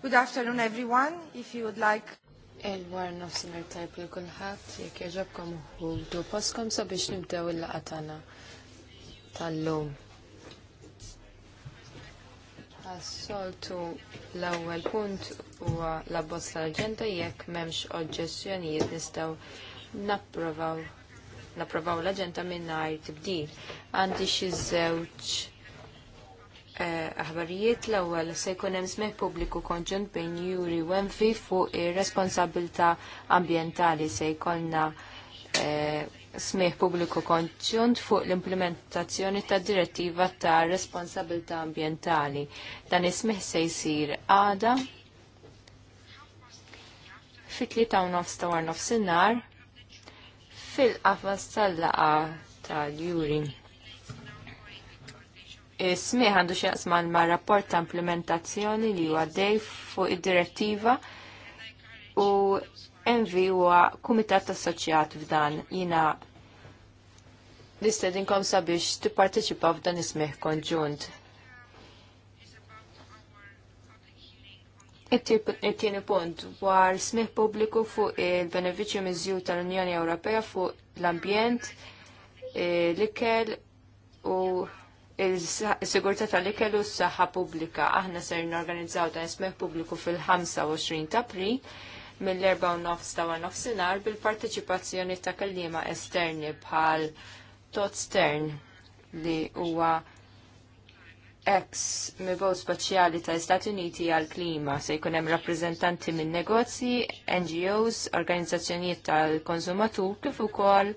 Good afternoon everyone, if you would like. Il-war nofsinar tajb li kullħat, jek jaġabkom uħultu poskom sabiex nibdew il-laqatana tal-lum. għas l-ewwel punt huwa l-abbozz tal-aġenda jekk m'hemmx oġġessjonijiet nistgħu napprovaw napprovaw l-aġenda mingħajr tibdil. Għandi xi Eh, aħbarijiet l-ewwel se jkun hemm smih pubbliku konġunt bejn juri u enfi fuq ir-responsabilità ambjentali se jkollna eh, smih pubbliku konġunt fuq l-implementazzjoni tad direttiva ta' responsabilità ambjentali. Dan is-smih se jsir għada fit li ta' nofs ta' war nofsinhar fil-qafas tal-laqa tal-juri. Smih għandu xieqsman ma' rapport ta' implementazzjoni li huwa dej fuq id-direttiva u Envi huwa kumitat assoċjat f'dan jina l-istedinkom sabiex tipparteċipa f'dan ismiħ konġunt. It-tieni punt dwar smih pubbliku fuq il-benefiċċju miżju tal-Unjoni Ewropea fuq l-ambjent, eh, l-ikel u il-sigurta tal-ikel s-saħħa pubblika. Aħna ser n-organizzaw ta' ismeħ pubbliku fil-25 ta' pri mill-4 nofs ta' nofsinar bil-parteċipazzjoni ta' kellima esterni bħal Tot Stern li huwa ex mibow speċjali ta' Stati Uniti għal klima se jkun hemm rappreżentanti minn negozji, NGOs, organizzazzjonijiet tal-konsumatur kif ukoll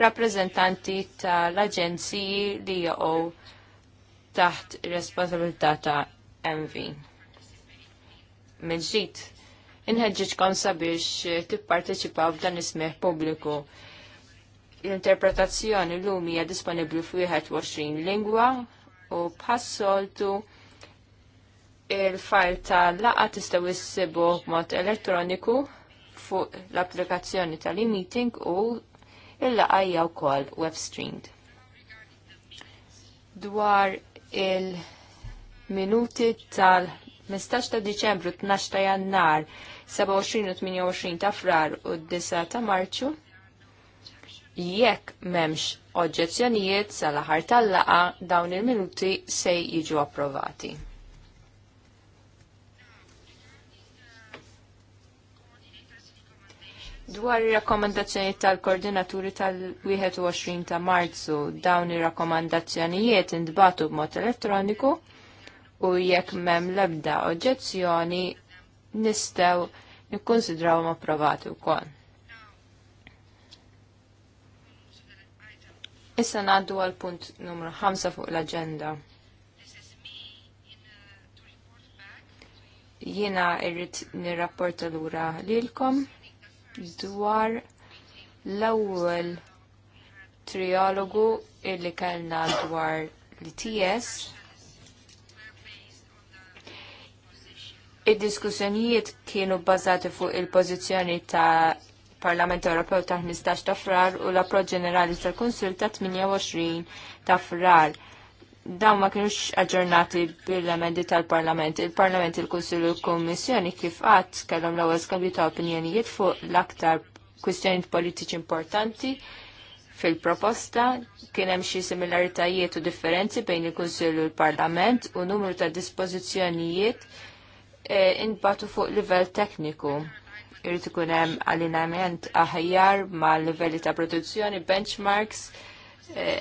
rappreżentanti tal-aġenziji li joqgħu taħt responsabilità ta' MV. inħedġiċ kon sabiex tipparteċipaw f'dan ismeħ pubbliku. L-interpretazzjoni l-lum hija disponibbli f'21 lingwa u bħassoltu il-fajl tal-laqa tistgħu issibu b'mod elettroniku fuq l-applikazzjoni tal-e-meeting u il-laqa jgħu kol web streamed dwar il-minuti tal-15 ta' Diċembru, 12 ta' Jannar, 27 u 28 ta' Frar u 9 ta' Marċu. Jekk memx oġġezzjonijiet sal-aħar tal-laqa dawn il-minuti se jiġu approvati. Dwar ir-rakkomandazzjoni tal-koordinaturi tal-21 ta' Marzu, dawn ir-rakkomandazzjonijiet intbatu b'mod elettroniku u jekk m'hemm l-ebda oġġezzjoni nistgħu nikkonsidrawhom approvati wkoll. Issa ngħaddu għal punt numru 5 fuq l-aġenda. Jiena irrid nirrapporta lura lilkom dwar l-ewwel trialogu illi kellna dwar l-ITS. Id-diskussjonijiet kienu bbażati fuq il-pożizzjoni ta' Parlament Ewropew ta' 15 ta' frar u l-approċ ġenerali tal-Kunsil ta' 28 ta' frar dawn ma kienux aġġornati bil-emendi tal-Parlament. Il-Parlament, il-Kunsil u l-Kommissjoni kif qatt kellhom l-ewwel skambju ta' opinjonijiet fuq l-aktar kwistjonijiet politiċi importanti fil-proposta kien hemm xi similaritajiet u differenzi bejn il kunsill u l-Parlament u numru ta' dispożizzjonijiet e, inbatu fuq livell tekniku. Irid ikun hemm allinament aħjar ma' livelli ta' produzzjoni, benchmarks, e,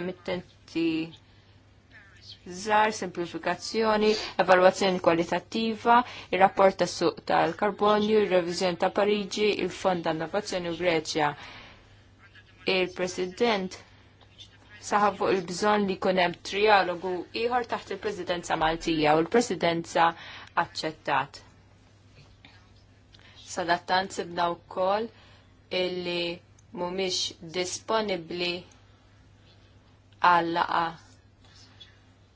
emittenti żgħar, semplifikazzjoni, evalwazzjoni kwalitattiva, ir-rapport tas-suq tal-karbonju, ir-reviżjoni ta' Pariġi, il-Fond tan Innovazzjoni u Greċja. Il-President saħab fuq il bżonn li hemm trialogu ieħor taħt il-Presidenza Maltija u l-Presidenza aċċettat. Sadattant sibna wkoll illi mhumiex disponibbli għal laqgħa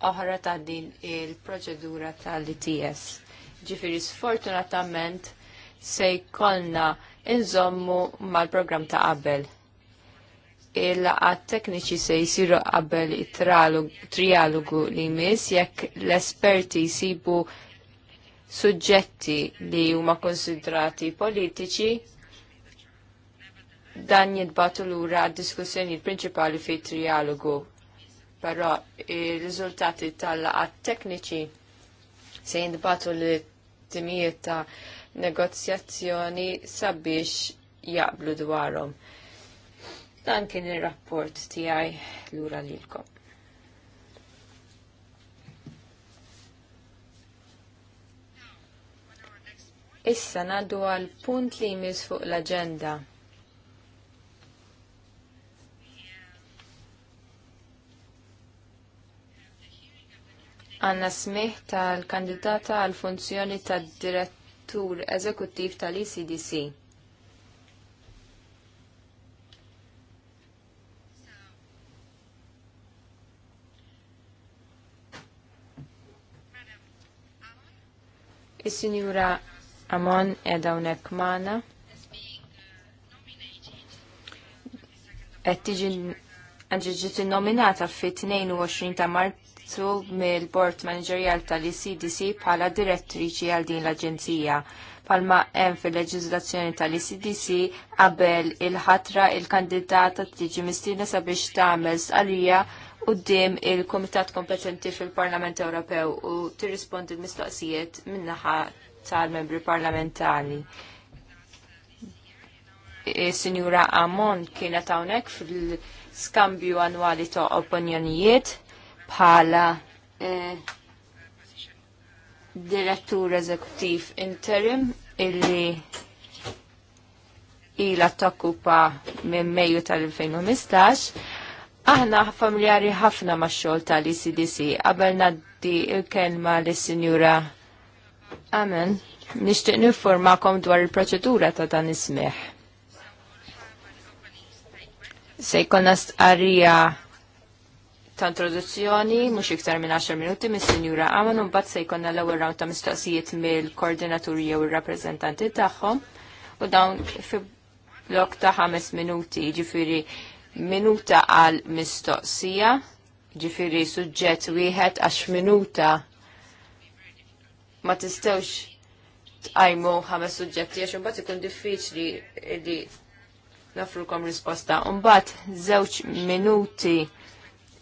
oħra ta' din il-proċedura tal-ITS. Ġifiri sfortunatament se jkollna inżommu mal-programm ta' qabel. Il-laqat tekniċi se jisiru qabel trialogu li jmiss jekk l-esperti jisibu suġġetti li huma konsidrati politiċi dan jidbatu l-ura diskussjoni prinċipali fi trialogu però i riżultati tal-laqat tekniċi se jindbatu li timijiet ta' negozjazzjoni sabiex jaqblu dwarhom. Dan kien ir-rapport tiegħi lura lilkom. Issa nadu għal punt li jmiss fuq l-agenda. għanna smih tal-kandidata għal funzjoni tad direttur eżekuttiv tal-ECDC. Is-Sinjura Amon edha unek mana. Et ġiet nominata fit-22 ta' Mart elettu mill-Bord Managerial tal-ICDC bħala direttriċi għal din l-Aġenzija. Palma hemm fil-leġiżlazzjoni tal-ICDC qabel il-ħatra il-kandidata tiġi mistina sabiex tagħmel stqarrija qudiem il-Kumitat kompetenti fil-Parlament Ewropew u tirrispondi l-mistoqsijiet min-naħa tal-membri parlamentari. E, Sinjura Amon kienet hawnhekk fil- skambju annwali ta' opinjonijiet bħala eh, direttur eżekutiv interim illi ila tokkupa minn Mejju tal-2015 Aħna familjari ħafna ma' xogħol tal-ICDC. Qabel naddi il-kelma lis-Sinjura Amen. Nixtieq nifformakom dwar il-proċedura ta' dan ismeħ. Se jkollna stqarrija ta' introduzzjoni mhux iktar minn 10 minuti mis-Sinjura Aman u mbagħad se jkollna l-ewwel round ta' mistoqsijiet mill-koordinaturi jew ir-rappreżentanti tagħhom u dawn fi blok ta' 5 minuti, jiġifieri minuta għal mistoqsija, ġifieri suġġett wieħed għax minuta ma tistewx tqajmu ħames suġġetti għax imbagħad ikun diffiċli li nafrukom risposta. Mbagħad żewġ minuti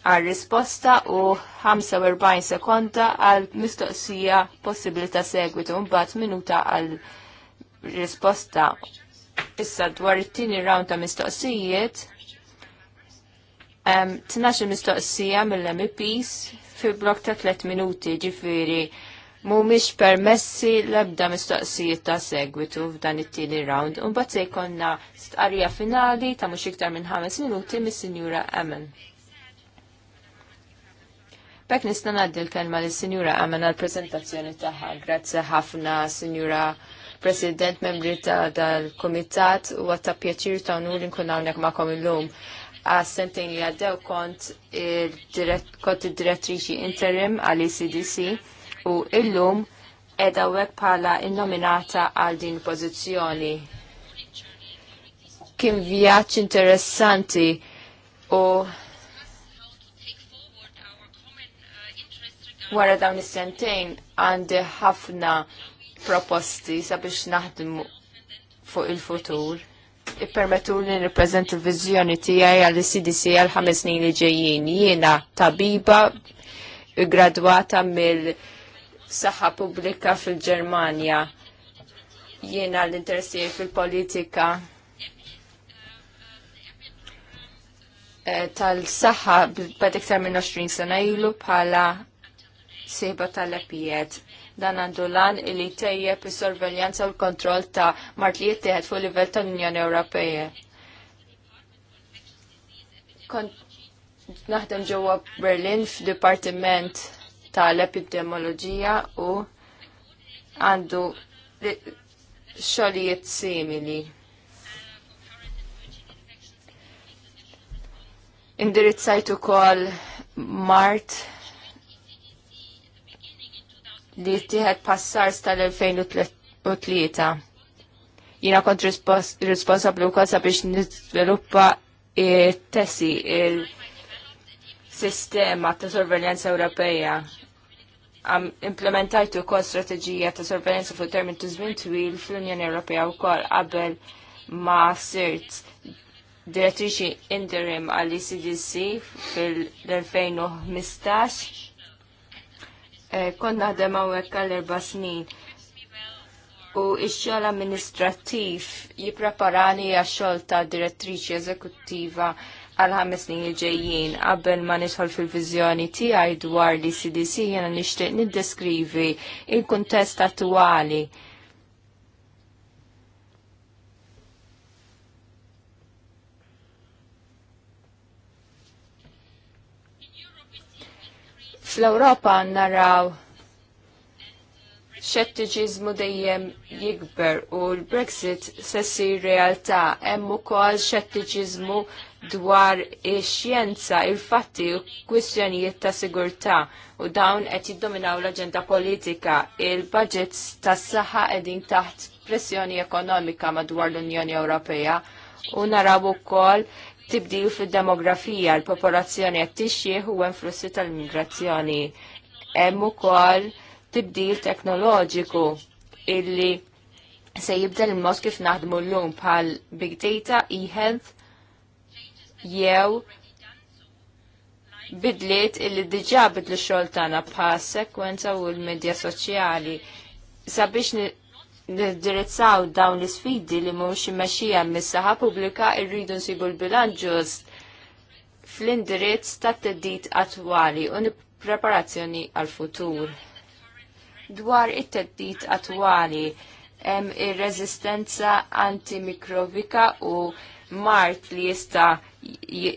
għal risposta u 45 sekonda għal mistoqsija possibli ta' segwitu mbagħad minuta għal risposta. Issa dwar it-tieni round ta' mistoqsijiet um, 12 mistoqsija mill-MPs fi blok ta' 3 minuti ġifiri miex permessi l-ebda mistoqsijiet ta' segwitu f'dan it-tieni round, un bat se jkollna stqarrija finali ta' mhux iktar minn ħames minuti mis-Sinjura Emmen. Bek nistan ngħaddi kelma lis sinjura għamena l prezentazzjoni tagħha. Grazzi ħafna, Sinjura President, membri tal dal-Kumitat u għatta pjaċir ta' nur nkun hawnhekk il-lum. Għas-sentejn li għaddew kont kont id-direttriċi interim għal-ECDC u il-lum edha wek pala innominata għal din pozizjoni. Kim vjaċ interessanti u Wara dawn is-sentejn għandi ħafna proposti sabiex naħdmu fuq il-futur. Ippermetu li nirrepreżent il-vizjoni tiegħi għall cdc għal ħames snin li ġejjin. Jiena tabiba graduata mill-saħħa pubblika fil-Ġermanja. Jiena l-interessi fil-politika eh, tal-saħħa iktar minn 20 sena ilu bħala seba tal-epijiet. Dan għandu lan li tejjeb is-sorveljanza u l-kontroll ta' mart li jittieħed fuq livell tal-Unjoni Ewropea. naħdem ġewwa Berlin f'Dipartiment tal epidemoloġija u għandu xogħlijiet simili. Indirizzajt ukoll Mart li tiħed passars tal-2003. Jina kont responsabli u kosa biex nizviluppa tessi il-sistema ta' sorveljanza Ewropeja. Għam implementajtu kol strategija ta' sorveljanza fuq termin ta' żmien twil fl-Unjoni Ewropea u kol qabel ma' sirt direttriċi interim għall-ECDC fil-2015 Eh, konna naħdem hawnhekk għal erba' snin. U x-xogħol amministrattiv jippreparani għax-xogħol ta' direttriċi eżekuttiva għal ħames snin il-ġejjin qabel ma nidħol fil-viżjoni tiegħi dwar li CDC jiena nixtieq niddeskrivi il-kuntest attwali Fl-Ewropa naraw xettiġizmu dejjem jikber u l-Brexit se ssir realtà hemm ukoll xettiġizmu dwar ix-xjenza, il-fatti u kwistjonijiet ta' sigurtà u dawn qed jiddominaw l-aġenda politika. Il-budgets tas-saħħa qegħdin taħt pressjoni ekonomika madwar l-Unjoni Ewropea u naraw ukoll tibdil fid-demografija, l-popolazzjoni qed tixjih u hemm flussi tal-migrazzjoni. Hemm ukoll tibdil teknoloġiku illi se jibdel il mos kif naħdmu llum bħal big data, e-health jew bidliet illi diġà bidlu xogħol tagħna bħal sekwenza u l-medja soċjali sabiex nidirizzaw dawn l-sfidi li mhux imexxija mis-saħa pubblika rridu nsibu l-bilanċ ġust fl-indirizz tat-teddit attwali u preparazzjoni għal-futur. Dwar it-teddit attwali hemm ir-reżistenza antimikrobika u mart li jista' eh,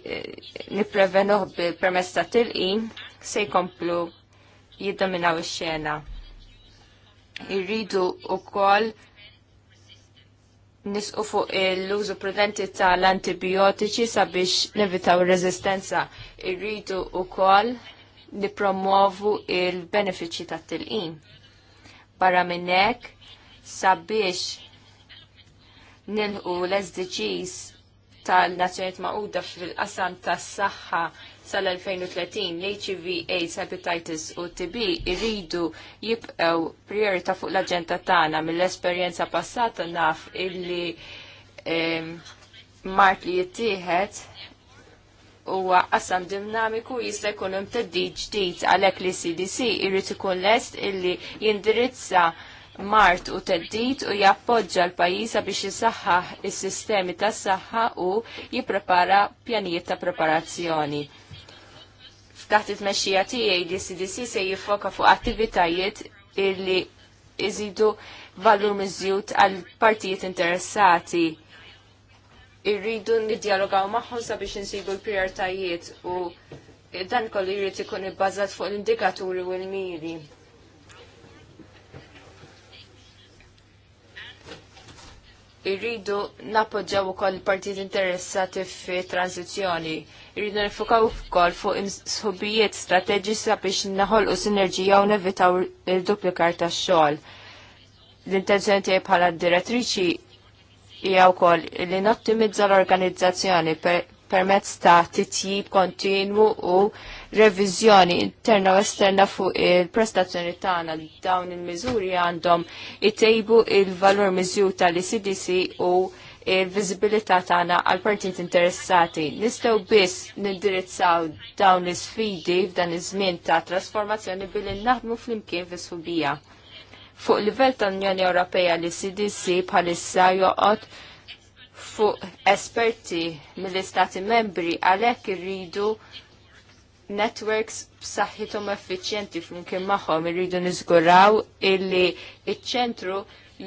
nipprevenuh permezz ta' tilqim se jkomplu jiddominaw ix-xena irridu wkoll nisqu fuq l-użu prudenti tal-antibiotiċi sabiex nevitaw rezistenza. Irridu u kol nipromovu il-benefiċi tat tilqin Barra minnek sabiex nilħu l-SDGs tal nazzjonijiet Maquda fil-qasam tas-saħħa sal-2030 l-HIV, AIDS, hepatitis u TB irridu jibqew priorita fuq l-agenda tagħna mill-esperjenza passata naf illi eh, mart li jittieħed huwa qasam dinamiku jista' jkun hemm ġdid għalhekk li CDC irrid ikun lest illi jindirizza Mart u teddit u jappoġġa l-pajjiża biex jisaħħaħ is-sistemi tas-saħħa u jipprepara pjanijiet ta' preparazzjoni f'taħt it-mexxija tiegħi li CDC se jiffoka fuq attivitajiet illi iżidu valur miżjud għal partijiet interessati. Irridu nidjalogaw magħhom sabiex insibu l-prioritajiet u dan kollu jrid ikun ibbażat fuq l-indikaturi u l-miri. irridu napoġġaw ukoll partijiet interessati fi tranzizjoni. Irridu nifukaw ukoll fuq sħubijiet strateġiċi biex u sinerġija u nevitaw il-duplikar tax-xogħol. L-intenzjoni tiegħi bħala direttriċi hija wkoll li nottimizza l-organizzazzjoni permezz ta' titjib kontinwu u reviżjoni interna u esterna fuq il-prestazzjoni tagħna dawn il-miżuri għandhom itejbu il-valur miżjur tal CDC u il vizibilità tagħna għal partit interessati. Nistgħu biss nindirizzaw dawn l-isfidi f'dan iż-żmien ta' trasformazzjoni billi naħdmu flimkien fis-subija. Fuq livell tal-Unjoni Ewropea li CDC bħalissa joqgħod fuq esperti mill-Istati membri għalhekk irridu networks b'saħħithom effiċjenti flimkien magħhom irridu niżguraw illi iċ-ċentru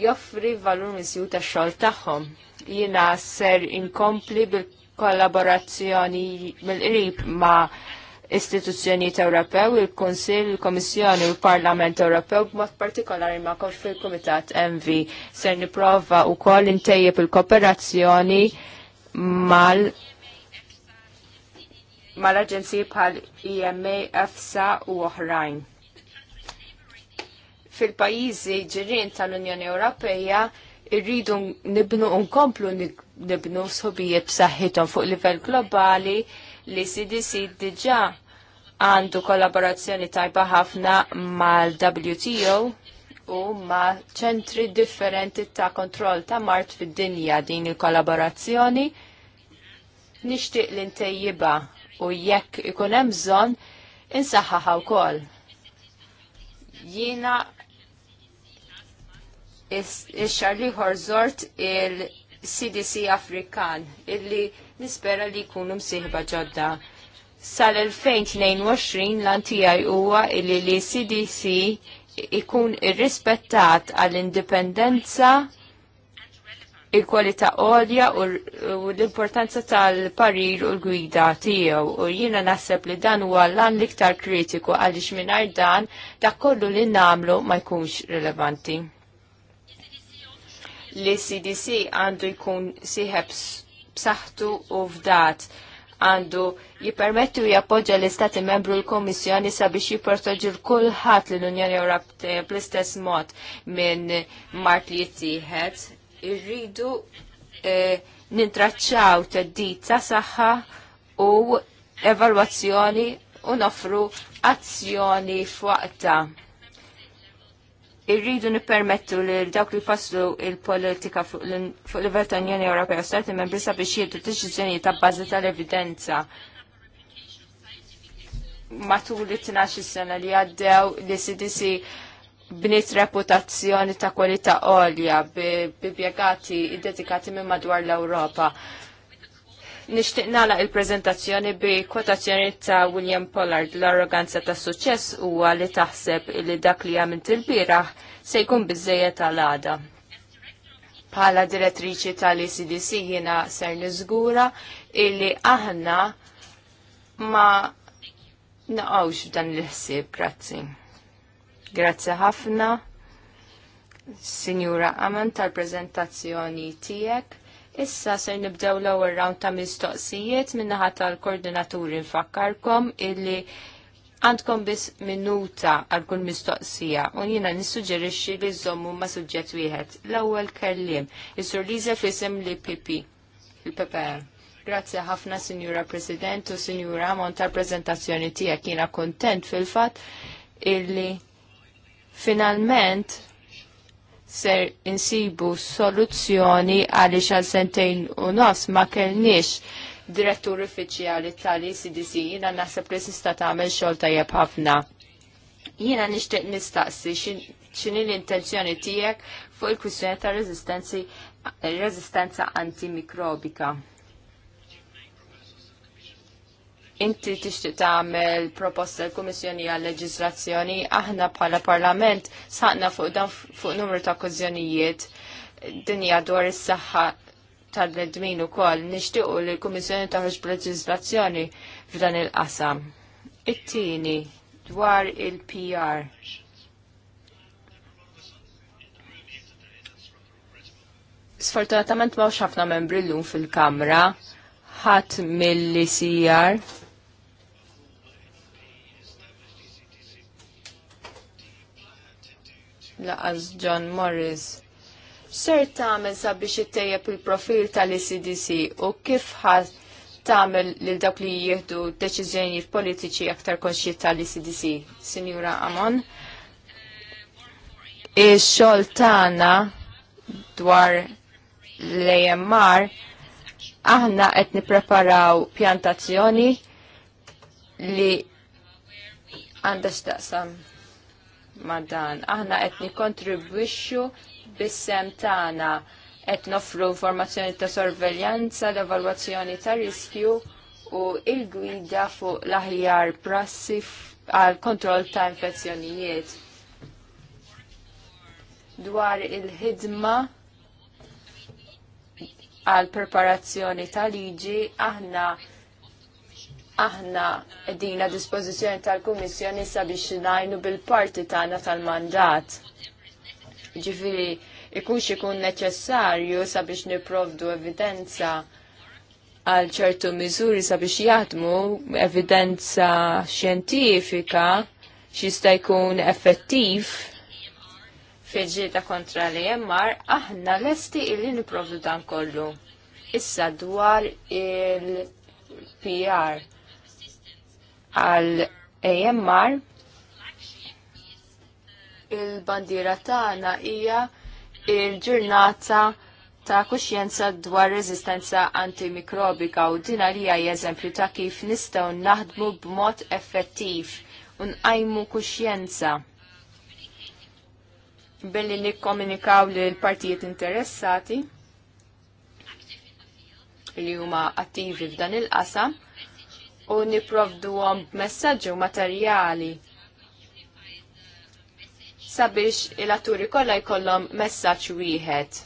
joffri valur miżju tax-xogħol tagħhom jina ser inkompli bil-kollaborazzjoni mill-qrib ma' istituzzjonijiet Ewropew, il-Konsil, il-Komissjoni u l-Parlament Ewropew, b'mod partikolari ma' kol fil-Komitat MV. Ser niprofa u kol intejjeb il-kooperazzjoni mal mal-aġenziji bħal IMA, e EFSA u oħrajn. Fil-pajizi ġirien tal-Unjoni Ewropeja irridu nibnu unkomplu nibnu sobijiet b'saħħithom fuq livell globali li CDC diġà għandu kollaborazzjoni tajba ħafna mal-WTO u ma' ċentri differenti ta' kontroll ta' mart fid-dinja din il-kollaborazzjoni nixtieq li ntejjiba u jekk ikun hemm bżonn insaħħaħa wkoll. Jiena ix-xar liħor il-CDC Afrikan illi nispera li jkunu msiħba ġodda. Sal-2022 l-antijaj huwa illi li CDC ikun irrispettat għall-indipendenza il-kwalità għolja u l-importanza tal-parir u l-gwida tiegħu u jiena naħseb li dan huwa lan l-iktar kritiku għaliex mingħajr dan dak kollu li nagħmlu ma jkunx rilevanti li CDC għandu jkun siħeb saħtu u f'dat għandu jipermettu jappoġġa l-Istati membru l-Komissjoni sabiex jiportoġi l-kulħat l-Unjoni Ewropea bl-istess mod minn Mart li jittieħed. Irridu e, nintraċċaw teddit ta' saħħa u evalwazzjoni u nofru azzjoni f'waqta irridu nippermettu li dawk li faslu il-politika fuq l-livell ta' Unjoni Ewropea u Stati membri sabiex jieħdu deċiżjoni ta' bażi tal-evidenza matul it-12 sena li għaddew li CDC bniet reputazzjoni ta' kwalità għolja bi bjegati dedikati minn madwar l-Ewropa. Nixtieq nagħlaq il-preżentazzjoni bi kwotazzjoni ta' William Pollard l-arroganza ta' suċċess huwa li taħseb li dak li għamilt il se jkun biżejjed tal-għada. Bħala direttriċi tal-ECDC jiena ser nizgura illi aħna ma naqgħux f'dan il-ħsieb, grazzi. Grazzi ħafna, Sinjura Aman, tal-prezentazzjoni tiegħek Issa ser nibdew l-ewwel round ta' mistoqsijiet min-naħa tal-koordinaturi nfakkarkom illi għandkom biss minuta għal kull mistoqsija u jiena nissuġġerixxi li żommu ma' suġġett wieħed. L-ewwel kelliem, is-Sur Liza f'isem li Pipi il-PPM. Grazzi ħafna Sinjura President u Sinjura Amon tal-prezentazzjoni tiegħek jiena kuntent fil-fatt illi finalment ser insibu soluzzjoni għaliex għal sentejn u nos ma kellniex direttur uffiċjali tal-ECDC jina naħseb li sista tagħmel xogħol tajjeb ħafna. Jiena nixtieq nistaqsi x'inhi l-intenzjoni tiegħek fuq il-kwistjoni ta' reżistenza antimikrobika inti tixtieq tagħmel proposta l-Kummissjoni għal leġislazzjoni aħna bħala Parlament saqna fuq dan fuq numru ta' okkużjonijiet dinja dwar is-saħħa tal-bnedmin ukoll nixtiequ li l-Kummissjoni taħroġ b'leġiżlazzjoni f'dan il-qasam. It-tieni dwar il-PR. Sfortunatament ma' ħafna membri l-lum fil-kamra ħadd mill-CR laqas John Morris. Ser tagħmel sabiex ittejjeb il-profil tal-ECDC u kif ħadd tagħmel lil dawk li jieħdu deċiżjonijiet politiċi aktar konxji tal-ECDC, Sinjura Amon. Ix-xogħol tagħna dwar l-AMR aħna qed nippreparaw pjantazzjoni li għandha x'taqsam Ma'dan, Aħna qed nikkontribwixxu bis-sem tagħna qed nofru informazzjoni ta' sorveljanza, l-evalwazzjoni ta' riskju u il-gwida fuq l-aħjar prassi għal kontroll ta' infezzjonijiet. Dwar il-ħidma għal preparazzjoni ta' liġi aħna aħna edina dispozizjoni tal-Kummissjoni sabiex najnu bil-parti tagħna tal-mandat. Ġifiri, ikunx ikun neċessarju sabiex niprovdu evidenza għal ċertu miżuri sabiex jaħdmu evidenza xjentifika xista jkun effettiv fiġġieta kontra li jemmar, aħna lesti illi niprovdu dan kollu. Issa dwar il-PR għal AMR il-bandiera tagħna hija il-ġurnata ta' kuxjenza dwar reżistenza antimikrobika u din għalija eżempju ta' kif nistgħu naħdmu b'mod effettiv u nqajmu kuxjenza billi nikkomunikaw lil partijiet interessati li huma attivi f'dan il-qasam u niprovdu għom messagġu materjali sabiex il-atturi kolla jkollhom messaġġ wieħed.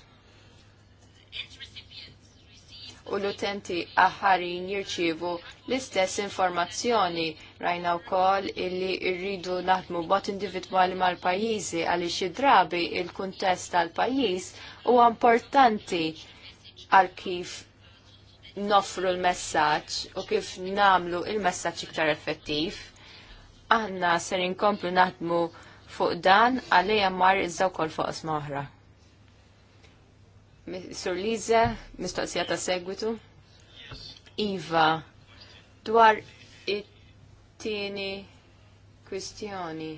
U l-utenti aħarin jirċivu l-istess informazzjoni rajna wkoll illi rridu naħdmu bot individwali mal-pajjiżi għaliex id-drabi il-kuntest tal-pajjiż huwa importanti għal kif nofru l-messaċ u kif namlu il-messaċ iktar effettiv. Aħna ser inkomplu naħdmu fuq dan għalija mar iżaw kol fuq smaħra. Sur Lize, mistoqsija ta' segwitu. Iva, dwar it tini kwistjoni.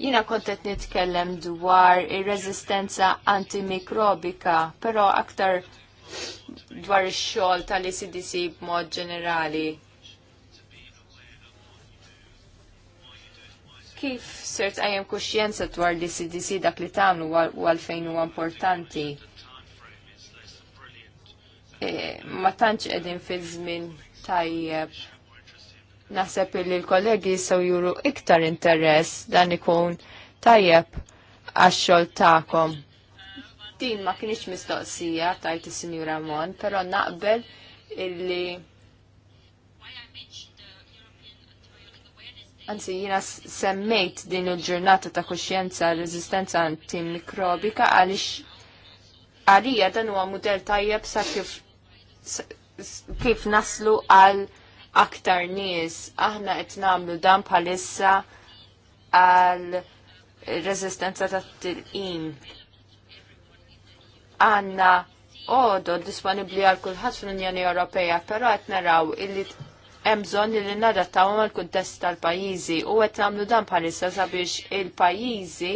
Jina kontet nitkellem dwar ir rezistenza antimikrobika, però aktar dwar ix-xogħol tal-ICDC b'mod ġenerali. Kif sirt għajem kuxjenza dwar l-ICDC dak li tagħmlu għalfejn huwa importanti? Eh, ma tantx qegħdin fi żmien tajjeb Naħseb li l-kollegi jistaw juru iktar interess dan ikun tajjeb għax-xogħol tagħkom. Din ma kienx mistoqsija tajt is sinjur Mon, però naqbel illi Anzi, jina semmejt din il-ġurnata ta' kuxjenza rezistenza antimikrobika għalix għalija dan huwa mudell tajjeb sa' kif, sa, kif naslu għal aktar nies aħna qed nagħmlu dan bħalissa għal reżistenza tat-tilqim. Għandna għodu disponibbli għal kulħadd fl-Unjoni Ewropea, però qed naraw illi hemm bżonn li nadattaw għal kuntest tal-pajjiżi u qed nagħmlu dan bħalissa sabiex il-pajjiżi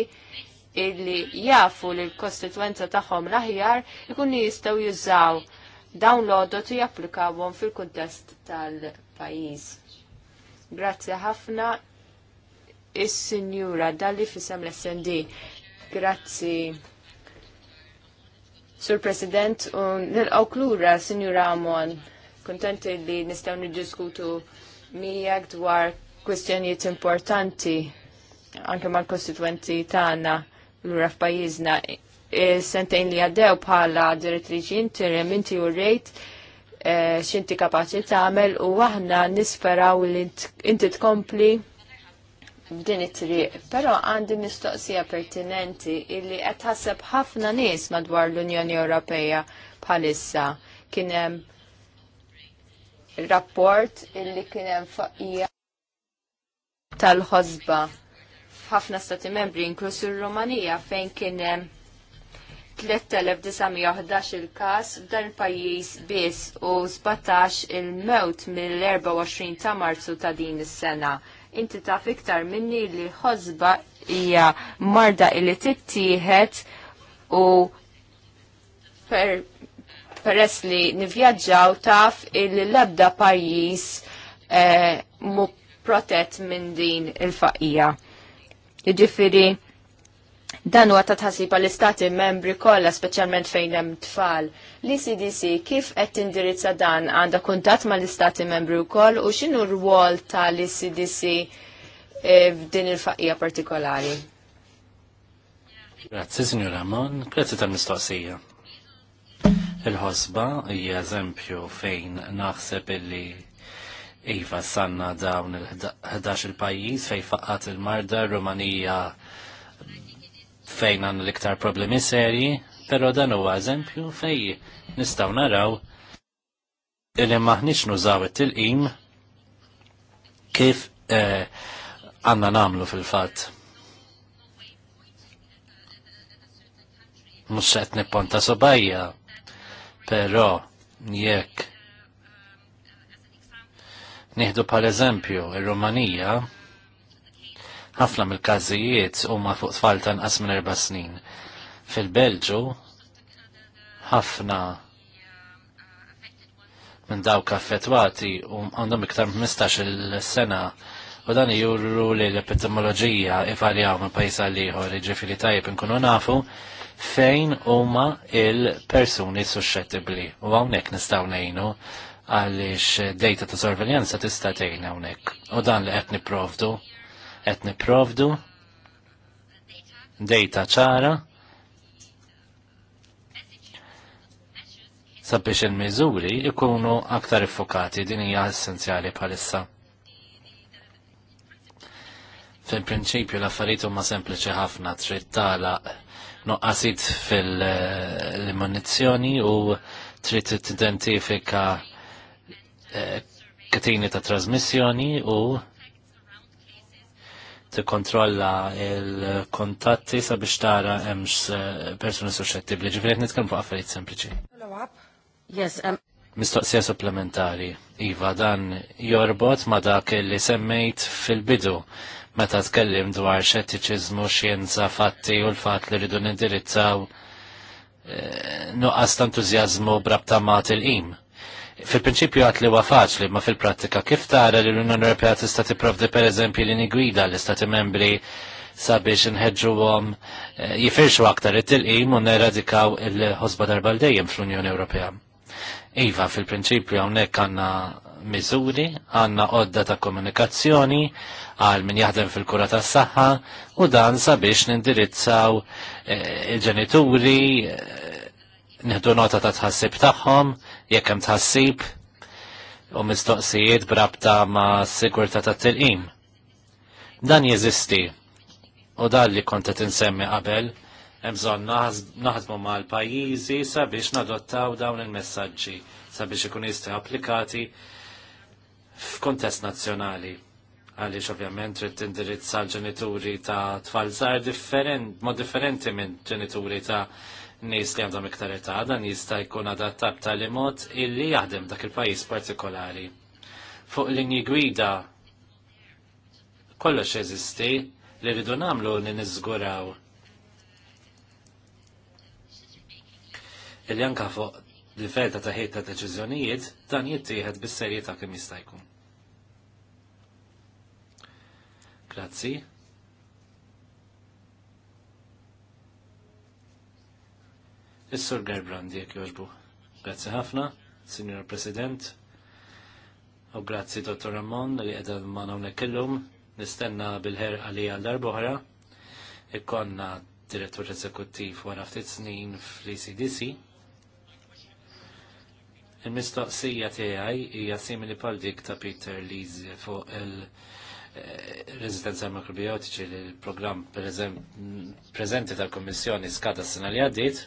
illi jafu li l-kostituenza tagħhom l-aħjar ikun jistgħu jużaw dawn l-għodot u japplikawhom fil-kuntest tal-pajjiżi pajis. Grazzi ħafna is-Sinjura dalli fisem l-SND. Grazzi Sur President u nilqaw klura Sinjura Amon. Kontenti li nistgħu niddiskutu miegħek dwar kwestjonijiet importanti anke mal-kostituenti tagħna lura f'pajjiżna. E, sentejn li għaddew bħala direttriċi interim inti u rejt Eh, x'inti kapaċi tagħmel u aħna nisperaw li inti tkompli b'din it-triq. Però għandi mistoqsija pertinenti illi qed ħaseb ħafna nies madwar l-Unjoni Ewropea bħalissa kien hemm rapport illi kien hemm faqija tal-ħosba f'ħafna stati membri inkluż ir-Rumanija fejn kien hemm 3911 il-kas f'dan il-pajjiż biss u 17 il-mewt mill-24 ta' Marzu ta' din is-sena. Inti taf iktar minni li ħozba hija marda li tittieħed u per peress li nivjaġġaw taf il-lebda pajjiż eh, mu protett minn din il-faqija. Jiġifieri Dan huwa ta' tħassib għall-istati membri kollha speċjalment fejn hemm tfal. L-ICDC kif qed tindirizza dan għandha kuntatt mal-istati membri wkoll u x'inhu r-rwol tal-ICDC eh, f'din il-faqija partikolari? Grazzi, Signor Ramon. Grazzi tal-mistoqsija. Il-ħosba hija eżempju fejn naħseb illi Iva sanna dawn il-11 il-pajjiż fej faqqat il-marda Rumanija fejn għan l-iktar problemi serji, pero dan huwa eżempju fej nistgħu naraw li maħniċ nużaw it-tilqim kif eh, għanna eh, namlu fil-fat. Mux qed nipponta sobajja, però jekk nieħdu pal eżempju ir-Rumanija ħafna mill-każijiet huma fuq tfal ta' nqas minn erba' snin. Fil-Belġu ħafna minn dawk affettwati u għandhom iktar minn 15-il sena u dan juru li l epidemoloġija ivarjaw minn pajjiż għal ieħor, jiġifieri tajjeb inkunu nafu fejn huma il-persuni suscettibbli u hawnhekk nistgħu ngħinu għaliex data ta' sorveljanza tista' tgħin hawnhekk. U dan li qed nipprovdu qed nipprovdu data ċara sabiex il-miżuri ikunu aktar iffokati din hija essenzjali bħalissa. Fil-prinċipju l-affarijiet huma sempliċi ħafna trid tagħlaq noqqasit fil-munizzjoni u trid tidentifika eh, katini ta' trasmissjoni u tikkontrolla il-kontatti sabiex tara hemmx eh, persuni suscettibbli. Ġifieri qed nitkellmu fuq affarijiet sempliċi. Yes, um... Mistoqsija supplementari. Iva, dan jorbot ma dak li semmejt fil-bidu meta tkellim dwar xettiċiżmu xjenza fatti u l-fatt li rridu nindirizzaw eh, nuqqas ta' entużjażmu brabta ma' il-qim Fil-prinċipju għat li wafax li ma fil-prattika kif tara li l-Unjoni Ewropea tista' tipprovdi pereżempju li nigwida l-Istati membri sabiex għom eh, jifirxu aktar it-tilqim u neradikaw il-ħosba darba dejjem fl-Unjoni Ewropea. Iva, fil-prinċipju hawnhekk għandna miżuri, għandna għodda ta' komunikazzjoni għal min jaħdem fil-kura tas saħħa u dan sabiex nindirizzaw eh, il-ġenituri, Nħdu nota ta' tħassib tagħhom, jekk hemm tħassib u mistoqsijiet brabta ma' sigurta ta' tilqim. Dan jeżisti u dan li kont qed insemmi qabel hemm bżonn naħdmu mal-pajjiżi sabiex nadottaw dawn il-messaġġi sabiex ikun jistgħu applikati f'kuntest nazzjonali għaliex ovvjament trid tindirizza l-ġenituri ta' tfal zaħir differenti, mod differenti minn ġenituri ta' nis li għandhom iktar età dan jista' jkun adattat tali mod illi jaħdem dak il-pajjiż partikolari. Fuq linji gwida kollox eżisti li rridu nagħmlu li niżguraw illi anka fuq livell ta' taħid ta' deċiżjonijiet dan jittieħed bis-serjetà kemm jista' jkun. Grazzi. Is-Sur Gerbrand, jek joġbu. Grazzi ħafna, Signor President, u grazzi Dottor Ramon li edha ma hawnhekk illum. Nistenna bil-ħerqa l għal darbohra. Ikkonna direttur eżekuttiv wara ftit snin fl-ECDC. Il-mistoqsija tiegħi hija simili pal dik ta' Peter Lees fuq il- eh, residenza mikrobiotiċi li l-program prezenti tal-Kommissjoni skada s-sena li għaddit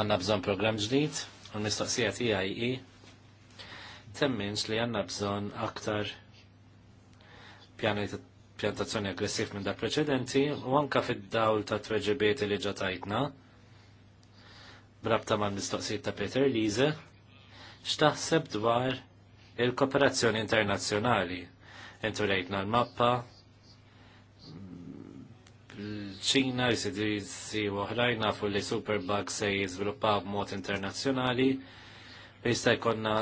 għanna bżon program ġdid, u l-mistoqsija tiegħi i, temminx li għanna bżon aktar pjantazzjoni aggressiv minn dak preċedenti u anka fid-dawl ta' tweġibiet li ġatajtna, tajtna brabta mal-mistoqsijiet ta' Peter Lise x'taħseb dwar il-kooperazzjoni internazzjonali. Intu rejtna l-mappa ċina, jisidirzi u oħrajn nafu li Superbug se jizviluppa b'mod internazzjonali jista' jkollna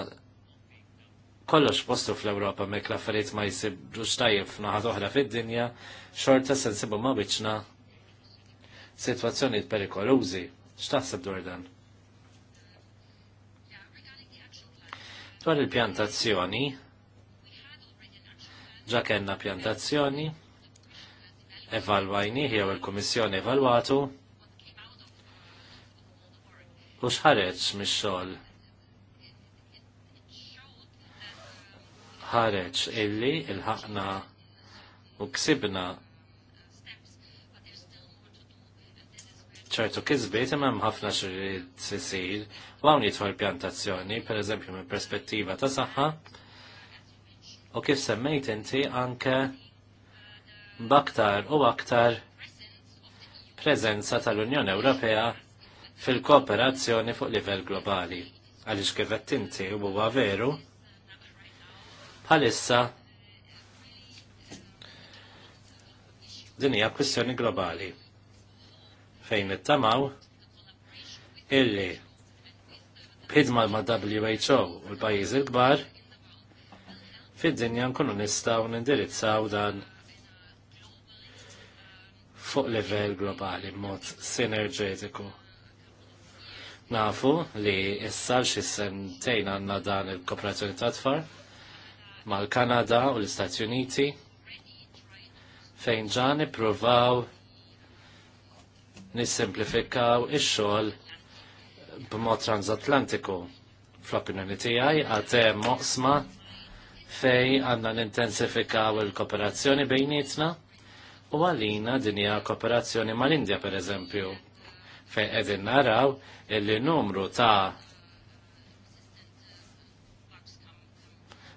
kollox postu fl-Ewropa mek la affarijiet ma jisibux tajjeb f'naħat oħra fid-dinja, xorta se nsibu ma biċna situazzjonijiet perikolużi. X'taħseb dwar dan? Dwar il-pjantazzjoni, ġa pjantazzjoni, evalwajni jew il komissjoni evalwatu u xħareċ mis xol ħareċ illi il ħakna u ksibna ċertu kizbiet imma ħafna xirrid sisir u hawn jidħol pjantazzjoni, per eżempju, minn perspettiva ta' saħħa, u kif semmejt inti anke b'aktar u aktar prezenza tal-Unjoni Ewropea fil-kooperazzjoni fuq livell globali. Għaliex kif qed u huwa veru bħalissa din hija kwistjoni globali fejn nittamaw illi bħidma ma' WHO u l-pajjiżi l-kbar fid-dinja nkunu nistgħu nindirizzaw dan fuq livell globali b'mod sinerġetiku. Nafu li issa xi sentejn għandna dan il-kooperazzjoni ta' tfal mal-Kanada u l-Istati Uniti fejn ġan ippruvaw nissimplifikaw ix-xogħol b'mod transatlantiku. Fl-opinjoni tiegħi hemm moqsma fej għandna nintensifikaw il-kooperazzjoni bejnietna u għalina dinja kooperazzjoni mal-Indja per eżempju fej edin naraw illi numru ta'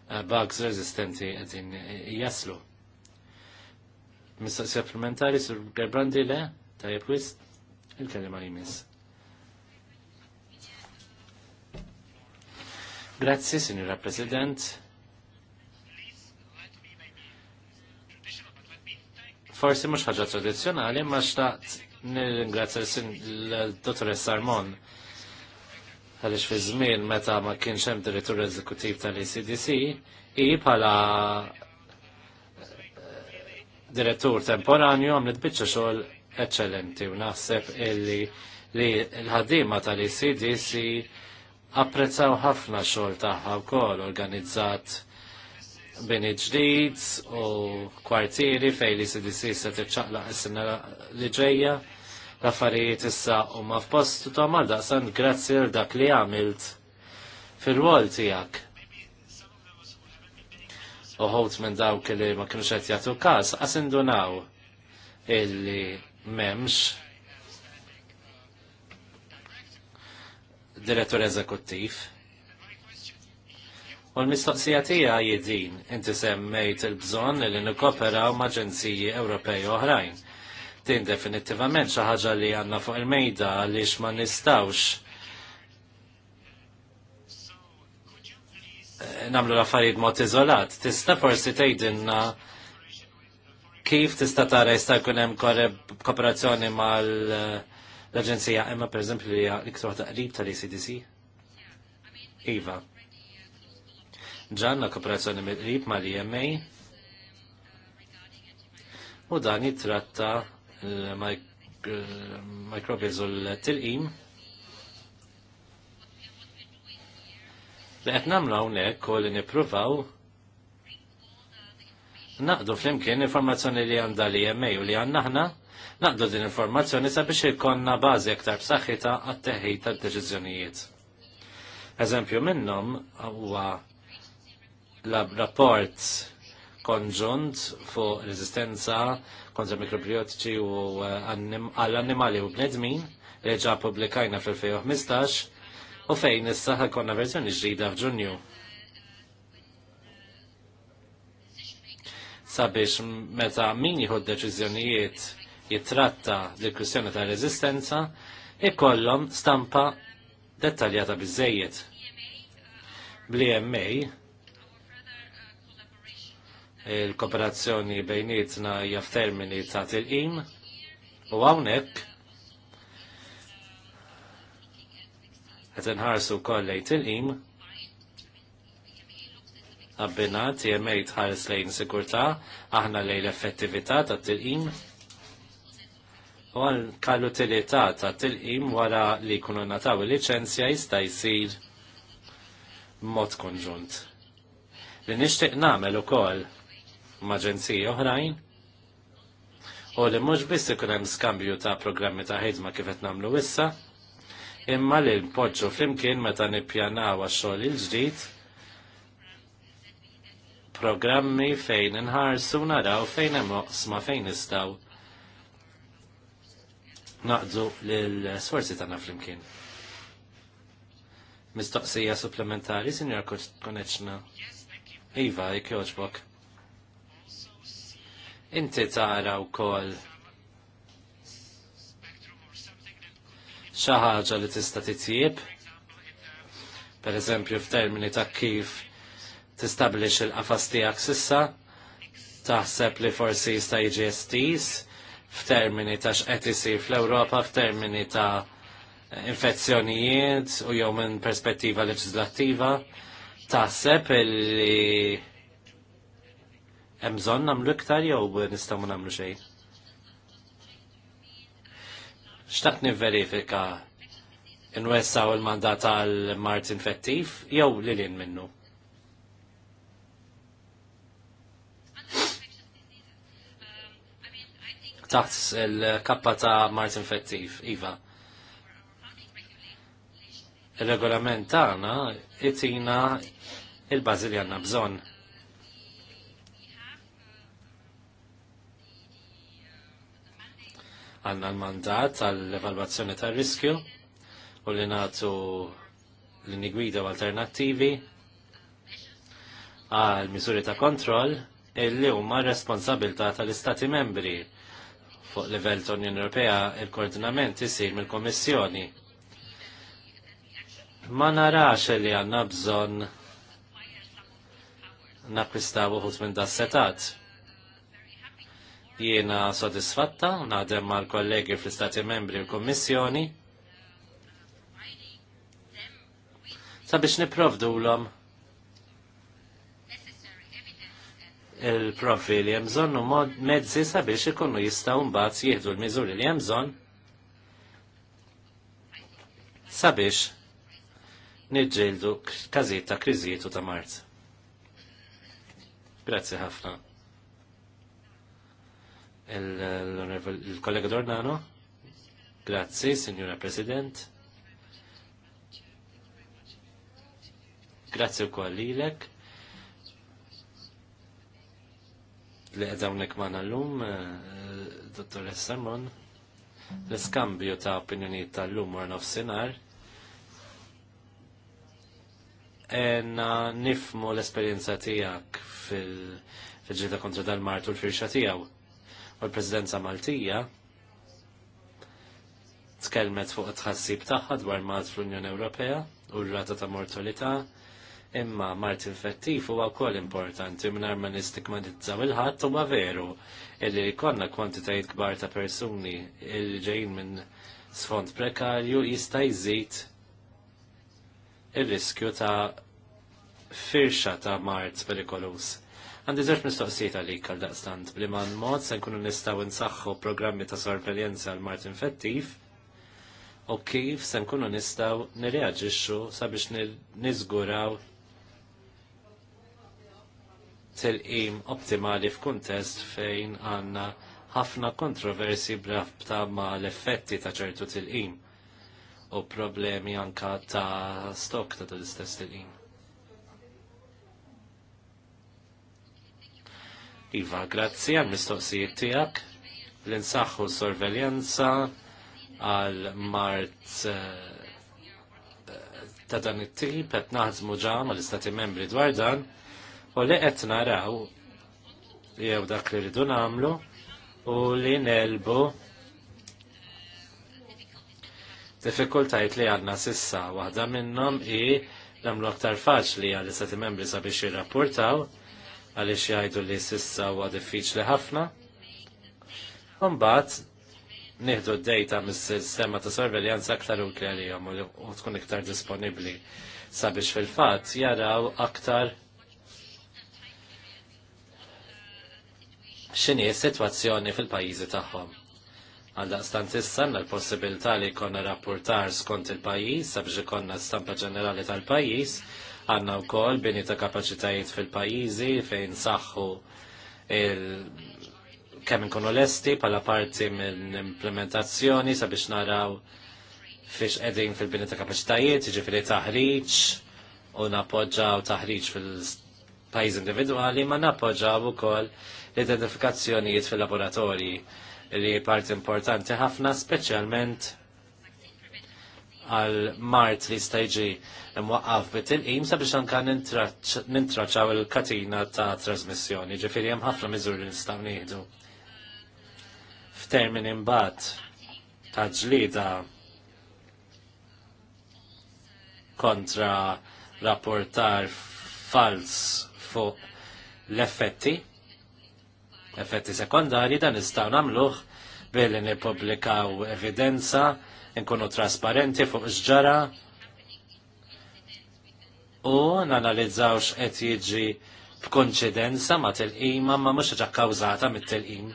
eh, bugs resistenti edin jaslu. Mistaqsi supplementari sur Gerbrandi le, ta' jepwis, il-kelima jimis. Grazie, Signora President. Forsi mhux ħaġa tradizzjonali ma xtaqt nirringrazzja l-dottoress Armon għaliex fi żmien meta ma kienx hemm direttur eżekuttiv tal-ECDC hi bħala eh, direttur temporanju għamlet bitċa xogħol eċċellenti, u naħseb illi li l-ħaddiema tal-ECDC apprezzaw ħafna xogħol tagħha wkoll organizzat bini ġdid u kwartieri fej li CDC se tirċaqla s-sena li ġejja l-affarijiet issa u ma f-postu ta' malda daqsan grazzi l dak li għamilt fil wol tijak. Uħut minn dawk li ma kienu xed jagħtu każ qas illi memx direttur eżekuttiv. U l-mistoqsija tija jedin, inti semmejt il-bżon li nikoperaw maġenziji Ewropej oħrajn. Din definittivament xi ħaġa li għandna fuq il-mejda għaliex ma nistawx eh, namlu l-affarijiet mod iżolat. Tista' forsi tgħidilna kif tista' tara jista' jkun hemm kooperazzjoni mal aġenzija Emma pereżempju li hija iktar taqrib tal ecdc Iva ġanna kooperazzjoni mill-qrib mal-EMA u dan jitratta l-microbials eh, eh, u l-tilqim li qed nagħmlu hawnhekk u li nippruvaw naqdu flimkien informazzjoni li għandha li jemmej u li għandna aħna naqdu din informazzjoni sabiex ikonna bażi aktar b'saħħitha għat-teħid tad-deċiżjonijiet. Eżempju minnhom huwa l-rapport konġunt fuq rezistenza kontra mikrobiotiċi u eh, għall-annimali u bnedmin li ġa publikajna fil-2015 u fejn is-saħħa konna verżjoni ġdida f'Ġunju. Sabiex meta min jieħu deċiżjonijiet jitratta l-kwistjoni ta' rezistenza, ikollhom stampa dettaljata biżejjed. Bli MA, il-kooperazzjoni bejnietna hija f'termini ta' tilqim u hawnhekk qed inħarsu wkoll lejn tilqim abbinat jemmej tħares lejn sikurtà aħna lejn l-effettività ta' tilqim u għal kallu tilità ta' tilqim wara li kunu nataw il-liċenzja jista' jsir mod konġunt. Li nixtieq nagħmel ukoll maġenziji oħrajn u li mhux biss ikun hemm skambju ta' programmi ta' ħidma kif qed nagħmlu issa, imma li npoġġu flimkien meta nippjanaw għax-xogħol il-ġdid programmi fejn inħarsu naraw fejn hemm oqsma fejn nistgħu naqdu lill sforzi tagħna flimkien. Mistoqsija supplementari, Sinjor Koneċna. Iva, jek joġbok. Inti tara wkoll xi ħaġa li tista' titjib. Per eżempju f'termini ta' kif tistablix il-qafas tiegħek sissa, taħseb li forsi jista' jiġi estis f'termini ta' x'qed isir fl-Ewropa, f'termini ta' infezzjonijiet u jew minn perspettiva leġislattiva, taħseb li Hemm bżonn nagħmlu iktar jew nistgħu ma nagħmlu xejn. Xtaqt nivverifika inwessaw il-mandat għal Martin Fettif jew lilin minnu. taħt il-kappa ta' Martin Fettif, Iva. Il-regolament tagħna itina il bażiljanna għandna bżonn. għanna l-mandat għall-evalwazzjoni tar riskju u li natu l gwida u alternativi għal miżuri ta' kontroll illi huma responsabilta tal-Istati membri fuq livell ta' Unjoni Ewropea il-koordinament isir mill-Kommissjoni. Ma narax li għanna bżon nakkwistaw uħut minn das setat Jiena sodisfatta u naħdem mal-kollegi fl-Istati Membri u Kommissjoni sabiex niprovdu l-om il-profi li jemżon u mezzi sabiex ikunu jistaw mbagħad jihdu l-miżuri li jemżon sabiex nidġildu każijiet ta' kriżijiet u ta' mart. Grazzi ħafna il-kollega Dornano. Grazzi, Signora President. Grazzi u koll lilek. Li għedawnek maħna l-lum, eh, dottor Essamon. l-skambju ta' opinjoni tal-lum għanof senar. Enna nifmu l-esperienza tijak fil-ġilda kontra dal-martu l-firxa tijaw u l-Presidenza Maltija tkellmet fuq it-tħassib tagħha dwar Malt fl-Unjoni Ewropea u r-rata ta' mortalità imma Martin Fettif huwa wkoll importanti mingħajr ma nistigmatizzaw il-ħadd huwa veru illi jkollna kwantitajiet kbar ta' persuni li ġejjin minn sfond prekarju jista' jżid ir-riskju ta' firxa ta' mart perikolus. Għandi żewġ mistoqsijiet għalik għal daqstant bli man mod se nkunu nistgħu nsaħħu programmi ta' sorveljenza għal mart infettiv u kif se nkunu nistgħu nirreaġixxu sabiex niżguraw tilqim optimali f'kuntest fejn għandna ħafna kontroversi brabta ma l-effetti ta' ċertu tilqim u problemi anka ta' stok ta' tal-istess tilqim. Iva, grazzi għal mistoqsijiet tijak l-insaxħu sorveljanza għal mart eh, ta' dan it-tip qed naħdmu ġa mal-istati membri dwar dan u li qed naraw jew dak li rridu nagħmlu u li nelbu diffikultajiet li għandna sissa waħda minnhom i nagħmlu aktar faċli għall istati membri sabiex jirrapportaw għaliex jgħidu li sissa huwa diffiċli ħafna. Umbat, nieħdu d dejta mis-sistema ta' sorveljanza aktar utli u tkun iktar disponibbli sabiex fil-fatt jaraw aktar x'inhi s-sitwazzjoni fil-pajjiżi tagħhom. Għaldaqstant issa għandna l-possibilità li jkollna rapportar skont il-pajjiż sabiex konna stampa ġenerali tal-pajjiż Għanna u kol bini ta' kapacitajiet fil-pajizi fejn saħħu il kemm l lesti pala parti minn implementazzjoni sabiex naraw fiex edin fil-bini ta' kapacitajiet, ġifiri taħriġ u napoġġaw taħriġ fil-pajiz individuali, ma napoġġaw u kol l-identifikazzjonijiet fil-laboratorji li parti importanti ħafna, specialment għal mart li stajġi mwaqqaf bit-tilqim sabiex anka nintraċaw il-katina ta' trasmissjoni, ġifiri hemm ħafna miżuri li nistgħu nieħdu. F'termin imbagħad ta' ġlida kontra rapportar fals fuq l-effetti, effetti sekondari dan nistgħu namluħ billi nippubblikaw evidenza nkunu trasparenti fuq x'ġara u nanalizzawx qed jiġi b'konċidenza ma tilqim ma mhux ġa kkawżata mit-tilqim.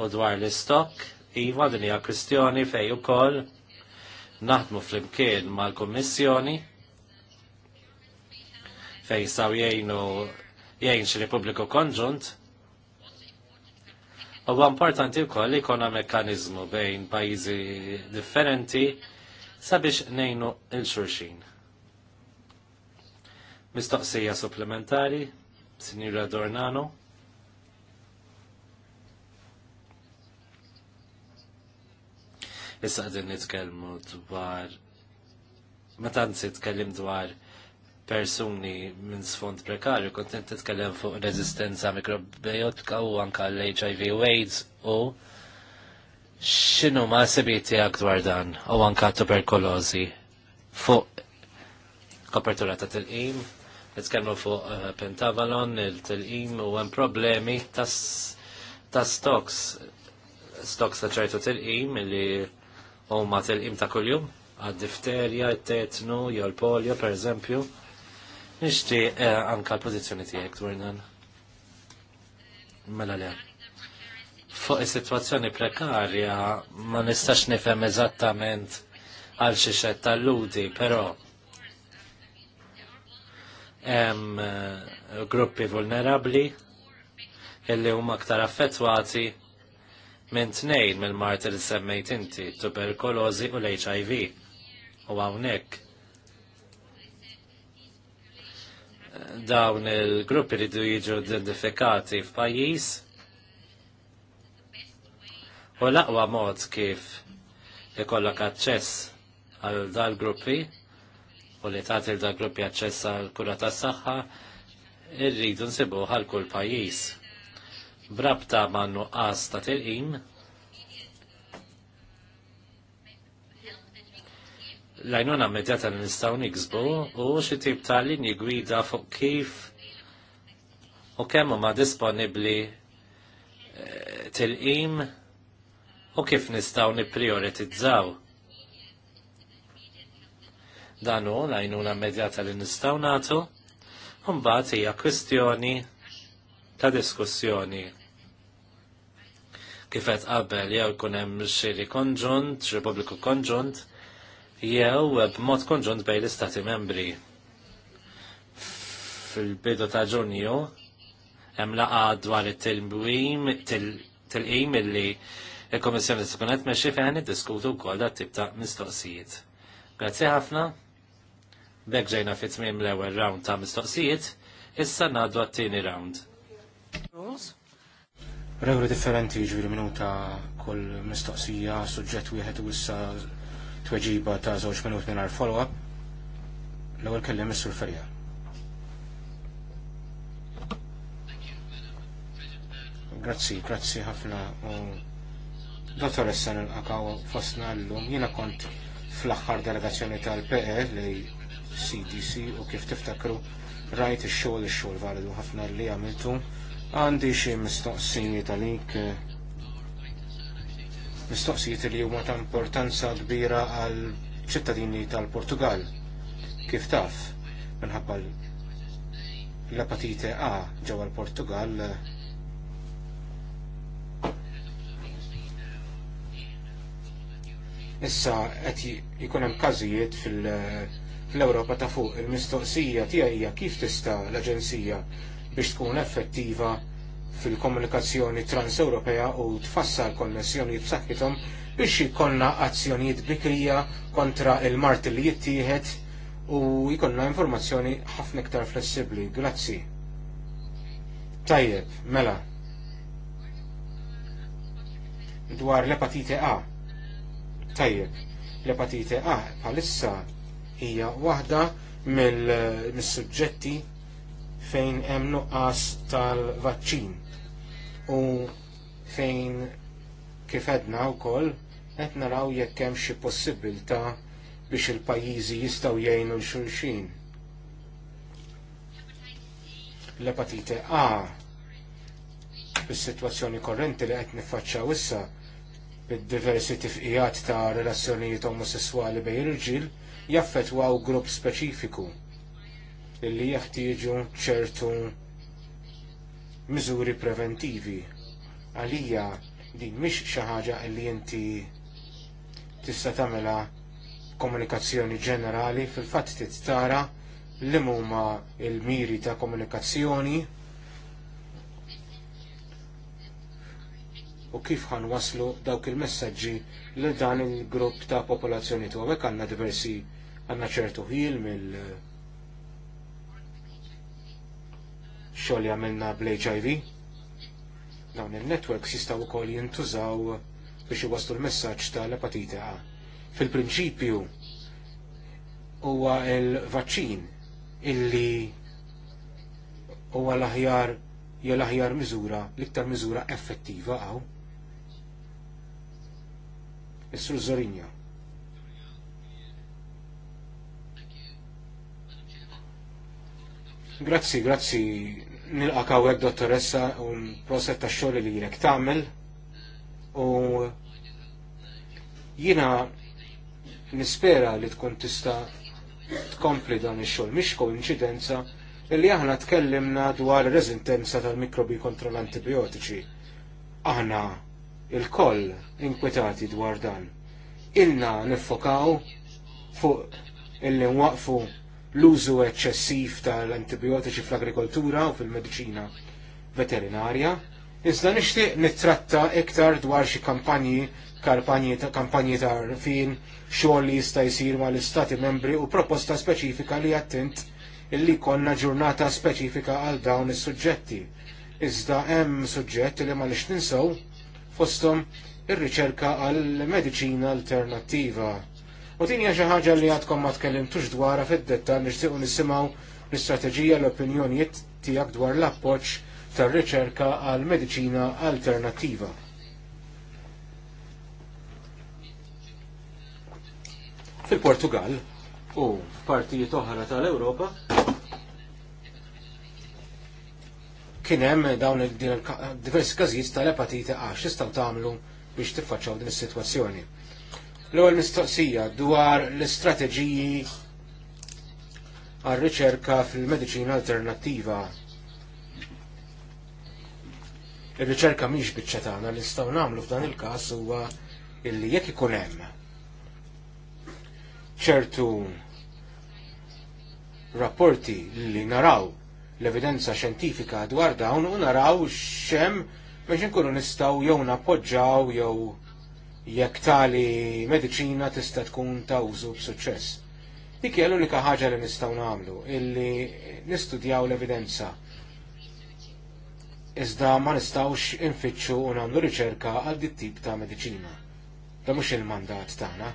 U dwar l-istokk, iva din hija kwistjoni fejn ukoll naħdmu flimkien mal-Kummissjoni fejn saw jgħinu jgħin xi Repubbliku Konġunt Huwa importanti wkoll li jkollna mekkaniżmu bejn pajjiżi differenti sabiex ngħinu il xurxin Mistoqsija supplementari, Sinjura Dornano. Issa qegħdin nitkellmu dwar meta nsi dwar persuni minn sfond prekarju, kont titkellem fuq rezistenza mikrobiotika u anka l-HIV u AIDS u xinu ma sebiti dwar dan u anka tuberkulozi fuq kopertura ta' til-qim, nitkellmu fuq eh, pentavalon, il til im u hemm problemi ta' stocks, stocks ta' ċertu til im li huma til im ta' kuljum, għad-difterja, t-tetnu, jew l-polio per eżempju Nishti eh, anka l-pozizjoni tijek dwarnan. Mela le. Fuq is-sitwazzjoni prekarja ma nistax nifhem eżattament għal xi tal-ludi, però hemm eh, gruppi vulnerabbli illi huma aktar affettwati minn tnejn mill-marti li semmejt inti, tuberkulożi u l-HIV. U hawnhekk dawn il-gruppi li du jiġu identifikati f'pajjiż. U l-aqwa mod kif ikollok aċċess għal dal-gruppi u li tagħti dal-gruppi aċċess għal kura tas-saħħa irridu nsibuha għal kull pajjiż. Brabta ma' nuqqas ta' tilqim lajnuna medjata li nistgħu niksbu u xi tip ta' linji gwida fuq kif u kemm huma disponibbli eh, tilqim u kif nistgħu nipprioritizzaw. Dan hu lajnuna medjata li nistgħu nagħtu u mbagħad hija kwistjoni ta' diskussjoni kifet qabel jew kunem hemm xiri konġunt, Repubbliku konġunt, jew b'mod konġunt bej l-Istati membri. Fil-bidu ta' ġunju, hemm laqa dwar it-tilbim, til-qim illi il-Komissjoni tkun meċi mexxi fejn iddiskutu wkoll dat-tip ta' mistoqsijiet. Grazzi ħafna. Bek ġejna fit tmiem l-ewwel round ta' mistoqsijiet, issa ngħaddu għat-tieni round. Regoli differenti ġviri minuta kull mistoqsija, suġġett wieħed u issa tweġiba ta' żewġ minuti minn follow-up. L-ewwel kellem is-Sur Ferja. Grazzi, grazzi ħafna u dottoressa il qakaw fosna l-lum. Jina kont fl-axħar delegazzjoni tal-PE li CDC u kif tiftakru rajt ix-xogħol ix-xogħol validu ħafna li għamiltu. Għandi mistoqsini mistoqsijiet għalik mistoqsijiet li huma ta' importanza kbira għal ċittadini tal-Portugal. Kif taf, minħabba l-apatite A ġewwa l-Portugal Issa qed jkun hemm każijiet fil-Ewropa ta' fuq il-mistoqsija tiegħi hija kif tista' l-Aġenzija biex tkun effettiva fil-komunikazzjoni trans-Ewropea u tfassal konnessjoni b'saħħithom biex jkollna azzjonijiet bikrija kontra il-marti li jittieħed u jkollna informazzjoni ħafna iktar flessibbli. Grazzi. Tajjeb, mela. Dwar l-epatite A. Tajjeb, l-epatite A bħalissa hija waħda mill-suġġetti fejn hemm nuqqas tal-vaċċin u fejn kif edna wkoll qed naraw jekk hemm xi possibilità biex il-pajjiżi jistgħu jgħinu l xulxin. L-epatite A bis-sitwazzjoni korrenti li qed niffaċċaw issa bid-diversi tifqijat ta' relazzjonijiet omosessuali bejn irġiel jaffetwaw grupp speċifiku li jeħtieġu ċertu miżuri preventivi. Għalija din mhix xi ħaġa li inti tista' tagħmilha komunikazzjoni ġenerali fil-fatt tittara li huma l miri ta' komunikazzjoni u kif ħan waslu dawk il-messagġi li dan il-grupp ta' popolazzjoni tu għawek għanna diversi għanna ċertu ħil mill- xogħol jagħmilna bl-HIV. Dawn il-networks jistgħu wkoll jintużaw biex iwaslu l-messaġġ tal-epatite A. Fil-prinċipju huwa l-vaċċin illi huwa l-aħjar jew l-aħjar miżura, l-iktar miżura effettiva għaw. Is-Sur Zorinja. Grazzi, grazzi, nilqak hawnhekk dottoressa u l-proset tax-xogħol li jilek tagħmel u jiena nispera li tkun tista' tkompli dan ix-xogħol mhix koinċidenza illi aħna tkellimna dwar ir-reżistenza tal-mikrobi kontra l-antibiotiċi. Aħna il-koll inkwetati dwar dan. Ilna niffokaw fuq illi nwaqfu l-użu eċċessiv tal-antibiotiċi fl-agrikoltura u fil-medicina veterinarja, iżda nixtieq nittratta iktar dwar xi kampanji kampanji ta' kampanji ta' rfin xogħol li jista' jsir mal-istati membri u proposta speċifika li attint illi konna ġurnata speċifika għal dawn is-suġġetti. Iżda hemm suġġett li ma nix ninsew fosthom ir-riċerka għal mediċina alternattiva U din hija xi ħaġa li għadkom ma tkellimtux dwarha fid-dettall nixtiequ nisimgħu l-istrateġija l-opinjonijiet tiegħek dwar l-appoġġ tar-riċerka għal mediċina alternattiva. Fil-Portugal u partijiet oħra tal-Ewropa kien hemm dawn diversi każijiet tal-epatiti għax tistgħu tagħmlu biex tiffaċċaw din is-sitwazzjoni L-ewwel mistoqsija dwar l-istrateġiji għar-riċerka fil-mediċina alternattiva. Ir-riċerka mhix biċċa tagħna li nistgħu nagħmlu f'dan il-każ huwa illi jekk ikun hemm ċertu rapporti li naraw l-evidenza xjentifika dwar dawn u naraw x'hemm biex nkunu nistgħu jew nappoġġaw jew jekk tali medicina tista' tkun ta' użu b'suċċess. Dik hija l-unika ħaġa li nistgħu nagħmlu illi nistudjaw l-evidenza. Iżda ma nistgħux infittxu u nagħmlu riċerka għal dit tip ta' mediċina. Da mhux il-mandat tagħna.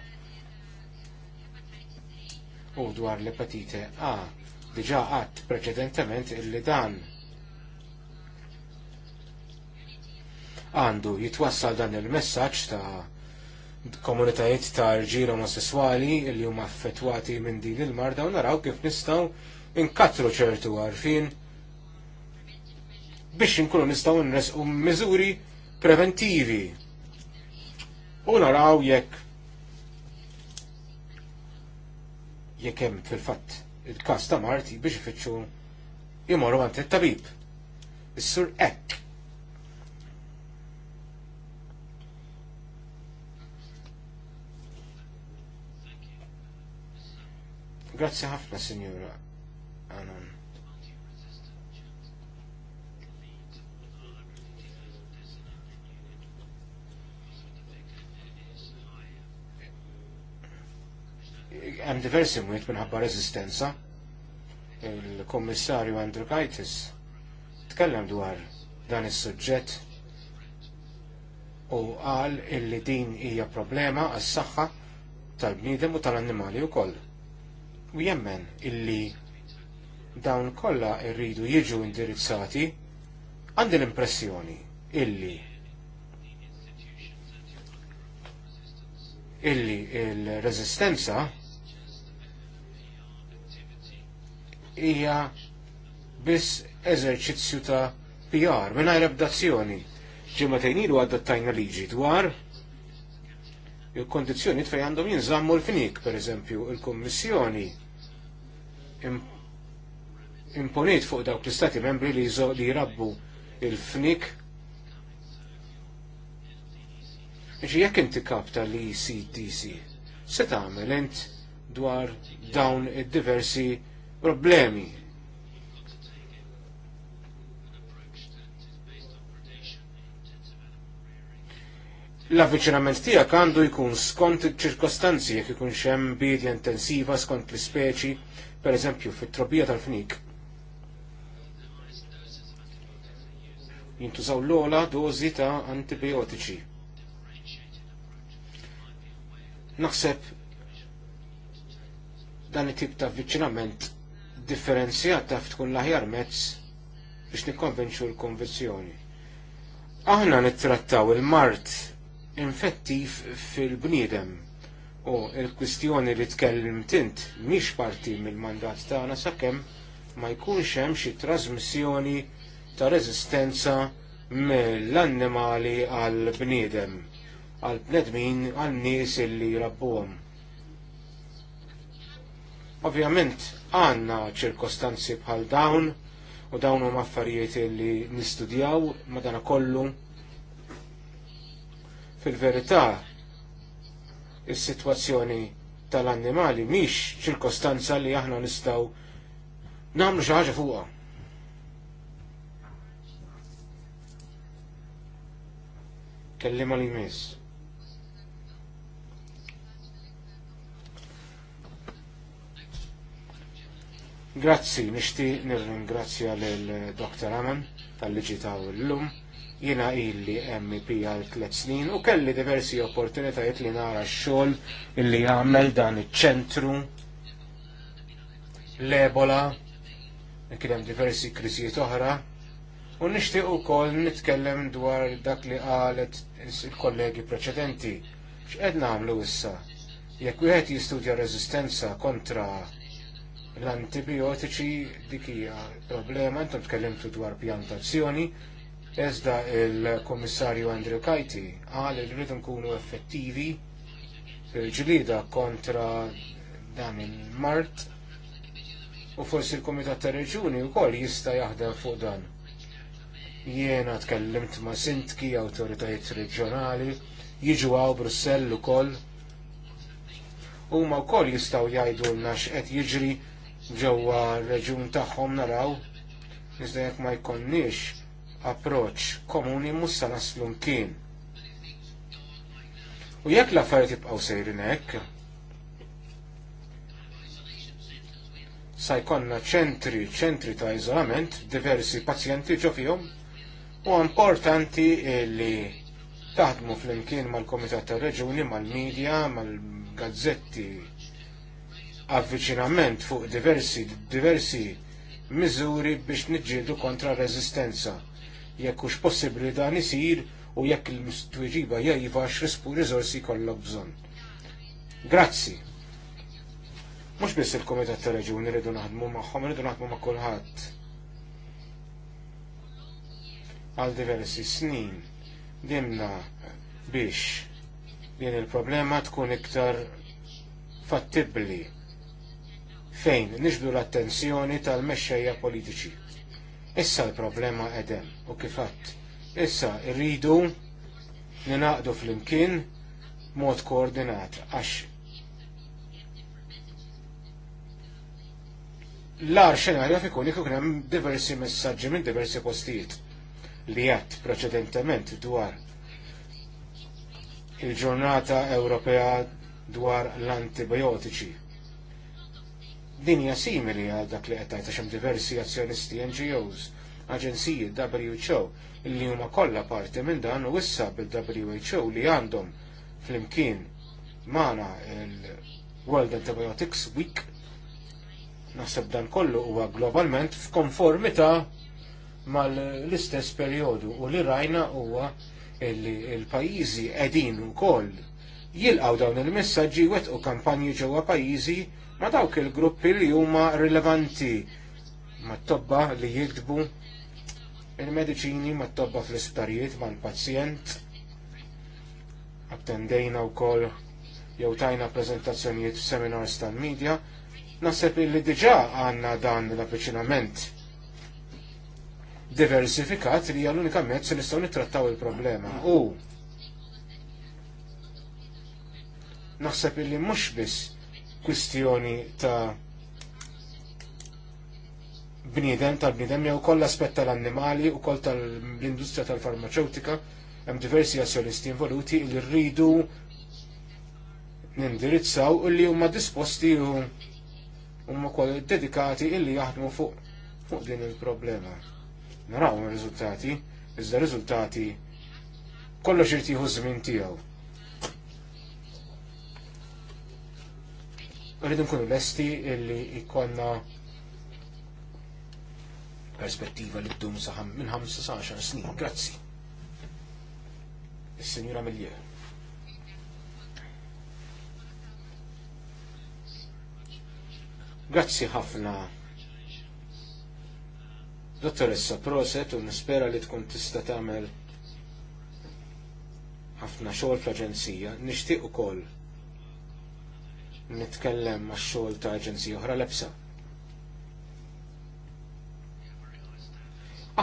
U dwar l-epatite A, diġà qatt preċedentement illi dan għandu jitwassal dan il-messaġġ ta' komunitajiet ta' rġiel omosessuali li huma affettwati minn din il-marda u naraw kif nistgħu inkatru ċertu għarfien biex inkunu nistgħu nresqu miżuri preventivi. U naraw jekk jekk hemm fil-fatt il-każ ta' Marti biex ifittxu jmorru għand it-tabib. Is-sur hekk Grazzi ħafna, Signora Anon. Hemm diversi mwiet minħabba rezistenza. Il-Kommissarju Andrew Kaitis tkellem dwar dan is-suġġett u qal illi din hija problema għas-saħħa tal-bniedem u tal-annimali wkoll u jemmen illi dawn kollha rridu jiġu indirizzati għandi l-impressjoni illi illi il-rezistenza hija biss eżerċizzju ta' PR mingħajr abdazzjoni. Ġimgħatejn ilu għaddattajna liġi dwar il-kondizzjoni fejn għandhom jinżammu l-finik, per eżempju, il-Kommissjoni imponit fuq dawk l-istati membri li li jirabbu il-fnik. Ġi jekk inti kap tal-ECDC, se tagħmel int dwar dawn id-diversi problemi L-avviċinament tiegħek għandu jkun skont ċirkostanzi jekk ikun xem bidja intensiva skont l-ispeċi Per eżempju, fit-trobija tal-fnik. Jintużaw l-ola dozi ta' antibiotiċi. Naħseb dan it-tip ta' avviċinament differenzjat taf tkun l-aħjar mezz biex nikkonvenċu l-konvenzjoni. Aħna nittrattaw il-mart infettiv fil-bniedem U il-kwistjoni li tkellim tint mhix parti mill-mandat tagħna sakemm ma jkunx hemm xi trasmissjoni ta' reżistenza mill-annimali għal bniedem għal bnedmin għal nies illi rabbuhom. Ovvjament għandna ċirkostanzi bħal dawn u dawn huma affarijiet li nistudjaw madana kollu fil-verità is-sitwazzjoni tal-annimali mhix ċirkostanza li aħna nistgħu nagħmlu xi ħaġa fuqha. Kellima li jmiss. Grazzi, nishti nirringrazzja l-Dr. Aman tal-liġi ta' l-lum jina illi MP għal tliet snin u kelli diversi opportunitajiet li nara x-xogħol illi jagħmel dan iċ-ċentru l-Ebola kien hemm diversi kriżijiet oħra u nixtieq ukoll nitkellem dwar dak li qalet il-kollegi preċedenti. X'qed nagħmlu issa? Jekk wieħed jistudja rezistenza kontra l-antibiotiċi dik hija problema, intom tkellimtu dwar pjantazzjoni, Iżda il-Komissarju Andrew Kajti għal li rridu nkunu effettivi ġlida kontra dan il-mart u forsi l-Komitat ta' Reġuni u koll jista jaħdem fuq dan. Jiena tkellimt ma' sintki, autoritajiet reġjonali, jiġu għaw Brussell u koll. U ma' koll jistaw jajdu l-nax et jiġri ġewwa reġun tagħhom naraw, iżda jekk ma jkonniex approċ komuni mussa naslu mkien. U jekk l-affarijiet jibqgħu sejrin hekk, sajkonna ċentri, ċentri ta' iżolament, diversi pazjenti ġo fihom, u importanti li taħdmu fl-imkien mal-Komitat tar Reġuni, mal-Media, mal-Gazzetti, avviċinament fuq diversi, diversi miżuri biex niġġieldu kontra r reżistenza jekk hux possibbli dan isir u jekk il-tweġiba jgħiva x'rispu riżorsi kollha bżonn. Grazzi. Mhux biss il-Kumitat ta' Reġuni rridu naħdmu magħhom, rridu naħdmu ma' kulħadd. Għal diversi snin dimna biex din il-problema tkun iktar fattibli fejn nixdu l-attenzjoni tal-mexxejja politiċi. Issa l-problema edem u kifatt. Issa rridu ninaqdu fl-imkien mod koordinat għax l-ar xenarju fikun ikun hemm diversi messaġġi minn diversi postijiet li għat preċedentement dwar il-ġurnata Ewropea dwar l-antibiotiċi Din hija simili għal dak li qed tgħid diversi azzjonisti NGOs, aġenziji WHO li huma kollha parti minn dan u issa bil-WHO li għandhom flimkien magħna il-World Antibiotics Week naħseb dan kollu huwa globalment f'konformità mal-istess perjodu u li rajna huwa illi il-pajjiżi qegħdin ukoll jilqgħu dawn il wet wetqu kampanji ġewwa pajjiżi ma' dawk il-gruppi li huma rilevanti ma' tobba li jidbu il-medicini ma' tobba fl-isptarijiet ma' l-pazjent attendejna u kol jew tajna prezentazzjonijiet seminars tal-medja naħseb li diġa għanna dan l avvicinament diversifikat li hija l-unika mezz li nistgħu nittrattaw il-problema. U naħseb illi mhux biss kwistjoni ta' bniedem tal-bniedem jew koll aspett tal-annimali u koll tal-industrija tal-farmaceutika hemm diversi azzjonisti involuti li rridu nindirizzaw u li huma disposti u huma koll dedikati illi jaħdmu fuq fuq din il-problema. Naraw ir-riżultati, iżda riżultati kollox irtiħu żmien tiegħu. Rridu nkunu lesti illi ikonna perspettiva li saħam minn 15 snin. Grazzi. Is-Sinjura Miljer. Grazzi ħafna. Dottoressa Proset u nispera li tkun tista' tagħmel ħafna xogħol fl-aġenzija. Nixtieq ukoll nitkellem ma' xogħol ta' aġenzija oħra lebsa.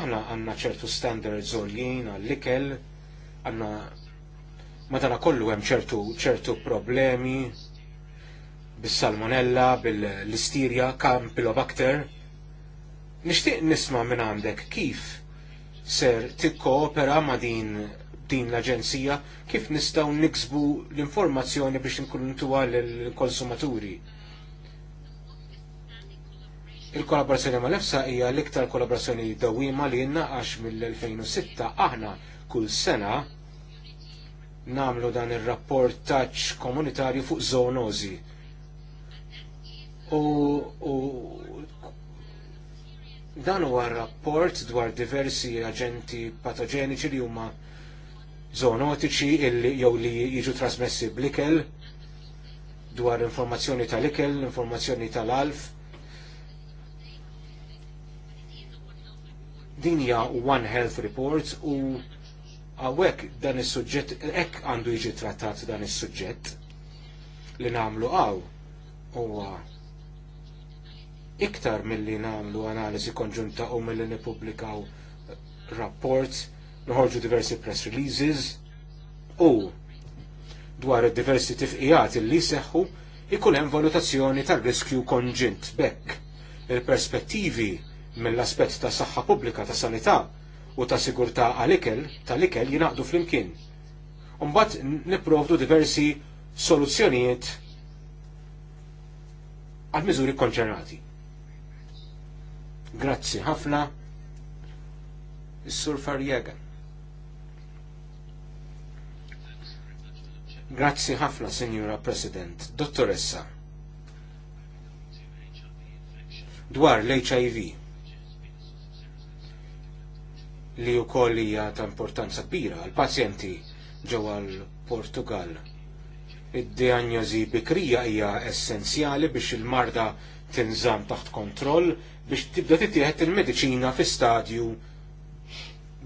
Aħna għandna ċertu standard għoljien għall-ikel, għandna madana kollu hemm ċertu ċertu problemi bis-salmonella, bil-listirja, campylobacter. Nixtieq nisma' minn għandek kif ser tikkoopera ma' din din l-Aġenzija kif nistgħu niksbu l-informazzjoni biex nkuntuha lill-konsumaturi. Il-kollaborazzjoni ma' nefsa hija l-iktar kollaborazzjoni dawima li għax mill-2006 aħna kull sena namlu dan ir-rapport taċ komunitarju fuq zoonozi. U, u dan huwa rapport dwar diversi aġenti patogeniċi li huma zoonotiċi illi jew li jiġu trasmessi blikel dwar informazzjoni tal-ikel, informazzjoni tal-alf. Din hija One Health Report u għawek dan is-suġġett ek għandu jiġi trattat dan is-suġġett li namlu għaw u iktar mill-li namlu analiżi konġunta u mill-li nipublikaw rapport noħorġu diversi press releases u dwar diversi tifqijat li seħħu ikun hemm valutazzjoni tal riskju konġint bekk. Il-perspettivi mill-aspett ta' saħħa pubblika ta' sanità u ta' sigurtà għal-ikel tal-ikel jingħaqdu flimkien. Umbat niprovdu diversi soluzzjonijiet għal miżuri konċernati. Grazzi ħafna. Is-Sur Farjegan. Grazzi ħafna, Sinjura President. Dottoressa, dwar l-HIV li u koll hija ta' importanza kbira għal pazjenti ġewwa l-Portugal. Id-diagnosi bikrija hija essenzjali biex il-marda tinżam taħt kontroll biex tibda titieħed il-mediċina fi stadju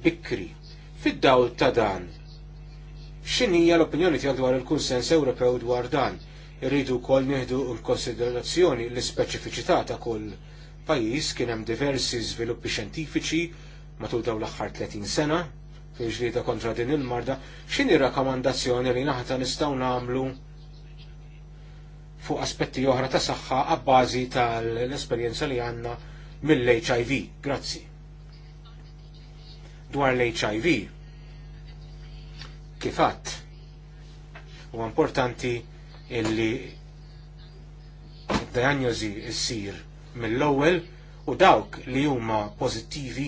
bikri. Fid-dawl ta' dan, hija l-opinjoni tiegħek dwar il-kunsens Ewropew dwar dan. Irridu wkoll nieħdu konsiderazzjoni l-ispeċifiċità ta' kull pajjiż kien hemm diversi żviluppi xjentifiċi matul dawn l-aħħar 30 sena fil-ġlieda kontra din il-marda, x'inhi rakkomandazzjoni li naħta nistgħu nagħmlu fuq aspetti oħra ta' saħħa għabbażi tal-esperjenza li għanna mill-HIV. Grazzi. Dwar l-HIV, Kifat, u importanti illi diagnosi issir mill-ewwel u dawk li huma pożittivi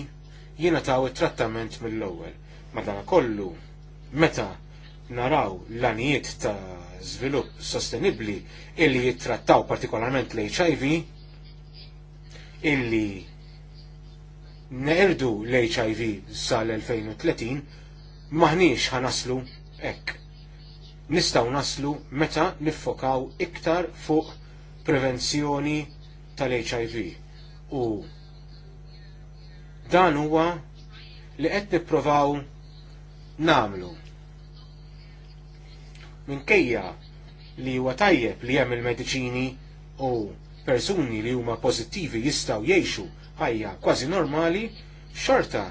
jiena taw it-trattament mill-ewwel. Madana kollu meta naraw l-anijiet ta' żvilupp sostenibbli illi jittrattaw partikolarment l-HIV illi neqerdu l-HIV sal-2030 maħniex ħanaslu hekk. Nistgħu naslu meta niffokaw iktar fuq prevenzjoni tal-HIV u dan huwa li qed nippruvaw nagħmlu. Minkejja li huwa tajjeb li hemm il-mediċini u persuni li huma pożittivi jistgħu jgħixu ħajja kważi normali, xorta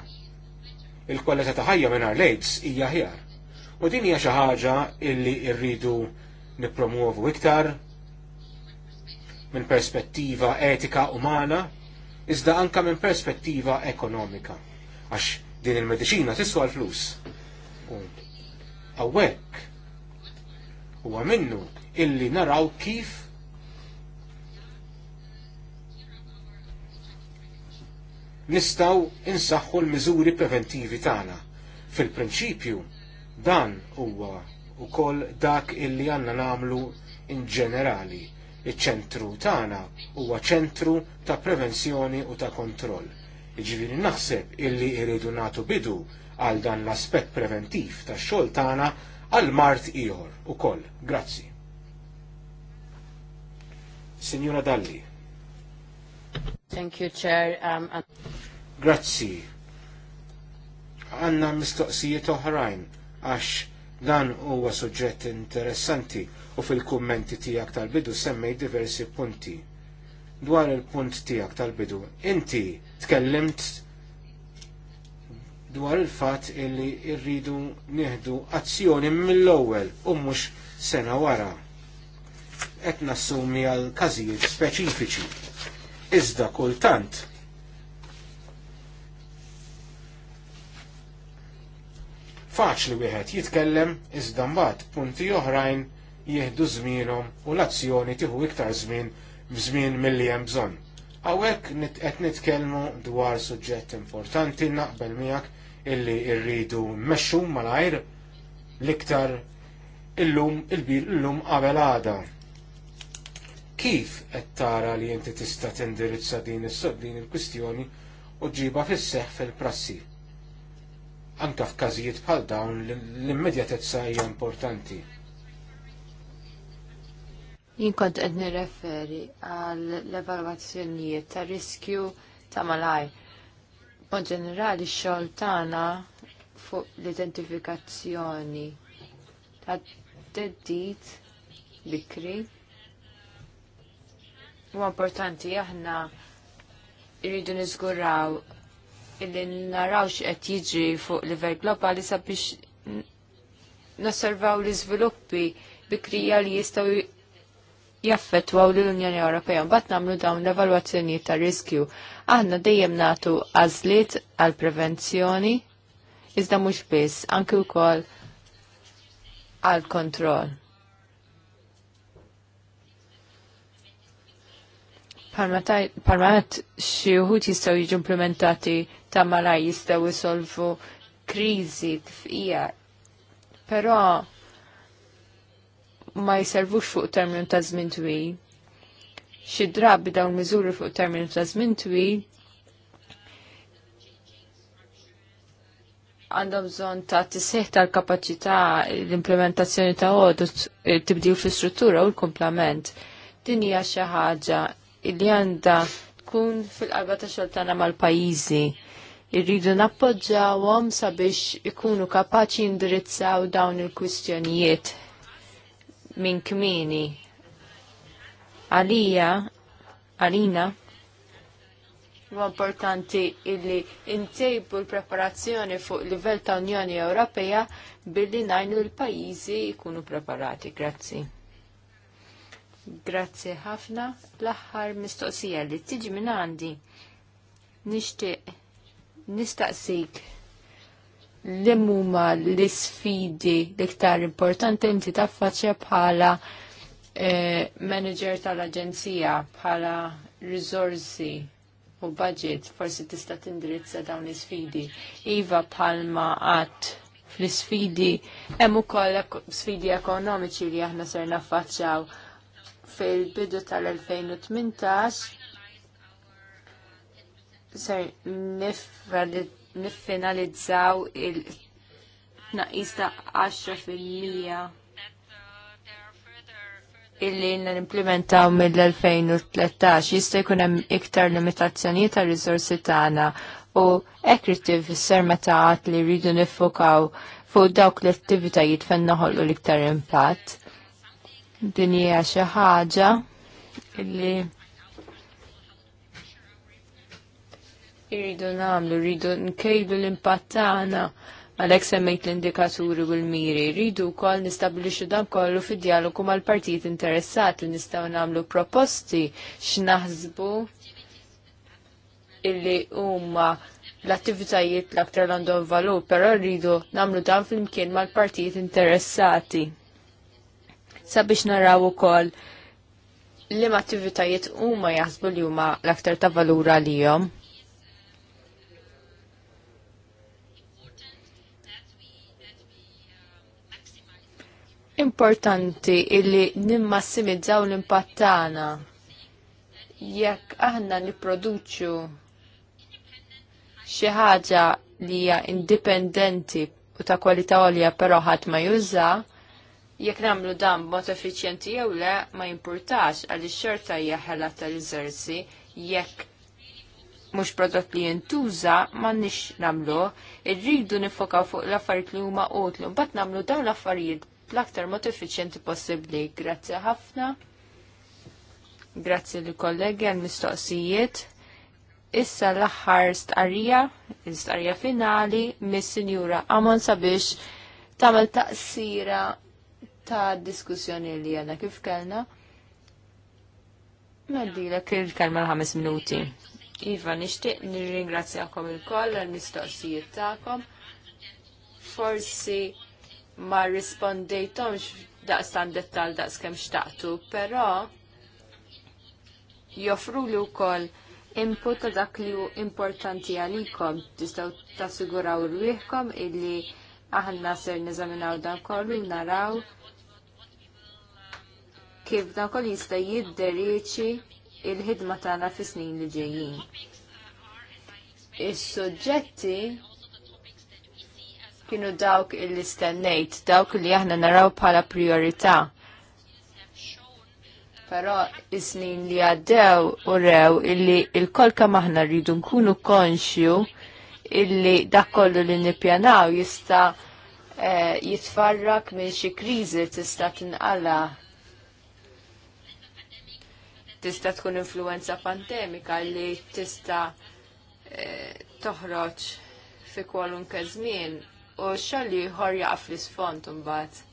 il-kwalità ta' ħajja mingħajr l hija ħjar. U din hija xi ħaġa illi rridu nippromuovu iktar minn perspettiva etika umana, iżda anka minn perspettiva ekonomika. Għax din il-medicina tiswa l-flus. Awek, huwa minnu illi naraw kif nistaw insaħħu l-miżuri preventivi tagħna. Fil-prinċipju, dan huwa ukoll dak illi għandna nagħmlu in ġenerali. Iċ-ċentru tagħna huwa ċentru ta' prevenzjoni u ta' kontroll. Iġifieri naħseb illi jridu nagħtu bidu għal dan l-aspett preventiv tax-xogħol tagħna għal mart ieħor ukoll. Grazzi. Signora Dalli. Thank you, Chair. Um, and... Grazzi. Għanna mistoqsijiet oħrajn għax dan huwa suġġett interessanti u fil-kummenti tiegħek tal-bidu semmej diversi punti. Dwar il-punt tiegħek tal-bidu, inti tkellimt dwar il-fatt illi rridu nieħdu azzjoni mill-ewwel u mhux sena wara. Qed nassumi għal każijiet speċifiċi Iżda kultant faċli wieħed jitkellem iżda mbagħad punti oħrajn jieħdu żmienhom u l-azzjoni tieħu iktar żmien b'żmien milli hemm bżonn. Hawnhekk qed nitkellmu dwar suġġett importanti naqbel miegħek illi rridu mmexxu malajr l-iktar illum il-bir illum qabel għada kif qed tara li inti tista' tindirizza din is-soddin il-kwistjoni u ġiba fis-seħħ fil-prassi. Anka f'każijiet bħal dawn l-immedjatezza hija importanti. Jien kont qed nirreferi għal l-evalwazzjonijiet ta' riskju ta' malaj. Mod ġenerali x-xogħol tagħna fuq l-identifikazzjoni ta' teddit bikri U importanti aħna irridu niżguraw illi narawx qed jiġri fuq livell globali sabiex nosservaw l-iżviluppi bikrija li jistgħu jaffettwaw l-Unjoni Ewropea mbagħad nagħmlu dawn l-evalwazzjonijiet ta' riskju. Aħna dejjem nagħtu għażliet għal prevenzjoni iżda mhux biss anke wkoll għal kontroll Parmat xi wħud jistgħu jiġu implementati ta' malaj jistgħu jisolvu kriżi tfqija. Però ma jservux fuq terminu ta' żmien twil. Xi drabi dawn miżuri fuq terminu ta' zmin twil għandhom bżon ta' tisħiħ tal-kapacità l-implementazzjoni ta' għodut tibdil fi struttura u l-komplement. Din hija xi ħaġa li għanda tkun fil-qalba ta' xoltana mal-pajizi. Irridu nappoġġawhom sabiex ikunu kapaċi indirizzaw dawn il-kwistjonijiet minn kmini. Għalija, għalina, u importanti illi intejbu l-preparazzjoni fuq livell ta' Unjoni Ewropea billi najnu l-pajizi ikunu preparati. Grazzi. Grazzi ħafna. L-aħħar mistoqsija li tiġi minn għandi nixtieq nistaqsik li huma l-isfidi l-iktar importanti inti taffaċċja bħala eh, manager tal-aġenzija bħala risorsi u budget forsi tista' tindirizza dawn l-isfidi. Iva bħalma għat fl-isfidi hemm ukoll sfidi ekonomiċi li aħna ser naffaċċjaw fil-bidu tal-2018 ser niffinalizzaw il-naqis ta' 10% illi n-implementaw mill-2013 jista' jkun hemm iktar limitazzjonijiet ta' riżorsi tagħna u ekritiv isser meta għad li rridu nifokaw fuq dawk l-attivitajiet fejn noħolqu l-iktar impatt. Din hija xi ħaġa illi irridu nagħmlu, rridu nkejlu l-impatt tagħna għalhekk semmejt l-indikaturi u l-miri. Rridu wkoll nistabbilixxu dan kollu fid-dialogu mal-partijiet interessati li nistgħu nagħmlu proposti x'naħsbu illi huma l-attivitajiet l-aktar l-għandhom valur, però rridu namlu dan fl-imkien mal-partijiet interessati sabiex naraw ukoll li ma attivitajiet huma jaħsbu li huma l-aktar ta' valura għalihom. Importanti illi nimmassimizzaw l-impatt tagħna jekk aħna nipproduċu xi ħaġa li hija indipendenti u ta' kwalità għolja però ħadd ma juża, jekk nagħmlu dan b'mod effiċjenti jew le ma jimpurtax għaliex xorta hija ħela tal-iżersi jekk mhux prodott li jintuża m'għandniex nagħmlu. irridu nifokaw fuq l-affarijiet li huma utlu, mbagħad nagħmlu dawn l-affarijiet bl-aktar mod effiċjenti possibbli. Grazzi ħafna. Grazzi li kollegi għall mistoqsijiet Issa l-aħħar stqarrija, l-istqarrija finali mis-Sinjura Amon sabiex tagħmel taqsira ta' diskussjoni li għanna kif kellna. la kif kelma l-ħames minuti. Iva, nishtiq nirringrazzjakom il-koll l mistoqsijiet ta'kom. Forsi ma rispondejtomx daqstan dettal daqskem xtaqtu, pero joffru li wkoll input ta' dak li importanti għalikom, tistaw tassiguraw rwieħkom illi aħna ser niżaminaw dan kollu naraw kif dak ukoll jista' jidderieċi il-ħidma tagħna fis-snin li ġejjin. Is-suġġetti kienu dawk il istennejt dawk li aħna naraw bħala priorità. Però is-snin li għaddew u rew illi il-kol kam aħna rridu nkunu konxju illi dak kollu li nippjanaw jista' eh, jitfarrak minn xi kriżi tista' tinqala tista' tkun influenza pandemika li tista' eh, toħroġ fi kwalunkwe żmien u xalli ħor jaqaf l-isfond imbagħad.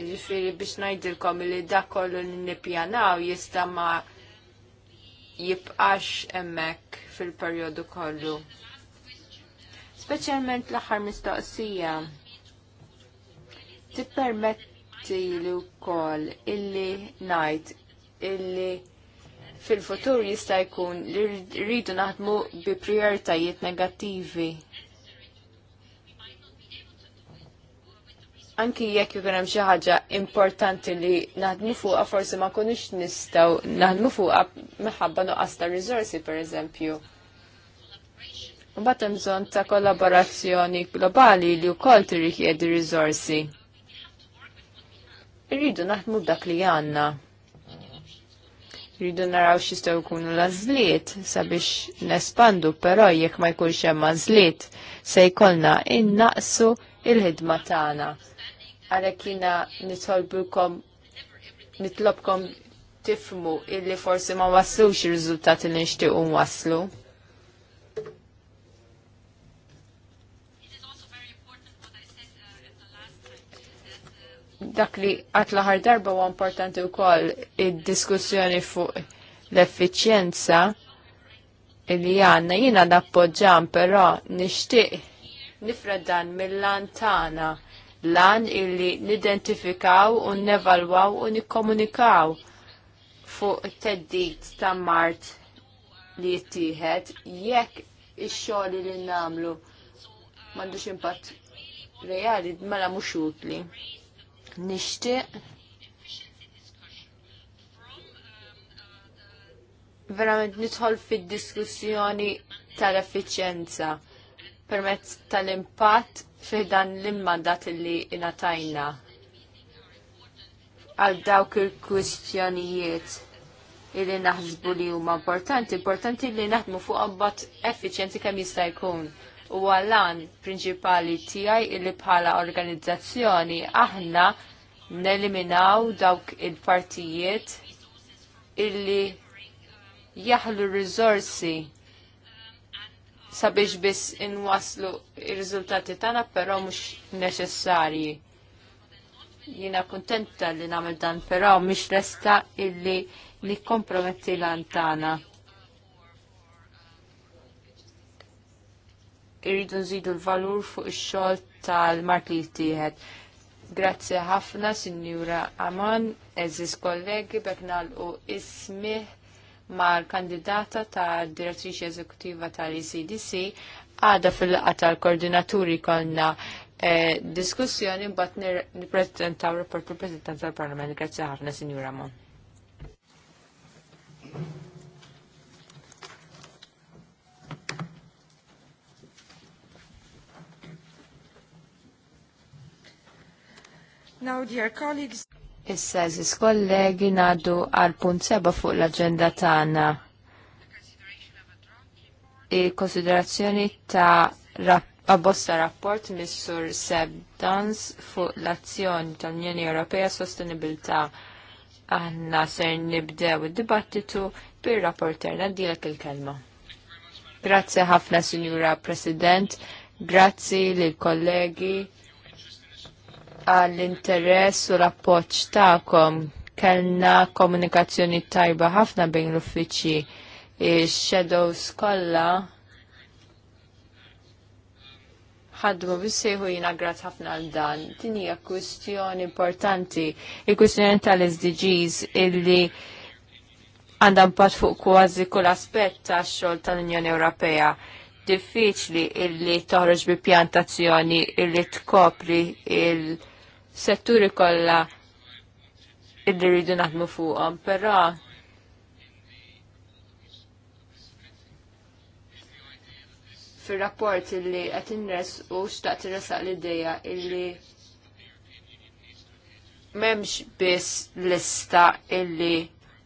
Ġifieri biex ngħidilkom li dak kollu nipjanaw jista' ma jibqax hemmhekk fil-perjodu kollu. Speċjalment l-aħħar mistoqsija tippermet li wkoll illi najt illi fil-futur jista' jkun li rridu naħdmu bi prioritajiet negattivi. Anki jekk jkun hemm xi ħaġa importanti li naħdmu fuqha forsi ma kunux nistgħu naħdmu fuqha minħabba nuqqas ta' riżorsi pereżempju. Mbagħad hemm bżonn ta' kollaborazzjoni globali li wkoll tirrikjedi riżorsi. Irridu naħdmu b'dak li għanna. Irridu naraw xistaw jkunu zliet sabiex nespandu, però jekk ma jkunx hemm għażliet se jkollna innaqsu il-ħidma tagħna. Għalhekk jiena nitolbukom nitlobkom tifmu illi forsi ma waslux ir-riżultati li nixtiequ waslu. dak li għat laħar darba u importanti u koll id-diskussjoni fuq l-effiċjenza li għanna jina nappoġġan però nishtiq nifred dan mill-lantana lan illi nidentifikaw u nevalwaw u nikkomunikaw fuq teddit ta' mart li jittijħed jekk ix-xogħol li namlu m'għandux impatt reali mela mhux utli nixtieq verament nidħol fid-diskussjoni tal-effiċjenza permezz tal-impatt fi dan l-immandat li inatajna għal dawk il-kwistjonijiet illi naħsbu li huma importanti, importanti li naħdmu fuq abbat effiċjenzi kemm jista' jkun. U għallan prinċipali tiegħi illi bħala organizzazzjoni aħna neliminaw dawk il-partijiet illi jaħlu rizorsi sabiex biss inwaslu il-rizultati tana, pero mux neċessarji. Jina kontenta li namel dan, pero mux resta illi nikkomprometti l-antana. Irridu nżidu l-valur fuq ix-xogħol tal-mark li jittieħed Grazzi ħafna, Sinjura Amon, eżis kollegi, beknal u ismi, mal-kandidata ta' direttriċi eżekutiva tal-ECDC għada fil-laqa tal-koordinaturi konna eh, diskussjoni bat nir-prezentaw rapport tal parlament Grazzi ħafna, Sinjura Amon. Now, dear colleagues. Issa, ziz kollegi naddu għal punt seba fuq l-agenda tagħna. Il-konsiderazzjoni ta' rap abbosta rapport missur Seb Dans fuq l-azzjoni tal-Unjoni Ewropea Sostenibilità. Aħna ser nibdew id-dibattitu bir-rapporter Dilek il-kelma. Grazzi ħafna, Signora President. Grazie lill kollegi għall-interess u l-appoġġ tagħkom. Kellna komunikazzjoni tajba ħafna bejn l-uffiċċji. Ix-shadows kollha ħadmu bissejħu jina grat ħafna għal dan. Din hija kwistjoni importanti, il-kwistjoni tal-SDGs illi għandha impatt fuq kważi kull aspett tax-xogħol tal-Unjoni Ewropea diffiċli illi toħroġ bi pjantazzjoni illi tkopri il-setturi kollha illi rridu naħdmu fuqhom, però fil-rapport illi qed inres u xtaqt irresaq l-idea illi m'hemmx biss lista illi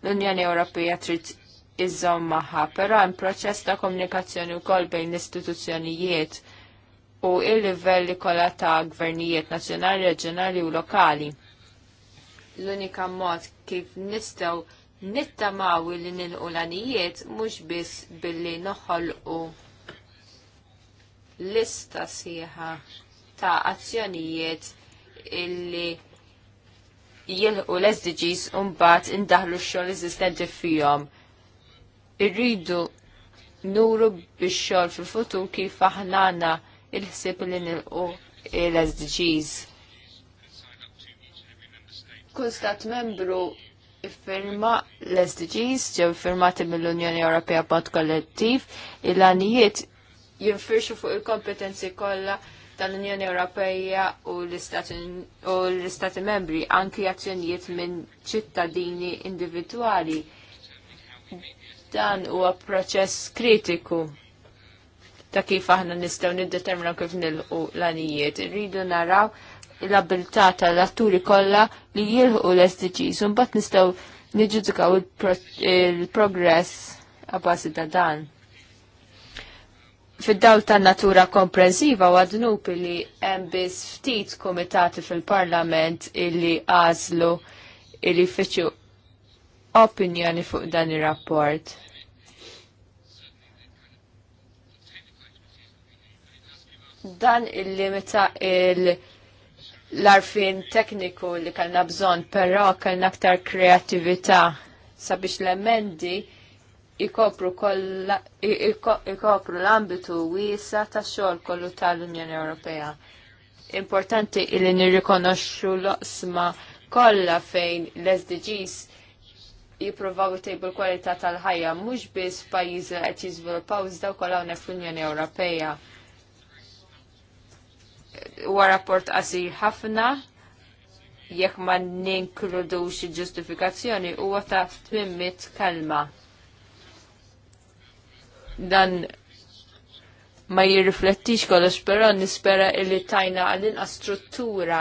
l-Unjoni Ewropea trid iżżomm magħha, però hemm proċess ta' komunikazzjoni wkoll bejn l-istituzzjonijiet u il-livelli kollha ta' gvernijiet nazzjonali, reġjonali u lokali. L-unika mod kif nistgħu nittamaw li nilqu l mhux biss billi noħolqu lista sieħa ta' azzjonijiet illi jilqu l-SDGs un-bat indaħlu x-xogħol eżistenti fihom irridu nuru bix-xogħol fil-futur kif aħnana il ħsib li nilqu l-SDGs. Kull stat membru iffirma l-SDGs ġew firmati mill-Unjoni Ewropea b'mod kollettiv il-għanijiet jinfirxu fuq il-kompetenzi kollha tal-Unjoni Ewropea u l-Istati membri anki azzjonijiet minn ċittadini individwali Dan huwa proċess kritiku ta' kif aħna nistgħu niddeterminaw kif nilqu l-anijiet. Irridu naraw l-abilità tal-atturi kollha li jilħu l-SDGs u mbagħad nistgħu niġġudikaw il-progress għabbażi ta' dan. Fid-dawl ta' natura komprensiva u għadnup li hemm biss ftit komitati fil-Parlament illi għażlu illi fiċu opinjoni fuq dan ir-rapport. dan il-limita il- limita l arfin tekniku li kellna bżon, però kellna aktar kreativita sabiex l-emendi ikopru ikopru l-ambitu wiesa ta' xogħol kollu tal-Unjoni Ewropea. Importanti li nirrikonoxxu l osma kollha fejn l-SDGs jiprovaw tejbu l-kwalità tal-ħajja mhux biss pajjiżi qed jiżviluppaw iżda wkoll hawnhekk fl-Unjoni Ewropea huwa rapport qasir ħafna jekk ma ninkludu xi ġustifikazzjoni huwa ta' twimmit kalma. Dan ma jirriflettix kollox, però nispera illi tajna għal inqas struttura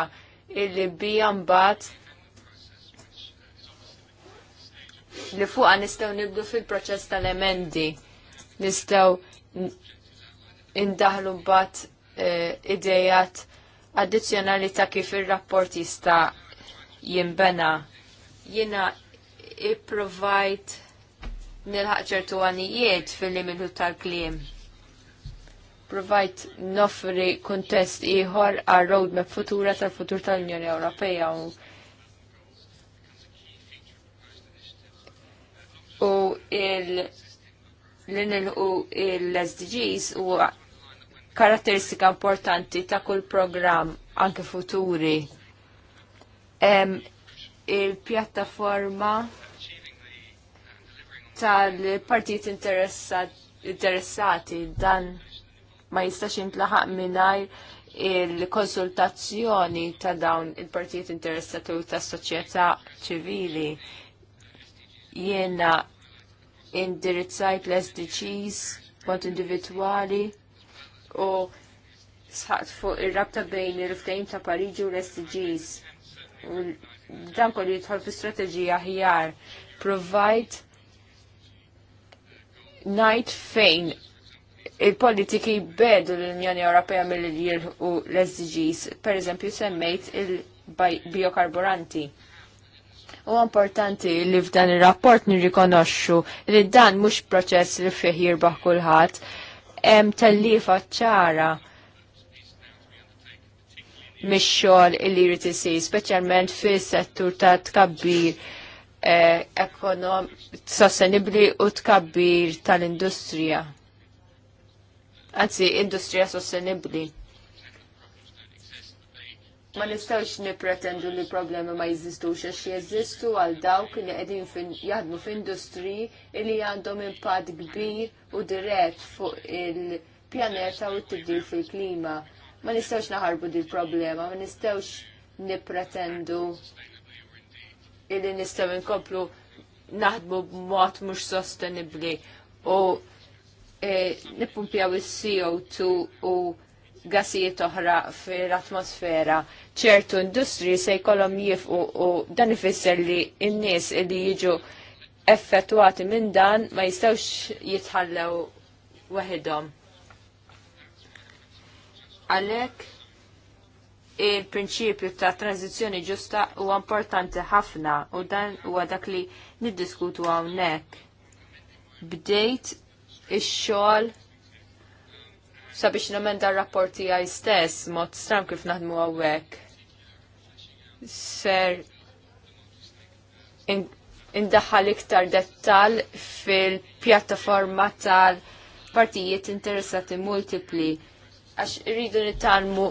illi bija mbagħad li fuqa nistgħu nibdu fil-proċess tal-emendi. Nistgħu indaħlu mbagħad Eh, idejat addizzjonali ta' kif ir-rapport jista' jinbena. Jiena ipprovajt nilħaq ċertu għanijiet fil-limitu tal-klim. Provajt nofri kuntest ieħor għal roadmap futura tal-futur tal-Unjoni Ewropea u u il l-nilħu l-SDGs u karatteristika importanti ta' kull programm anke futuri. Il-pjattaforma tal-partijiet interessati dan ma jistax intlaħaq minnaj il-konsultazzjoni ta' dawn il-partijiet interessati u ta' soċjetà ċivili. Jiena indirizzajt l-SDGs kont individwali u sħaqt fuq ir-rabta bejn il-ftehim ta' Pariġi u l-SDGs. Dan kol jidħol fi strateġija ħjar. Provide night fejn il-politiki bedu l-Unjoni Ewropea mill-jir u l-SDGs. Per eżempju, semmejt il-biokarburanti. U importanti li f'dan ir rapport nirrikonoxxu li dan mhux proċess li fih jirbaħ kulħadd, hemm tellifa ċara mix-xogħol illi jrid isir, speċjalment fis-settur ta' tkabbir eh, ekonom sostenibbli u tkabbir tal-industrija. Anzi, industrija sostenibbli ma nistawx nipretendu li problemi ma jizistu għax jeżistu għal dawk li qegħdin jaħdmu f'industri li għandhom impatt kbir u dirett fuq il-pjaneta u t-tibdil fil-klima. Ma nistawx naħarbu di problema, ma nistawx nipretendu illi nistaw nkomplu naħdmu b'mod mhux sostenibbli u e, nippumpjaw is co 2 u gasijiet oħra fil-atmosfera ċertu industri se jkollhom jifqu u dan ifisser li n-nies li jiġu effettwati minn dan ma jistgħux jitħallew waħedhom. Għalhekk il-prinċipju ta' tranzizzjoni ġusta huwa importanti ħafna u dan huwa dak li niddiskutu hawnhekk. Bdejt ix-xogħol sabiex namenda r-rapporti għaj stess, mod stram kif naħdmu għawek ser indaħħal iktar dettal fil-pjattaforma tal-partijiet interessati multipli għax rridu nittalmu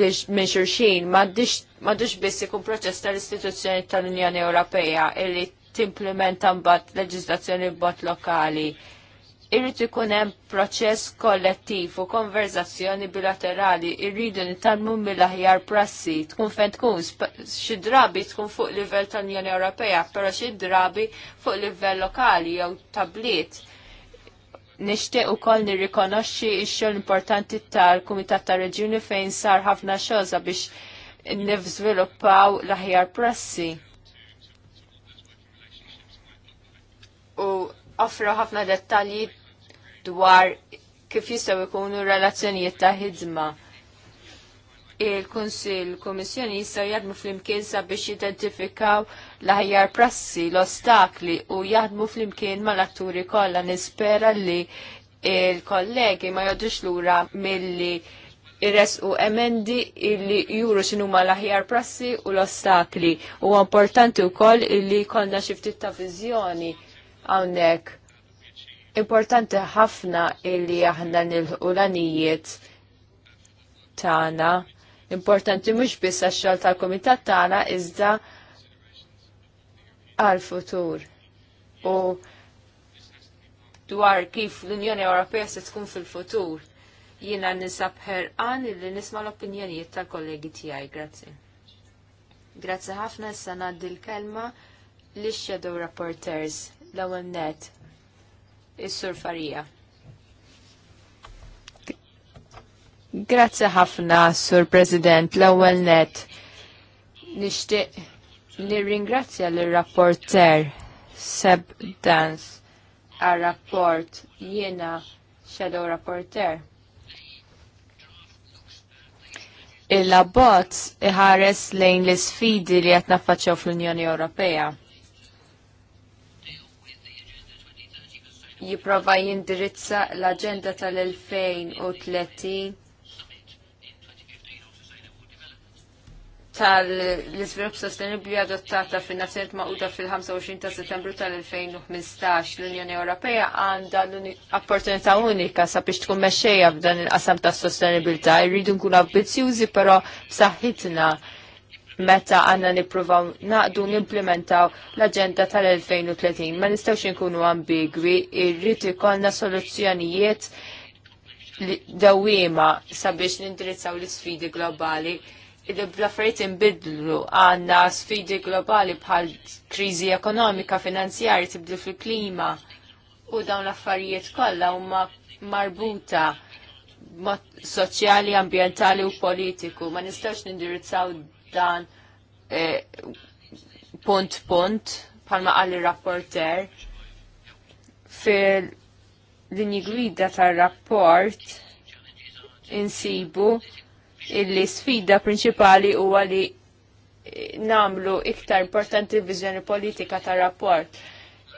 minn xurxin, maddux biss ikun proċess tal-istituzzjoni tal-Unjoni Ewropea illi timplementa mbagħad leġiżlazzjoni b'mod lokali irrid ikun hemm proċess kollettiv u konverzazzjoni bilaterali irridu nitalmu mill-aħjar prassi tkun fejn tkun xi drabi tkun fuq livell tal-Unjoni Ewropea, però xi drabi fuq livell lokali jew tabliet. Nixtieq ukoll nirrikonoxxi x-xogħol importanti tal-Kumitat tar-Reġjuni fejn sar ħafna xogħol biex nivżviluppaw l-aħjar prassi. U offra ħafna dettalji dwar kif jistgħu jkunu relazzjonijiet ta' ħidma. Il-Kunsill Kummissjoni jadmu jaħdmu flimkien sabiex jidentifikaw l-aħjar prassi, l-ostakli u jaħdmu flimkien mal-atturi kollha nispera li il-kollegi ma jodux lura milli irres u emendi illi juru xinu ma laħjar prassi u l-ostakli. U importanti u koll illi konna xiftit ta' vizjoni għawnek. Importanti ħafna illi aħna nil-ulanijiet tagħna. Importanti mhux biss għax-xogħol tal-kumitat tagħna iżda għal-futur. U dwar kif l-Unjoni Ewropea se tkun fil-futur. Jiena nisab ħerqan illi nisma' l-opinjonijiet tal-kollegi tiegħi. Grazzi. Grazzi ħafna issa ngħaddi l-kelma li shadow Rapporters l-ewwel is-Sur Farija. Grazzi ħafna, Sur President, l-ewwel net. Nixtieq nirringrazzja lir-rapporter Seb Dans għar-rapport jiena Shadow Rapporter. il labot iħares lejn l-sfidi li qed naffaċċjaw fl-Unjoni Ewropea jipprova jindirizza l-Aġenda tal-2030 tal iżvilupp sostenibli adottata fin-Nazzjonijiet Magħquda fil-25 ta' Settembru tal-2015 l-Unjoni Ewropea għandha l-opportunità unika sabiex tkun mexxejja f'dan il-qasam tas-sostenibilità. Jridu nkunu ambizzjużi però b'saħħitna meta għanna nipruvaw naqdu nimplementaw l-agenda tal-2030. Ma nistawx nkunu ambigwi, irrit ikollna soluzzjonijiet dawima sabiex nindirizzaw l-sfidi globali il-blaffariet imbidlu għanna sfidi globali bħal krizi ekonomika, finanzjari, tibdil fil-klima u dawn l-affarijiet kollha huma marbuta soċjali, ambientali u politiku. Ma nistawx nindirizzaw dan e, punt punt palma għalli rapporter fil din jgwida tar rapport insibu illi sfida prinċipali huwa li namlu iktar importanti viżjoni politika tar rapport.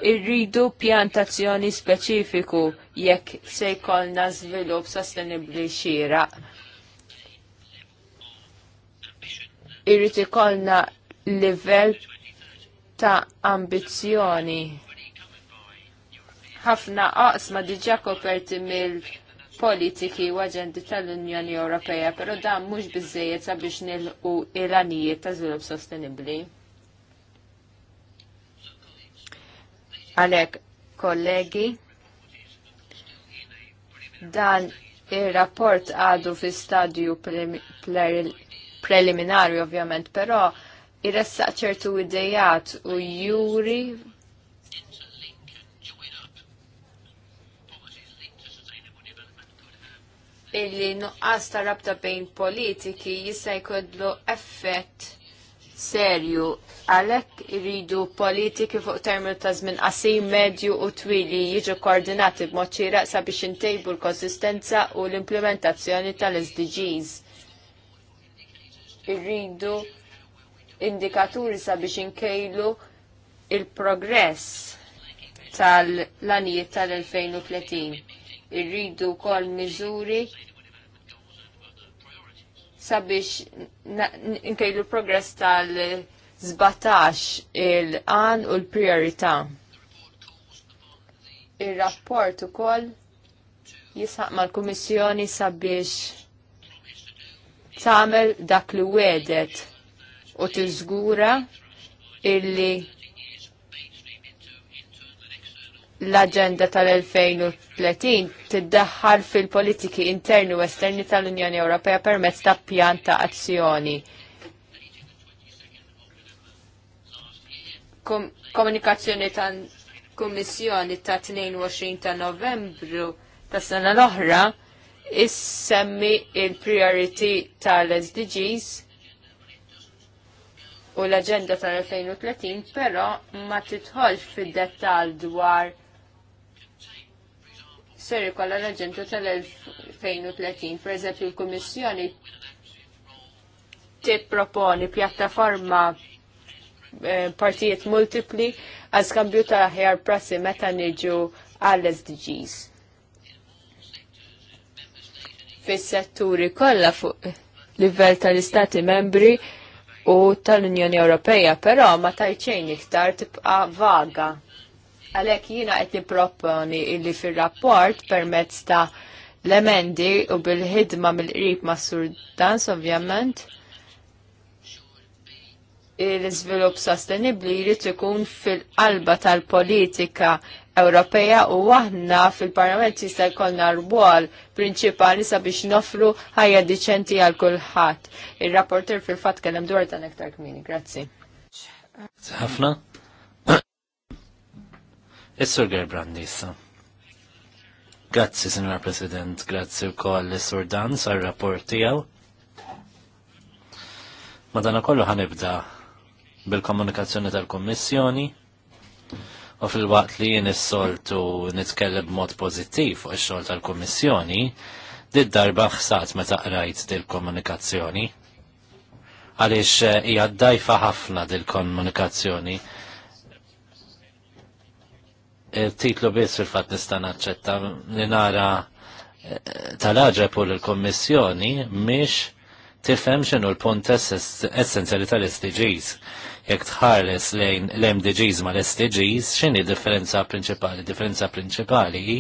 Irridu pjantazzjoni speċifiku jekk se jkollna żvilupp sostenibbli xieraq irrid ikollna livell ta' ambizzjoni. Ħafna qasma diġà koperti mill politiki u aġendi tal-Unjoni Ewropea, però dan mhux biżejjed sabiex nilqu il-għanijiet ta' żvilupp sostenibbli. Għalhekk, kollegi, dan ir-rapport għadu fi stadju preliminari ovvjament, però irressa ċertu idejat u juri illi nuqqas ta' rabta bejn politiki jista' jkollu effett serju għalhekk iridu politiki fuq terminu ta' żmien qasim medju u twili jiġu koordinati b'mod xieraq sabiex intejbu l-konsistenza u l-implementazzjoni tal-SDGs irridu indikaturi sabiex inkejlu il-progress tal-lanijiet tal-2030. Irridu kol miżuri sabiex nkejlu progress tal-17 il għan u l-priorità. Il-rapport u kol jisħaq mal-Kummissjoni sabiex tagħmel dak li wedet u tiżgura illi l-agenda tal-2030 tiddaħħal fil-politiki interni u esterni tal-Unjoni Ewropea permezz ta' pjan ta' azzjoni. Kom komunikazzjoni ta' Kummissjoni ta' 22 ta' Novembru ta' sena l-oħra issemmi il-priority tal-SDGs u l-agenda tal-2030, pero ma titħol fid-dettal dwar ser ikolla l-agenda tal-2030. Per eżempju, il-Kummissjoni tipproponi pjattaforma eh, partijiet multipli għal skambju ta' ħjar prassi meta niġu għall-SDGs fis-setturi kollha fuq livell tal-Istati membri u tal-Unjoni Ewropea, però ma tajċejn iktar tibqa vaga. Għalhekk jiena qed nipproponi illi fir-rapport permezz ta' l-emendi u bil-ħidma mill-qrib ma' Sur Dans ovvjament l-iżvilupp sostenibbli jrid ikun fil-qalba tal-politika Ewropeja u aħna fil-Parlament jista' jkollna rwol prinċipali sabiex nofru ħajja diċenti għal kulħadd. Ir-rapporter fil-fatt kellem dwar dan iktar kmini. Grazzi. Ħafna. Is-Sur Gerbrandi issa. Grazzi, Signor President, grazzi wkoll is-Sur Dan sar-rapport tiegħu. Madana kollu ħanibda bil-komunikazzjoni tal-Kommissjoni u fil-waqt li jien is-soltu nitkellem b'mod pożittiv fuq ix-xogħol tal-Kummissjoni, did darba ħsat meta qrajt dil-komunikazzjoni. Għaliex eh, hija dajfa ħafna dil-komunikazzjoni. Eh, titlu biss fil-fatt nista' naċċetta li nara eh, tal-aġeb u l-Kommissjoni miex tifhem x'inhu l-punt essenzjali tal-SDGs jekk tħares lejn l-MDGs ma l-SDGs, x'inhi differenza prinċipali? Differenza prinċipali hi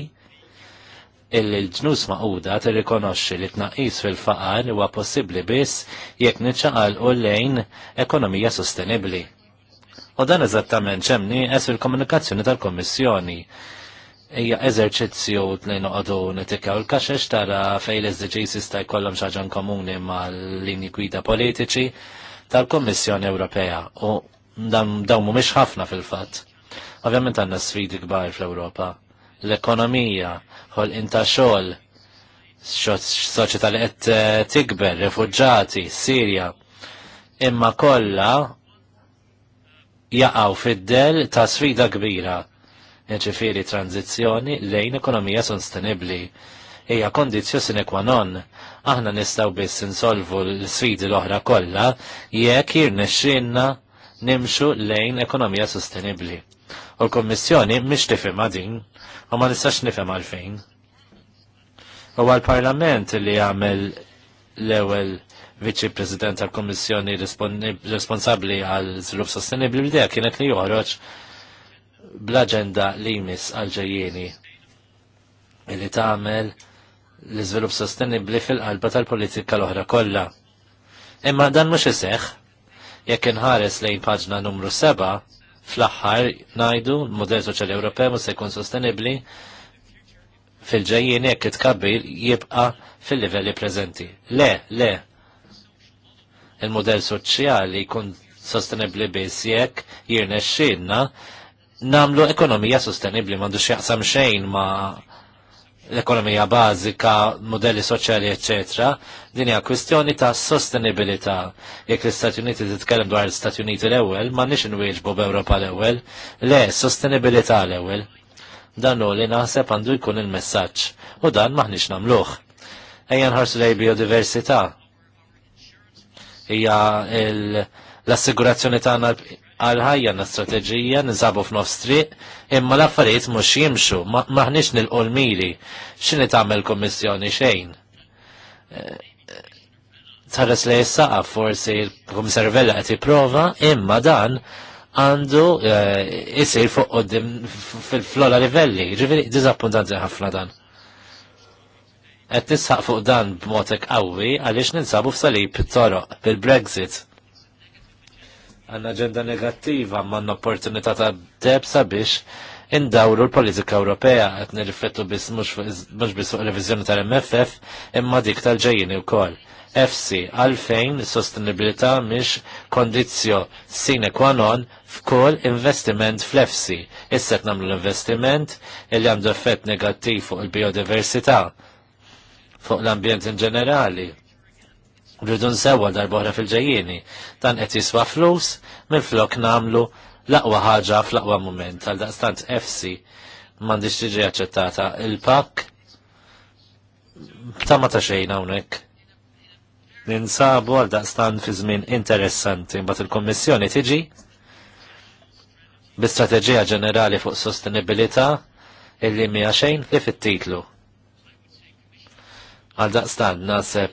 illi l-ġnus maquda tirrikonoxxi li tnaqqis fil-faqar huwa possibbli biss jekk niċċaqalqu lejn ekonomija sostenibbli. U dan eżattament ċemni es fil-komunikazzjoni tal-Kommissjoni. Hija eżerċizzju li noqogħdu nitikaw il-kaxex tara fejn l-SDGs jista' jkollhom xaġan komuni mal-linji gwida politiċi tal-Kommissjoni Ewropea u dawn mhumiex ħafna fil-fatt. Ovvjament għandna sfidi kbar fl-Ewropa. L-ekonomija, għol inta xogħol, soċieta li qed eh, tikber, refuġġati, Sirja. Imma kollha jaqgħu fid-del ta' sfida kbira. Ġifieri tranzizjoni lejn ekonomija sostenibbli hija kondizju sine qua non. Aħna nistgħu biss insolvu l-sfidi l-oħra kollha jekk jirnexxinna nimxu lejn ekonomija sostenibbli. U l-Kommissjoni mhix tifhimha din u ma nistax nifhem għalfejn. U għal-Parlament li jagħmel l-ewwel viċi President tal-Kommissjoni responsabbli għal żvilupp sostenibbli bidea kienet li joħroġ bl-aġenda li jmiss għal ġejjieni li tagħmel l-iżvilupp sostenibbli fil-qalba tal-politika l-oħra kollha. Imma dan mhux iseħħ jekk inħares lejn paġna numru 7 fl-aħħar ngħidu l-modell soċjali Ewropew mhux se jkun sostenibbli fil-ġejjien jekk itkabbir jibqa' fil-livelli preżenti. Le, le. il mudell soċjali jkun sostenibbli biss jekk jirnexxielna namlu ekonomija sostenibbli m'għandux jaqsam xejn ma' l-ekonomija bażika, modelli soċjali, eccetera, din hija kwistjoni ta' sostenibilità. Jekk l-Istati Uniti titkellem dwar l-Istati Uniti l-ewwel, m'għandniex inwieġbu b'Ewropa l-ewwel, le sostenibilità l-ewwel. Dan hu li naħseb għandu jkun il-messaġġ u dan maħniex nagħmluh. Ejja nħarsu lej biodiversità. Hija l-assigurazzjoni tagħna għal ħajja na strateġija nizabu f'nofstri imma l-affarijiet mhux jimxu maħniex nilqu l xini x'inhi tagħmel kummissjoni xejn. Eh, tħares li jissaqa forsi l komissar Vella qed jipprova imma dan għandu jisir eh, fuq għoddim fil-flola livelli, ġiviri dizappuntanti ħafna dan. Qed nisħaq fuq dan b'mod qawwi għaliex ninsabu f'salib toroq bil-Brexit għanna ġenda negattiva manna opportunità ta' debsa biex indawru l-politika Ewropea qed nirriflettu biex mhux biss fuq tal-MFF imma dik tal u kol. FC għalfejn sostenibilità mhix kondizjo sine qua non f'kull investiment fl-FC. Issa qed nagħmlu l-investiment li għandu effett negattiv fuq il-biodiversità, fuq l-ambjent in ġenerali, Rridu nsewa darbora fil-ġejjieni, dan qed jiswa flus minflok namlu l-aqwa ħaġa fl-aqwa moment għaldaqstant daqstant FC m'għandix tiġi aċċettata il-pak ta' ma ta' xejn hawnhekk. Ninsabu għal daqstant fi żmien interessanti mbagħad il-Kommissjoni tiġi bi strateġija ġenerali fuq sostenibilità illi mija xejn li fit-titlu. Għal daqstan,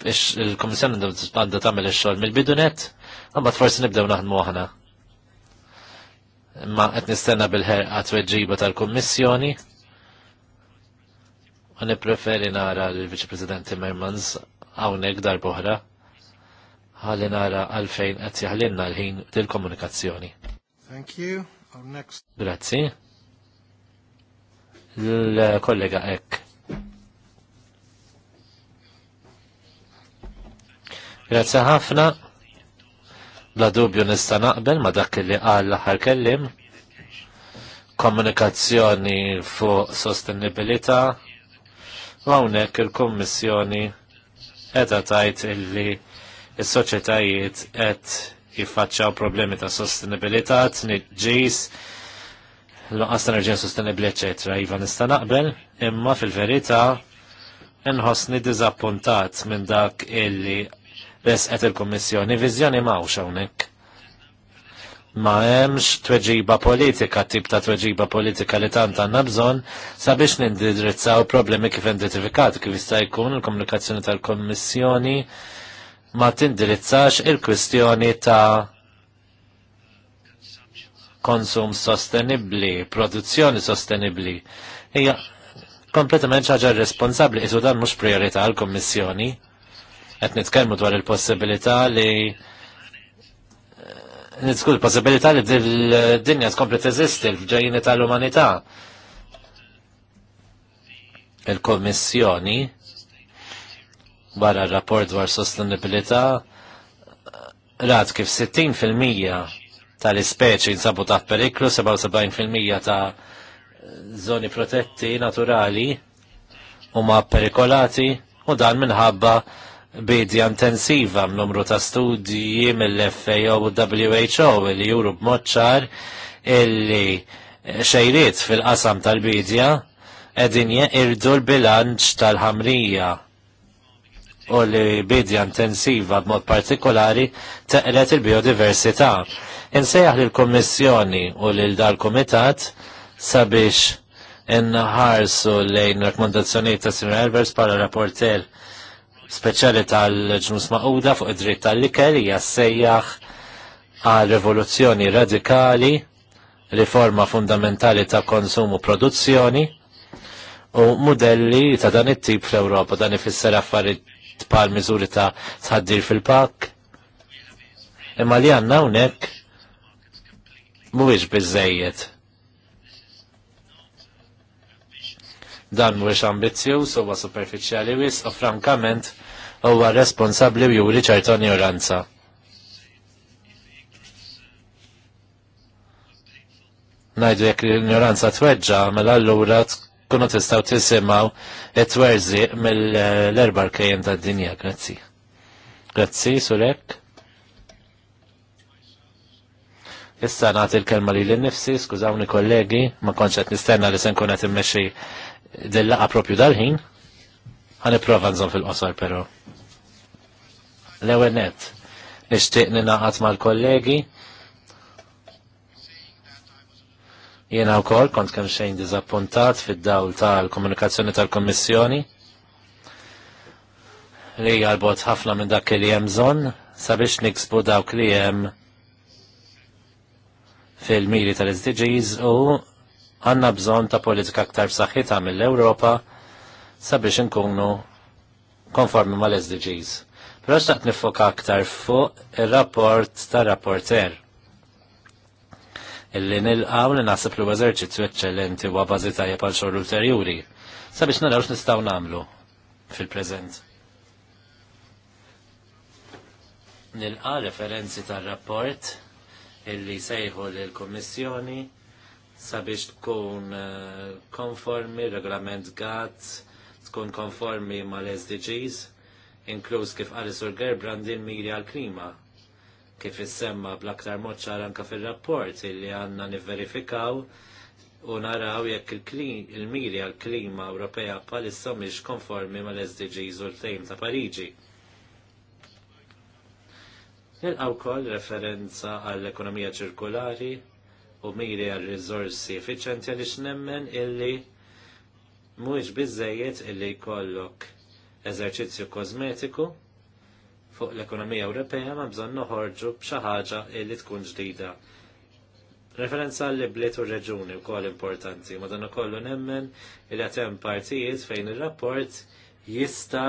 ix il-Komissjoni għandu tagħmel ix-xogħol mill-bidunet, għambat forsi nibdew naħdmu aħna. Ma qed nistenna bil għat tweġiba tal-Kummissjoni. U nippreferi nara l-Viċi President għawnek hawnhekk darb'oħra ħalli nara għalfejn qed jahlinna l-ħin dil-komunikazzjoni. Thank you. Our next. Grazzi. L-kollega Ek. Grazzi ħafna. Bla dubju nista' naqbel ma dak li qal l-aħħar kellim. Komunikazzjoni fuq sostenibilità. U hawnhekk il-Kummissjoni qed tajt illi s soċjetajiet qed jiffaċċaw problemi ta' sostenibilità, tniġġis, l-qas ta' enerġija sostenibli, eccetera. Iva nista' naqbel, imma fil-verità inħossni diżappuntat minn dak illi resqet il-Kummissjoni, viżjoni mawx hawnhekk. Ma hemmx tweġiba politika, tip ta' tweġiba politika li tant għandna bżonn sabiex nindirizzaw problemi kif identifikat kif jista' jkun il-komunikazzjoni tal-Kummissjoni ma tindirizzax il-kwistjoni ta' konsum sostenibli, produzzjoni sostenibli. Hija kompletament ħaġa responsabbli isu dan mhux prijorità għall kummissjoni qed nitkellmu dwar il-possibilità li eh, nitkul il-possibilità li d-dinja tkompli teżisti l-ġejjini tal-umanità. il komissjoni wara r-rapport dwar sostenibilità rat kif 60% tal-ispeċi nsabu ta' periklu, 77% ta' zoni protetti naturali huma perikolati u dan minħabba bidja intensiva m-numru ta' studji mill-FAO u WHO li juru b'moċċar illi xejriet fil-qasam tal-bidja edin jeqirdu l-bilanċ tal-ħamrija u li bidja intensiva b'mod partikolari teqret il-biodiversità. Insejjaħ l-Kommissjoni u l-dal-Komitat sabiex inħarsu lejn rakkomandazzjonijiet ta' Sir Elvers bħala rapportel speċjali tal-ġnus maquda fuq id-dritt tal-likel hija sejjaħ għal rivoluzzjoni radikali, riforma fundamentali ta' konsum u produzzjoni u modelli ta' dan it-tip fl-Ewropa dan ifisser affarijiet bħal miżuri ta' tħaddir fil-pak. Imma li għandna hawnhekk mhuwiex biżejjed Dan mhuwiex ambizzjuż huwa superfiċjali wis u frankament huwa responsabbli u juri ċerta ignoranza. Najdu jekk l-ignoranza tweġġa mela allura tkunu tistgħu tisimgħu it-twerżi mill-erba' kejjem tad-dinja, grazzi. Grazzi, Surek. Issa nagħti l-kelma li l-nifsi, skużawni kollegi, ma konċet nistenna li se nkun qed immexxi dillaqa propju dal-ħin, għan iprofa nżom fil-qosor pero. L-ewel nishtiq ninaqat mal-kollegi, Jiena u kol, kont kem xejn dizappuntat fid-dawl tal-komunikazzjoni tal-Kommissjoni li għalbot ħafna minn dak li hemm bżonn sabiex niksbu dawk li hemm fil-miri tal-SDGs u għanna bżon ta' politika aktar b'saħħitha mill-Ewropa sabiex inkunu konformi mal-SDGs. Però xtaqt nifoka aktar fuq ir-rapport ta' rapporter illi nilqaw li nasib li eżerċizzju eċċellenti u għabazi tajjeb għal xogħol ulterjuri sabiex naraw x'nistgħu nagħmlu fil-preżent. Nilqa referenzi tar-rapport illi sejħu lill-Kummissjoni sabiex tkun eh, konformi regolament GATT, tkun konformi mal-SDGs, inkluż kif għal Sur Gerbrand il-miri għal-klima, kif jissemma bl-aktar moċċar anka fil-rapport illi għanna niverifikaw u naraw jekk il-miri għal-klima Ewropea palissa miex konformi mal-SDGs u l-tejm ta' Pariġi. Nilqaw kol referenza għall-ekonomija ċirkolari, u miri għal rizorsi effiċenti għaliex nemmen illi mhuwiex biżejjed illi jkollok eżerċizzju kosmetiku fuq l-ekonomija Ewropea ma bżonn noħorġu b'xi ħaġa illi tkun ġdida. Referenza għalli bliet u reġuni u kol importanti, ma dan kollu nemmen illi għatem partijiet fejn il-rapport jista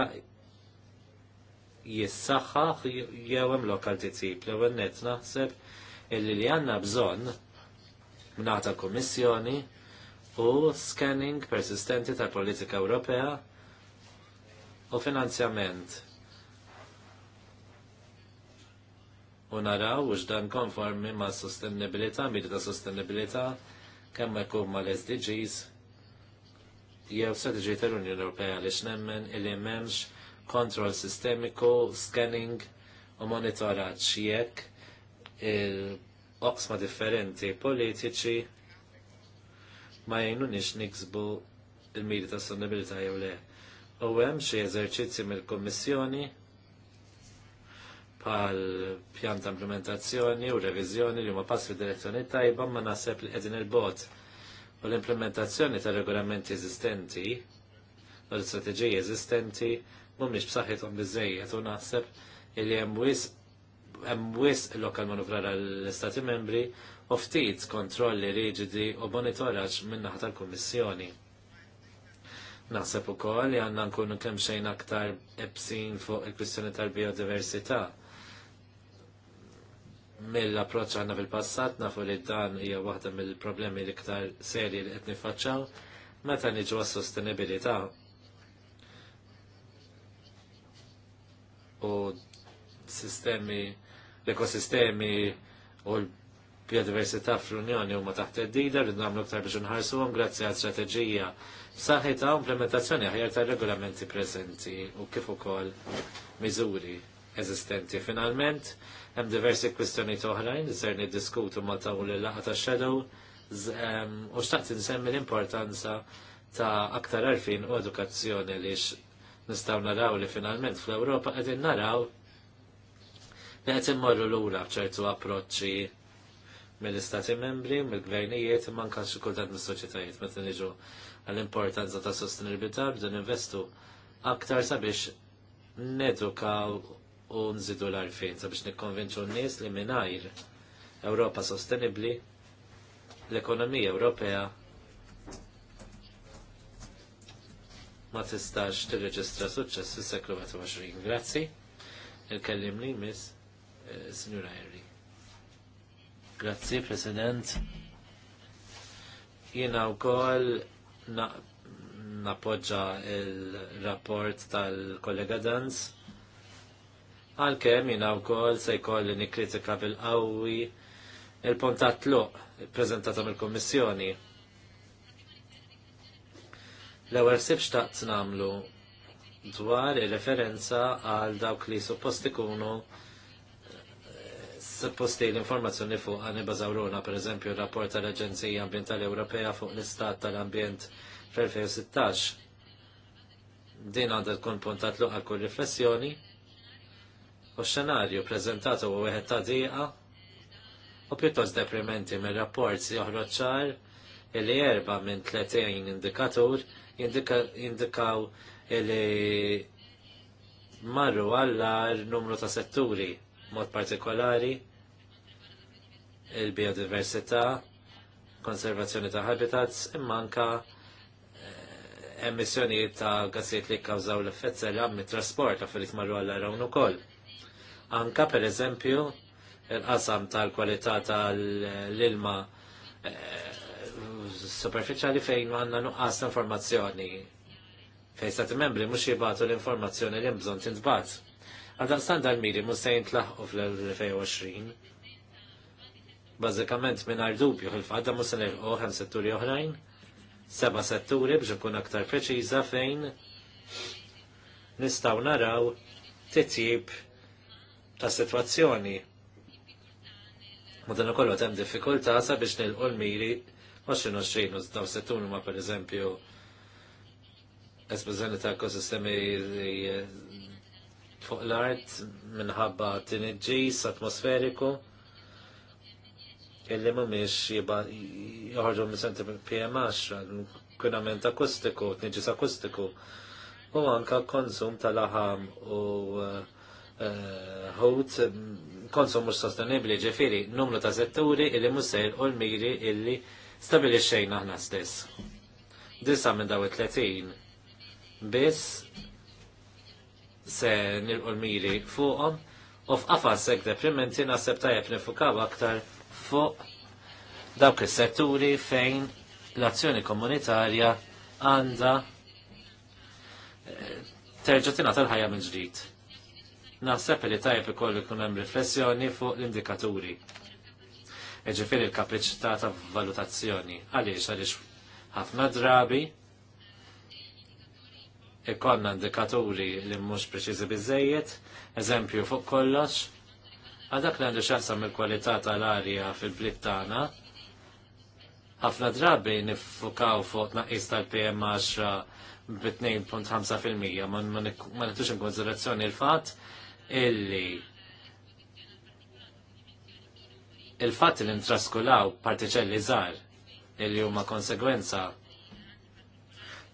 jissaxħax jew hemm lokal titjib l ewwel naħseb illi li għandna bżonn mnata komissjoni u scanning persistenti tal politika Ewropea u finanzjament. U naraw u dan konformi ma' sostenibilita, miri ta' sostenibilità, kemm ikun ma' l-SDGs, jew strateġi tal-Unjoni Ewropea li x'nemmen illi m'hemmx kontroll sistemiku, scanning u monitoraċ jekk il oqsma differenti politiċi ma jgħinunix niksbu il-miri ta' sostenibilità jew le. U hemm xi eżerċizzi mill-Kummissjoni pal pjan ta' implementazzjoni u reviżjoni li huma pass fi direzzjoni tajba ma naħseb li qegħdin il-bot u l-implementazzjoni ta' regolamenti eżistenti u l-istrateġiji eżistenti mhumiex b'saħħithom biżejjed u naħseb li hemm wisq hemm wisq lokal manuvrar l istati membri u ftit kontrolli riġidi u monitoraġġ min-naħa tal-Kummissjoni. Naħseb ukoll li għandna nkunu kemm xejn aktar ebsin fuq il-kwistjoni tal-biodiversità. Mill-approċċ għandna fil-passat nafu li dan hija waħda mill-problemi l-iktar serji li qed nifaċċaw meta niġu għas-sostenibilità. U sistemi l-ekosistemi u l-biodiversità fl-Unjoni huma taħt id-dida rridu nagħmlu aktar biex inħarsuhom grazzi għal strateġija b'saħħitha u implementazzjoni aħjar tar-regolamenti preżenti u kif ukoll miżuri eżistenti. Finalment, hemm diversi kwistjonijiet oħrajn li ser niddiskutu ma' tawl il-laqgħa tax-shadow u xtaqt insemmi l-importanza ta' aktar arfin u edukazzjoni li nistaw naraw li finalment fl ewropa qegħdin naraw li qed immorru lura b'ċertu approċċi mill-istati membri, mill-gvernijiet, imma anke xi mis mis-soċjetajiet meta niġu għall-importanza ta' sostenibilità bdu investu aktar sabiex nedukaw u nżidu l-arfin sabiex nikkonvinċu n-nies li mingħajr Ewropa sostenibbli l-ekonomija Ewropea ma tistax tirreġistra suċċess fil seklu 20. Grazzi. Il-kellimni miss. Eh, signora Henry. Grazzi, President. Jena u koll napoġġa il-rapport tal-kollega Dans. Għalkemm jiena wkoll se jkolli nikkritika bil-qawwi il puntat luq prezentata mill-Kommissjoni. L-ewwel sibx taqt namlu dwar ir-referenza għal dawk li suppost ikunu posti l-informazzjoni fuq għani bazawruna, per eżempju, rapport tal-Aġenzija Ambientali Ewropea fuq l-Istat tal-Ambjent fl-2016. Din għandha tkun puntat luqa kull riflessjoni u xenarju prezentatu u wieħed ta' diqa u pjuttost deprimenti mir rapport si ċar li erba minn 30 indikatur jindikaw li marru għallar numru ta' setturi mod partikolari il-biodiversità, konservazzjoni ta' habitats, imma anka eh, emissjonijiet ta' gassijiet li kawżaw l-effett serra mit-trasport fil li marru għall rawn ukoll. Anka per eżempju il-qasam tal-kwalità tal-ilma eh, superficiali fejn għanna nuqqas informazzjoni fej stati membri mux jibatu l-informazzjoni li mbżon tintbat. Għadan standard miri mustajn tlaħqu fl-2020 Bazzikament minn dubju fil-fadda musen il setturi oħrajn, seba setturi biex ikun aktar preċiża fejn nistaw naraw titjib ta' situazzjoni. Mudan ukoll hemm diffikultà sabiex nilqu l-miri għaxin għaxin daw setturi ma' per eżempju ta' ekosistemi eh, fuq l-art minħabba tinidġis atmosferiku illi ma miex joħorġu mis senti PM10, kunament akustiku, t-nġis akustiku, u anka konsum tal-aħam u eh, eh, ħut konsum mux sostenibli ġifiri numru ta' setturi illi musel u l-miri illi stabili xejn aħna stess. Disa minn daw 30 biss se nil l fuqom, fuqhom u f'qafas sekk deprimenti naħseb tajjeb nifukaw aktar fuq dawk is-setturi fejn l-azzjoni komunitarja għandha eh, terġa' tingħata l-ħajja minn ġdid. Naħseb li tajb ikoll ikun hemm riflessjoni fuq l-indikaturi. Eġifieri l-kapaċità ta' valutazzjoni. Għaliex għaliex ħafna drabi ikonna indikaturi li mhux preċiżi biżejjed, eżempju fuq kollox, Għadak li għandu xaqsam mill kwalità tal-arja fil-blit tagħna, ħafna drabi nifukaw fuq naqis tal-PM10 b-2.5% ma nittux in konsiderazzjoni il-fat illi il-fat li intraskulaw partiċelli żgħar illi huma konsegwenza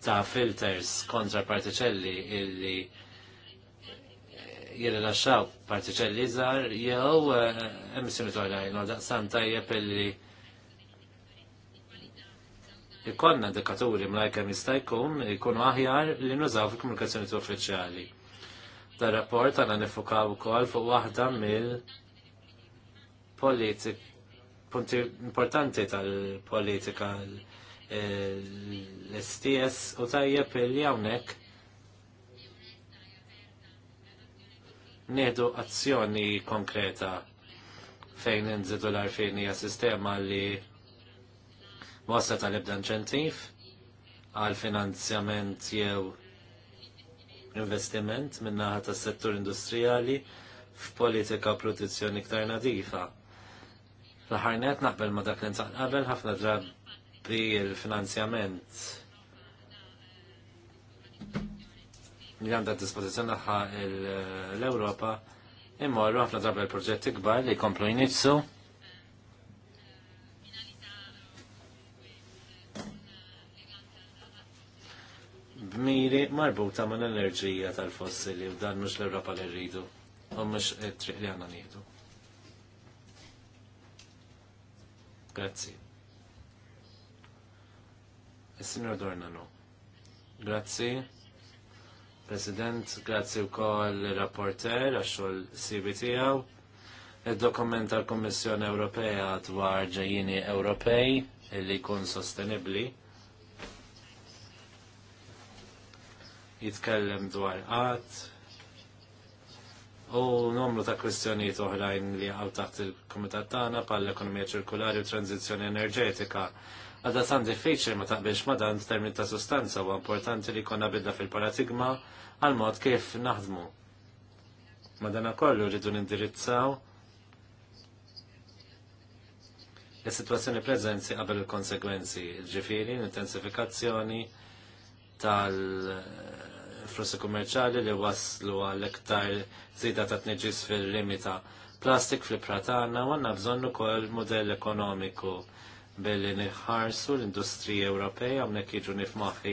ta' filters kontra partiċelli illi jirrilaxxaw partiċelli żgħar jew eh, emissjoni oħrajn u daqsan tajjeb illi ikonna indikaturi mlajkem jista' jkun ikunu aħjar li nużaw fil-komunikazzjoni uffiċjali. Dar rapport għana nifukaw ukoll fuq waħda mill politik punti importanti tal-politika eh, l-STS u tajjeb li hawnhekk nedu azzjoni konkreta fejn nżidu l arfini hija sistema li wasa tal-ebda inċentiv għal finanzjament jew investiment minnaħa tas settur industrijali f'politika protezzjoni iktar nadifa. L-ħarnet naqbel ma dak li qabel ħafna drabi il-finanzjament li għandha dispożizzjoni tagħha l-Ewropa immorru ħafna drabi l-proġetti kbar li jkomplu jinizzu. B'miri marbuta ma' l-enerġija tal-fossili u dan mhux l-Ewropa li rridu u mhux it-triq li għandna nieħdu. Grazzi. Il-Signor Dornano. Grazzi. President, grazzi u koll rapporter għaxol sibi tijaw. Il-dokument tal-Kommissjoni Ewropea dwar ġejjini Ewropej li kun sostenibli. Jitkellem dwar għat. u numru ta' kwestjonijiet oħrajn li għaw taħt il-Komitat tagħna pal-ekonomija ċirkulari u tranzizzjoni enerġetika Għadda tandi feature ma taqbilx ma dan termin ta' sustanza u importanti li konna bidla fil-paradigma għal mod kif naħdmu. Madana kollu rridu nindirizzaw is situazzjoni prezenzi qabel il-konsekwenzi, ġifiri, l-intensifikazzjoni tal-flussi kummerċali li waslu għal-ektar zida ta' tneġis fil-limita plastik fil-pratana u għanna bżonnu kol modell ekonomiku billi niħarsu l-industrija Ewropea għamnek jiġu nifmaħi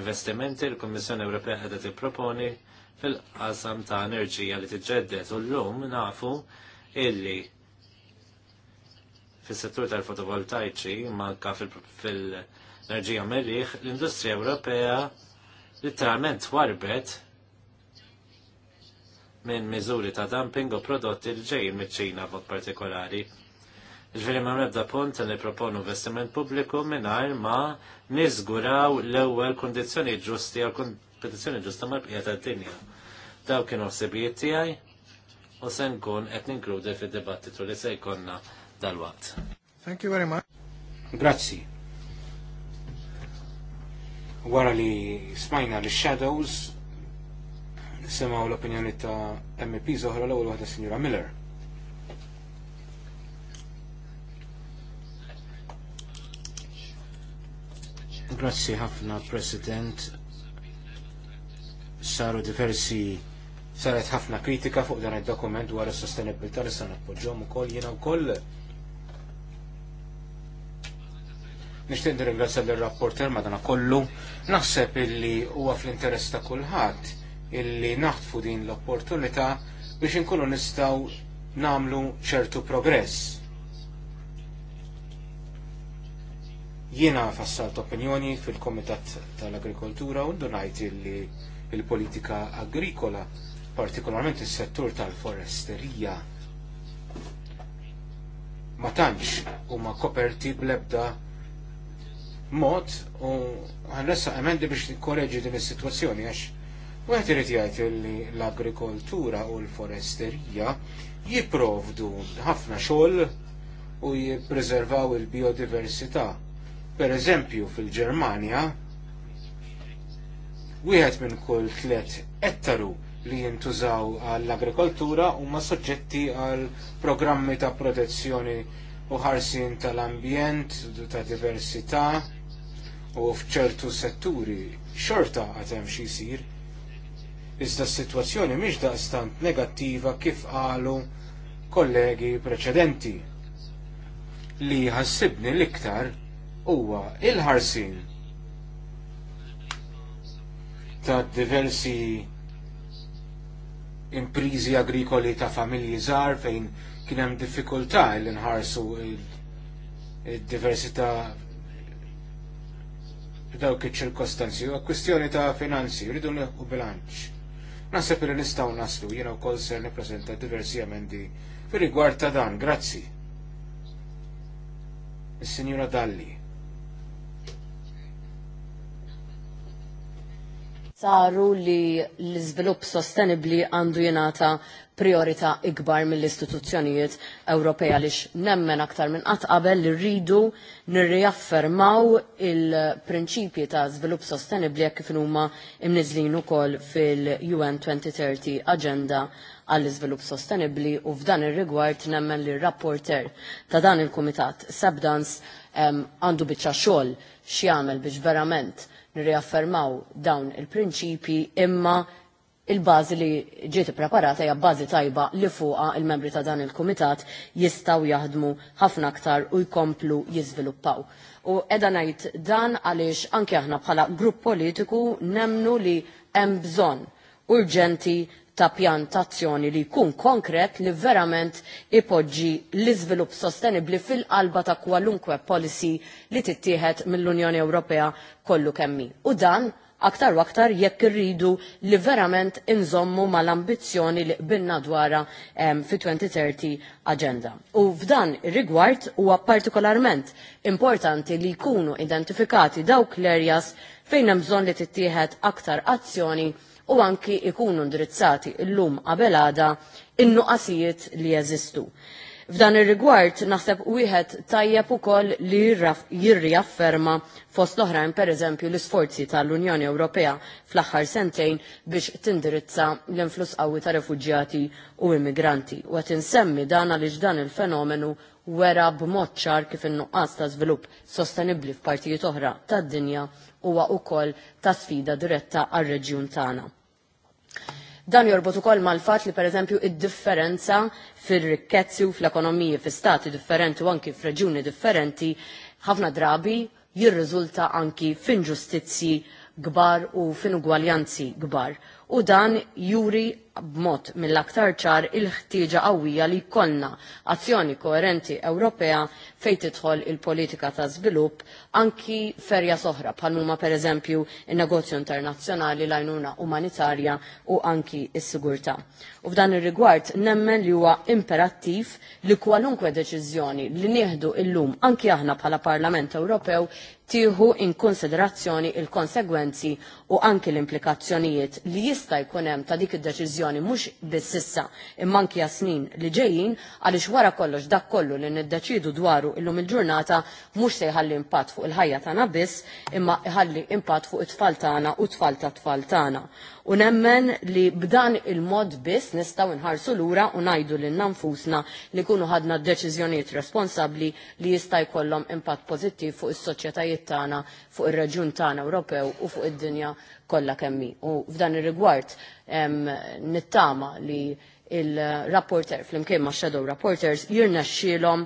investimenti l-Kommissjoni Ewropea qiegħda tipproponi fil-qasam ta' enerġija li t-ġeddet u llum nafu illi fis-settur tal-fotovoltaiċi manka fil-enerġija meliħ l-industrija Ewropea literalment warbet minn miżuri ta' dumping u prodotti li ġejn miċ-Ċina b'mod partikolari Ġveri ma' mrebda punt li proponu investiment publiku minnajr ma' nizguraw l-ewel kondizjoni ġusti għal kondizjoni ġusta mal bqija tad dinja Daw kienu sibijiet tiegħi u se nkun qed ninkludi fid-dibattitu li se jkollna dal wat Thank you very much. Grazzi. Wara li smajna li shadows semaw l-opinjoni ta' MP zoħra l-ewwel waħda signora Miller. Grazzi ħafna, President. Saru diversi saret ħafna kritika fuq dan id-dokument dwar s sostenibilità li se nappoġġhom ukoll jiena wkoll. Nixtieq nirringrazzja l rapporter madana kollu. Naħseb illi huwa fl-interess ta' kulħadd illi naħtfu din l-opportunità biex inkunu nistgħu nagħmlu ċertu progress. Jiena fassalt opinjoni fil-Komitat tal-Agrikoltura u ndunajt li il-politika agrikola, partikolarment is-settur tal-foresterija, ma tantx huma koperti bl-ebda mod u ħanressa emendi biex nikkoreġi din is-sitwazzjoni għax Wieħed irid jgħid li l-agrikoltura u l-foresterija jipprovdu ħafna xogħol u jippreservaw il-biodiversità Per eżempju, fil-Ġermanja, wieħed minn kull tliet ettaru li jintużaw għall-agrikoltura huma soġġetti għal programmi ta' protezzjoni u ħarsin tal-ambjent, ta' diversità u f'ċertu setturi xorta għad hemm xi jsir. Iżda s-sitwazzjoni mhix daqstant negattiva kif qalu kollegi preċedenti li ħassibni l-iktar huwa il-ħarsin ta' diversi imprizi agrikoli ta' familji żgħar fejn kien hemm diffikultà li nħarsu il-diversità f'dawk iċ-ċirkostanzi U kwistjoni ta' finanzi, rridu u bilanċ. Naħseb li nistgħu naslu jiena wkoll ser nippreżenta diversi emendi fir-rigward ta' dan, grazzi. Is-Sinjura Dalli. saru li l-izvilupp sostenibli għandu jenata priorita ikbar mill-istituzzjonijiet Ewropea lix nemmen aktar minn qatt qabel li rridu nirriaffermaw il-prinċipji ta' żvilupp sostenibli jekk kif huma imniżlin ukoll fil-UN 2030 Agenda għall iżvilupp sostenibli u f'dan ir-rigward nemmen li rapporter ta' dan il-Kumitat Sebdans għandu biċċa xogħol x'jagħmel biex verament nirriaffermaw dawn il-prinċipi imma il-bazi li ġiet preparata hija bażi tajba li fuqa il-membri ta' dan il-kumitat jistgħu jaħdmu ħafna aktar u jkomplu jiżviluppaw. U edha ngħid dan għaliex anke aħna bħala grupp politiku nemnu li hemm bżonn urġenti ta' pjan ta' azzjoni li jkun konkret li verament ipoġġi l-iżvilupp sostenibli fil-qalba ta' kwalunkwe policy li tittieħed mill-Unjoni Ewropea kollu kemmi. U dan aktar u aktar jekk irridu li verament inżommu mal-ambizzjoni li qbilna dwara um, fi 2030 agenda. U f'dan rigward huwa partikolarment importanti li jkunu identifikati dawk l-areas fejn hemm bżonn li tittieħed aktar azzjoni u anki ikunu indirizzati lum qabelada in-nuqasijiet li jeżistu. F'dan ir-rigward naħseb wieħed tajjeb ukoll li jirriafferma fost l-oħrajn pereżempju l-isforzi tal-Unjoni Ewropea fl-aħħar sentejn biex tindirizza l-influss qawwi ta' refuġjati u immigranti. U qed insemmi dan għaliex dan il-fenomenu wera b'mod ċar kif in-nuqqas ta' żvilupp sostenibbli f'partijiet oħra tad-dinja huwa wkoll ta' sfida diretta għar-reġjun tagħna. Dan jorbot ukoll mal-fatt li pereżempju id-differenza fir-rikkezzi u fl-ekonomiji fi stati differenti u anki f'reġuni differenti ħafna drabi jirriżulta anki f'inġustizzji gbar u f'inugwaljanzi gbar. U dan juri b'mod mill-aktar ċar il-ħtieġa qawwija li jkollna azzjoni koerenti Ewropea fejn tidħol il-politika ta' żvilupp anki ferja soħra bħal huma pereżempju in-negozju internazzjonali l-għajnuna umanitarja u anki s-sigurtà. U f'dan ir-rigward nemmen li huwa imperattiv li kwalunkwe deċiżjoni li nieħdu illum anki aħna bħala Parlament Ewropew tieħu in konsiderazzjoni il-konsegwenzi u anki l-implikazzjonijiet li jista' jkun hemm ta' dik id-deċiżjoni diskussjoni mhux biss issa imma anki snin li ġejjin għaliex wara kollox dak kollu li niddeċidu dwaru illum il-ġurnata mhux se jħalli impatt fuq il-ħajja tagħna biss imma jħalli impatt fuq it-tfal tagħna u tfal ta' tfal tagħna. U nemmen li b'dan il-mod biss nistgħu nħarsu lura u ngħidu lil nanfusna li kunu ħadna deċiżjonijiet responsabbli li jista' jkollhom impatt pożittiv fuq is-soċjetajiet tagħna, fuq ir-reġjun tagħna Ewropew u fuq id-dinja kollha kemmi. U f'dan ir-rigward nittama li il-rapporter flimkien ma' shadow rapporters jirna xilom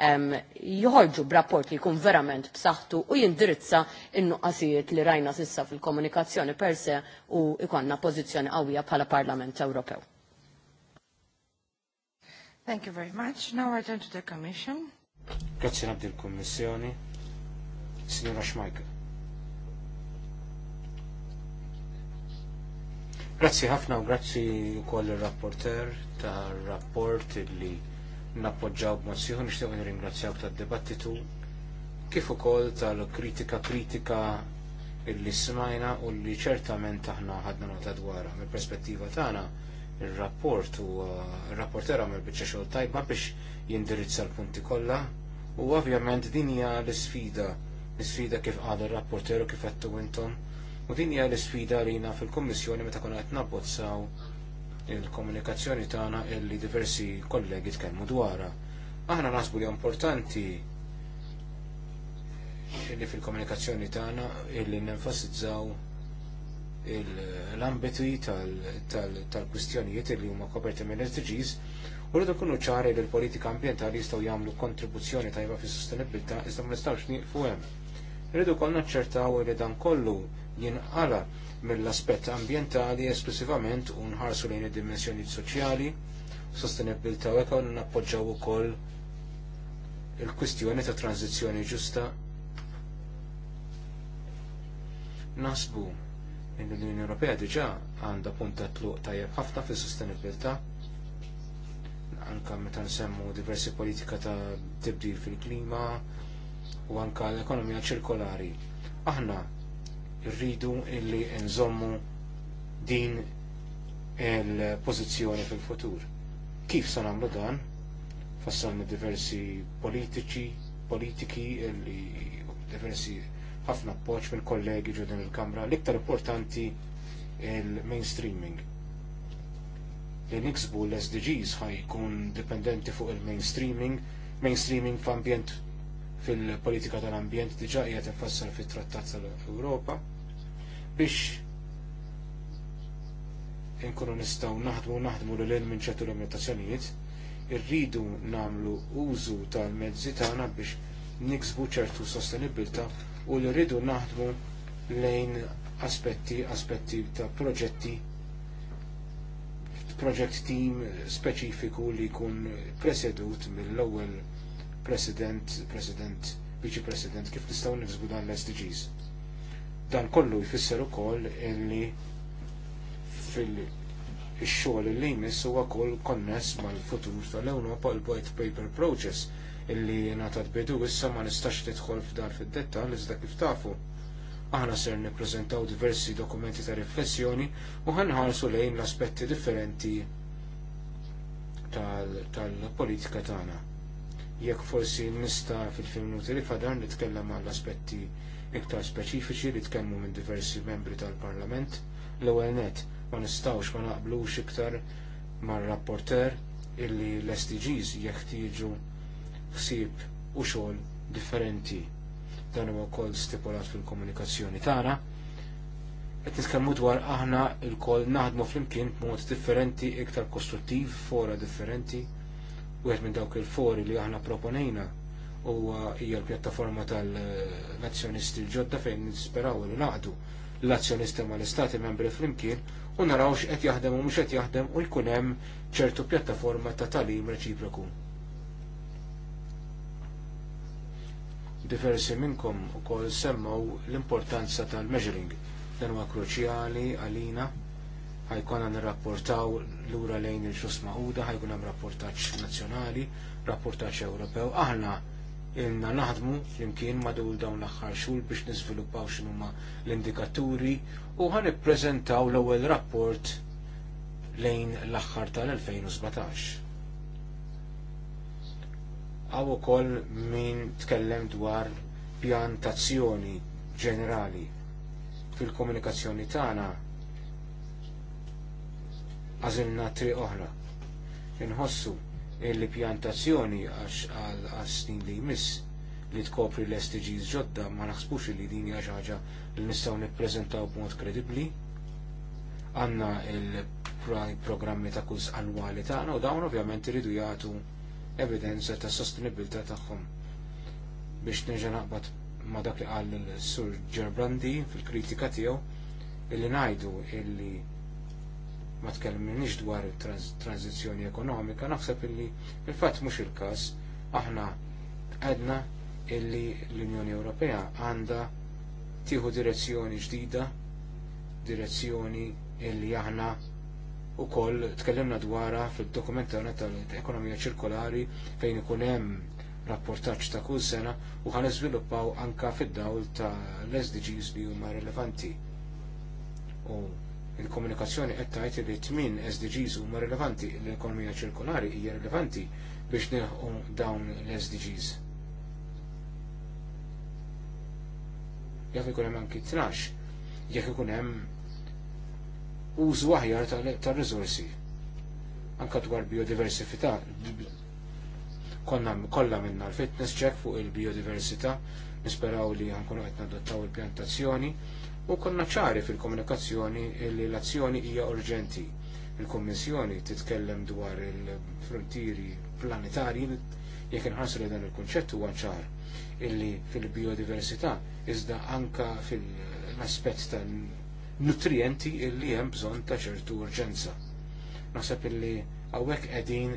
joħorġu b'rapport li jkun verament b'saħħtu u jindirizza in-nuqqasijiet li rajna sissa fil-komunikazzjoni per se u ikonna pożizzjoni qawwija bħala Parlament Ewropew. Thank you very much. Now I turn to the Commission. Grazie nabdi l-Kommissjoni. Signora Schmeichel. Grazzi ħafna u grazzi wkoll ir-rapporter tar rapport li nappoġġaw b'mozzjoni nir-ingrazzjaw tad-dibattitu kif ukoll tal-kritika kritika illi smajna u li ċertament aħna ħadna nota dwarha mill-perspettiva tagħna il-rapport u il rapporter għamil biċċa bieċa xogħol tajba biex jindirizza l-punti kollha u ovvjament din hija l-isfida l-isfida kif għad ir-rapporter u kif għattu intom U din hija l-isfida li jina fil-Kommissjoni meta kuna qed nabbozzaw il-komunikazzjoni tagħna illi diversi kollegi tkellmu dwarha. Aħna nasbu li importanti illi fil-komunikazzjoni tagħna illi nenfasizzaw l-ambitwi tal-kwistjonijiet illi huma koperti minn SDGs u rridu kunu ċari li l-politika ambjentali jistgħu jagħmlu kontribuzzjoni tajba fis sostenibilità iżda ma nistgħux nieqfu hemm. Irridu kollna ċertaw li dan kollu jinqala mill-aspett ambjentali esklusivament u nħarsu lejn id-dimensjoni soċjali, sostenibilità u ekon nappoġġaw ukoll il-kwistjoni ta' tranzizjoni ġusta. Nasbu l-Unjoni Ewropea diġà għandha punta tluq tajjeb ħafna fis sostenibilità anka meta nsemmu diversi politika ta' tibdil fil-klima u anka l-ekonomija ċirkolari. Aħna rridu illi nżommu din il-pozizjoni fil-futur. Kif se nagħmlu dan? Fassalna diversi politiċi, politiki illi diversi ħafna poċ minn kollegi ġu din il-Kamra. L-iktar importanti il-mainstreaming. Li niksbu l-SDGs ħajkun dipendenti fuq il-mainstreaming, mainstreaming f'ambjent fil-politika tal-ambjent diġa qiegħed infassal fit-Trattat tal-Ewropa biex inkunu nistgħu naħdmu naħdmu l lejn minn ċertu limitazzjonijiet, irridu nagħmlu użu tal-mezzi tagħna biex niksbu ċertu sostenibilità u li rridu naħdmu lejn aspetti aspetti ta' proġetti project team speċifiku li jkun presedut mill-ewwel President, President, Vice President, kif nistgħu nifżgu dan l-SDGs. Dan kollu jfisser ukoll illi fil ix-xogħol li jmiss huwa wkoll konness mal-futur tal-Ewropa l white paper process illi ngħatat bidu issa ma nistax tidħol f'dar fid-dettall iżda kif tafu aħna ser nippreżentaw diversi dokumenti ta' riflessjoni u ħanħarsu lejn l-aspetti differenti tal-politika tal tagħna jekk forsi nista fil-minuti li fadar nitkellem għal aspetti iktar speċifiċi li tkellmu minn diversi membri tal-Parlament. L-ewwel net ma nistgħux ma naqblux iktar mar-rapporter illi l-SDGs jeħtieġu ħsieb u xogħol differenti. Dan huwa wkoll stipulat fil-komunikazzjoni tagħna. Qed nitkellmu dwar aħna lkoll naħdmu flimkien b'mod differenti, iktar kostruttiv, fora differenti Wieħed minn dawk il-fori li aħna proponejna huwa hija l-pjattaforma tal-nazzjonisti ġodda fejn nisperaw li naqdu l-azzjonisti mal istati membri flimkien u naraw x'qed jaħdem u mhux qed jaħdem u jkun hemm ċertu pjattaforma ta' talim reċiproku. Diversi minnkom ukoll semmaw l-importanza tal-measuring dan huwa kruċjali għalina ħajkun għan rapportaw l-ura lejn il-ġus maħuda, ħajkun għam rapportaċ nazjonali, rapportaċ Ewropew. Aħna inna naħdmu flimkien madul dawn l-axħar xul biex niżviluppaw x'inhuma l-indikaturi u ħan ippreżentaw l-ewwel rapport lejn l-axħar tal-2017. Għaw ukoll min tkellem dwar pjantazzjoni ġenerali fil-komunikazzjoni tagħna għażilna tri oħra. Inħossu il-pjantazzjoni għax għal snin li jmiss li tkopri l-STGs ġodda ma naħsbux li din hija xi ħaġa li nistgħu nippreżentaw b'mod kredibbli. Għandna il-programmi ta' kuż annwali tagħna u dawn ovvjament iridu jagħtu evidenza ta' sostenibilità tagħhom. Biex nerġa' naqbad ma' dak li qal sur Ġerbrandi fil-kritika tiegħu illi ngħidu illi ma tkellminix dwar il-tranzizjoni ekonomika, naħseb illi il-fatt mhux il-każ aħna għedna illi l-Unjoni Ewropea għandha tieħu direzzjoni ġdida, direzzjoni illi aħna u koll tkellimna dwarha fil dokumentarna tal-ekonomija ċirkolari fejn ikun hemm rapportaġġ ta' kull sena u ħan iżviluppaw anka fid-dawl ta' l-SDGs li huma rilevanti. U Il-komunikazzjoni qed tgħid li tmien SDGs huma rilevanti, l-ekonomija ċirkolari hija rilevanti biex nieħu dawn l-SDGs. Jekk ikun hemm anki tnax, jekk ikun hemm użu aħjar tar-riżorsi. Anka dwar biodiversità, konna kollha minna l-fitness check fuq il-biodiversità, nisperaw li għankunu għetna dottaw il-pjantazzjoni, u konna ċari fil-komunikazzjoni li l-azzjoni hija urġenti. Il-Kommissjoni titkellem dwar il-frontieri planetari jekk inħarsu li dan il-kunċett huwa ċar illi fil-biodiversità iżda anka fil-aspett ta' nutrienti illi hemm bżonn ta' ċertu urġenza. Naħseb illi hawnhekk qegħdin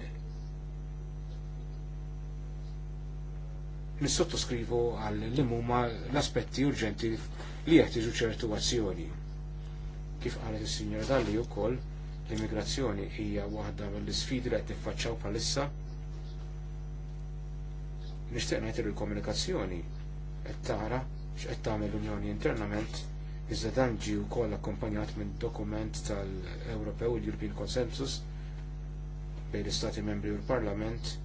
nissottoskrivu għal li huma l-aspetti urġenti li jeħtiġu ċertu azzjoni. Kif qalet is-Sinjora Dalli wkoll, l-immigrazzjoni hija waħda mill-isfidi li qed tiffaċċaw bħalissa. Nixtieq ngħid il-komunikazzjoni qed tara x'qed tagħmel l-Unjoni internament iżda dan ġie wkoll akkumpanjat minn dokument tal-Ewropew l-European Consensus bejn l-Istati Membri u l-Parlament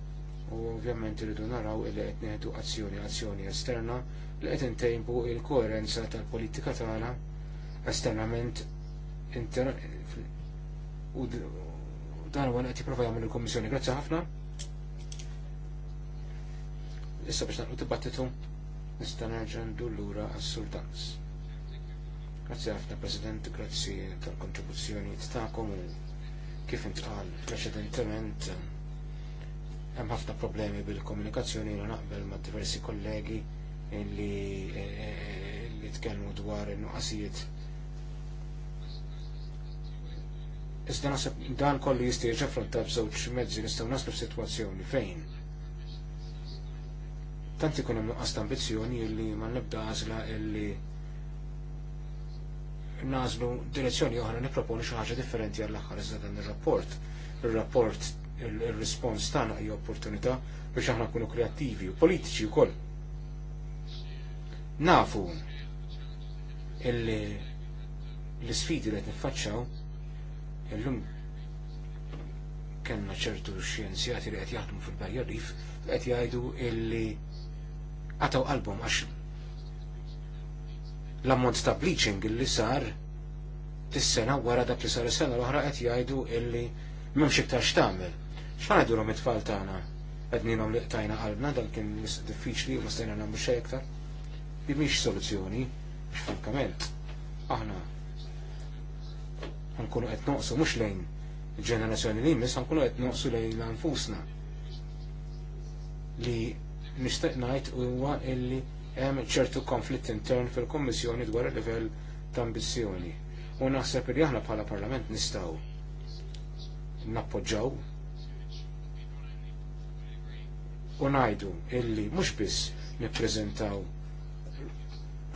u ovvjament iridu naraw illi qed neħdu azzjoni azzjoni esterna li qed intejbu l koerenza tal-politika tagħna esternament u dan huwa qed jipprova jagħmel il-Kummissjoni. Grazzi ħafna. Issa biex naqgħu dibattitu nista' nerġa' lura għas-sultans. Grazzi ħafna President, grazzi tal-kontribuzzjoni tagħkom u kif intqal preċedentement Hemm ħafna problemi bil-komunikazzjoni u naqbel ma' diversi kollegi li eh, eh, eh, li tkellmu dwar in-nuqqasijiet. Iżda naħseb dan kollu jista' jiġi affrontat b'żewġ mezzi nistgħu naslu f'sitwazzjoni fejn. Tant ikun hemm nuqqas ta' ambizzjoni li ma nibda għażla illi nażlu direzzjoni oħra nipproponi xi ħaġa differenti għall-aħħar iżda dan ir-rapport. Ir-rapport il-respons tagħna hija opportunità biex aħna kunu kreattivi u politiċi wkoll. Nafu l-sfidi li qed niffaċċaw illum kellna ċertu xjenzjati li qed jaħdmu fil-barja rif qed jgħidu illi għataw qalbhom għax l-ammont ta' bleaching illi sar tis-sena wara dak li sar is-sena l-oħra qed jgħidu illi m'hemmx iktar x'tagħmel ċħajdu l-om it-tfal tagħna? Għedninom li qtajna qalbna, dal kien diffiċli u ma stajna nagħmlu xejn iktar. Li soluzzjoni, biex frankament, aħna nkunu qed noqsu mhux lejn il-ġenerazzjoni li jmiss ħankunu qed noqsu lejn anfusna. Li nixtieq ngħid huwa illi hemm ċertu konflitt intern fil-Kommissjoni dwar il-livell ta' ambizzjoni. U naħseb li aħna bħala Parlament nistgħu nappoġġaw u ngħidu illi mhux biss nippreżentaw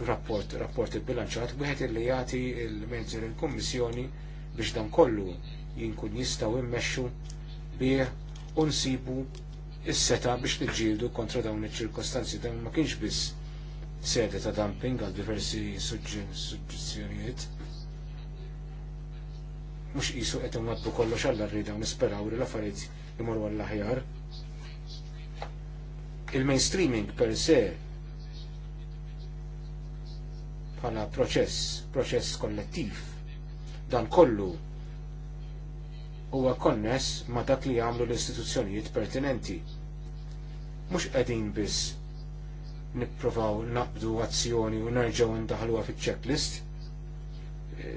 rapport, rapport il-bilanċat, wieħed illi jagħti il-mezzi lill-Kummissjoni biex dan kollu jinkun jistgħu immexxu biħ u nsibu seta biex niġġieldu kontra dawn iċ-ċirkostanzi dan ma kienx biss sede ta' dumping għal diversi suġġizzjonijiet. Mhux qisu qed imwaddu kollox għall rridaw u nisperaw li l-affarijiet imorru għall-aħjar il-mainstreaming per se bħala proċess, proċess kollettiv, dan kollu huwa konness ma dak li jagħmlu l-istituzzjonijiet pertinenti. Mhux qegħdin biss nippruvaw naqbdu azzjoni u nerġgħu ndaħluha fiċ-checklist. E,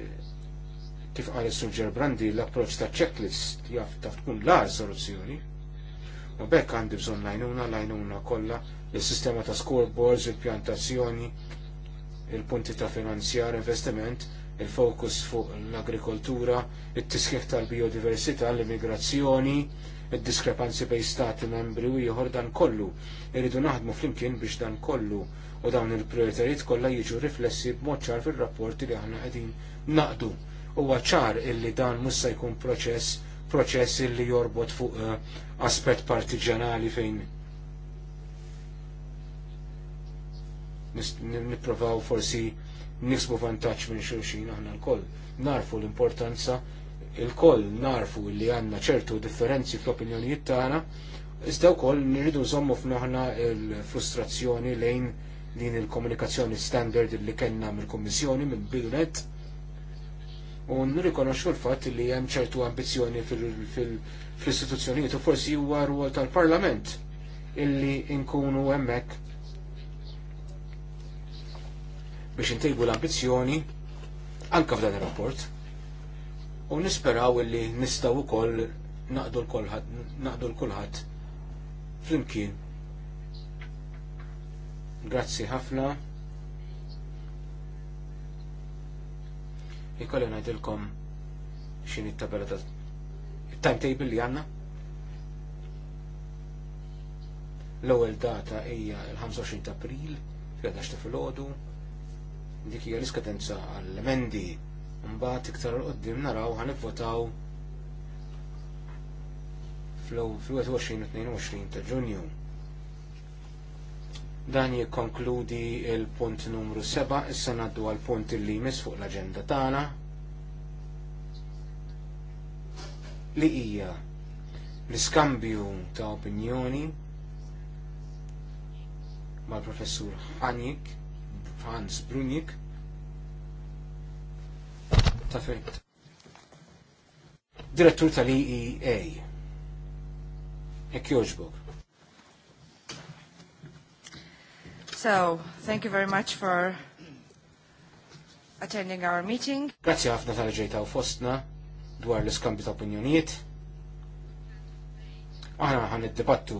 kif qal is Brandi l-approċċ ta' checklist jaf taf tkun l-ar soluzzjoni. U bekk għandi bżonn lajnuna, lajnuna kollha, il-sistema ta' scoreboards, il-pjantazzjoni, il-punti ta' finanzjar, investiment, il-fokus fuq l-agrikoltura, it-tisħiħ tal-biodiversità, l-immigrazzjoni, id-diskrepanzi bej stati membri u jħor dan kollu. Irridu naħdmu flimkien biex dan kollu u dawn il-prioritajiet kollha jiġu riflessi b'mod ċar fir-rapporti li aħna qegħdin naqdu. Huwa ċar illi dan mhux se jkun proċess proċess li jorbot fuq eh, aspett partiġanali fejn nipprovaw forsi nisbu vantaġġ minn xulxin aħna lkoll. Narfu l-importanza, il-koll narfu li għandna ċertu differenzi fl-opinjonijiet tagħna, iżda wkoll nirridu nżommu f'naħna l-frustrazzjoni lejn din il-komunikazzjoni standard li kellna mill-Kummissjoni minn bidunet u nirrikonoxxu l-fatt li hemm ċertu ambizzjoni fl-istituzzjonijiet u forsi huwa rwol tal-Parlament illi nkunu hemmhekk biex intejbu l-ambizzjoni anke f'dan ir-rapport u nisperaw illi nistgħu ukoll naqdu l-kulħadd flimkien. Grazzi ħafna. Ikolli ngħidilkom xin it tabella ta' timetable li għandna. L-ewwel data hija l-25 ta' April, fil-11 ta' filgħodu, dik hija l-iskadenza għall-emendi mbagħad iktar qoddim naraw votaw fl-21 22 ta' Ġunju. Dan jikkonkludi il-punt numru 7, issa naddu għal punt li jmiss fuq l-agenda tagħna li hija l-iskambju ta' opinjoni mal-professur Hanik Hans Brunik ta' fit. direttur tal-EEA. Ek joġbok. So, thank you very much for attending our meeting. Grazzi ħafna tal-ġejta u fostna dwar l iskambju ta' opinjonijiet. Aħna ħan id-dibattu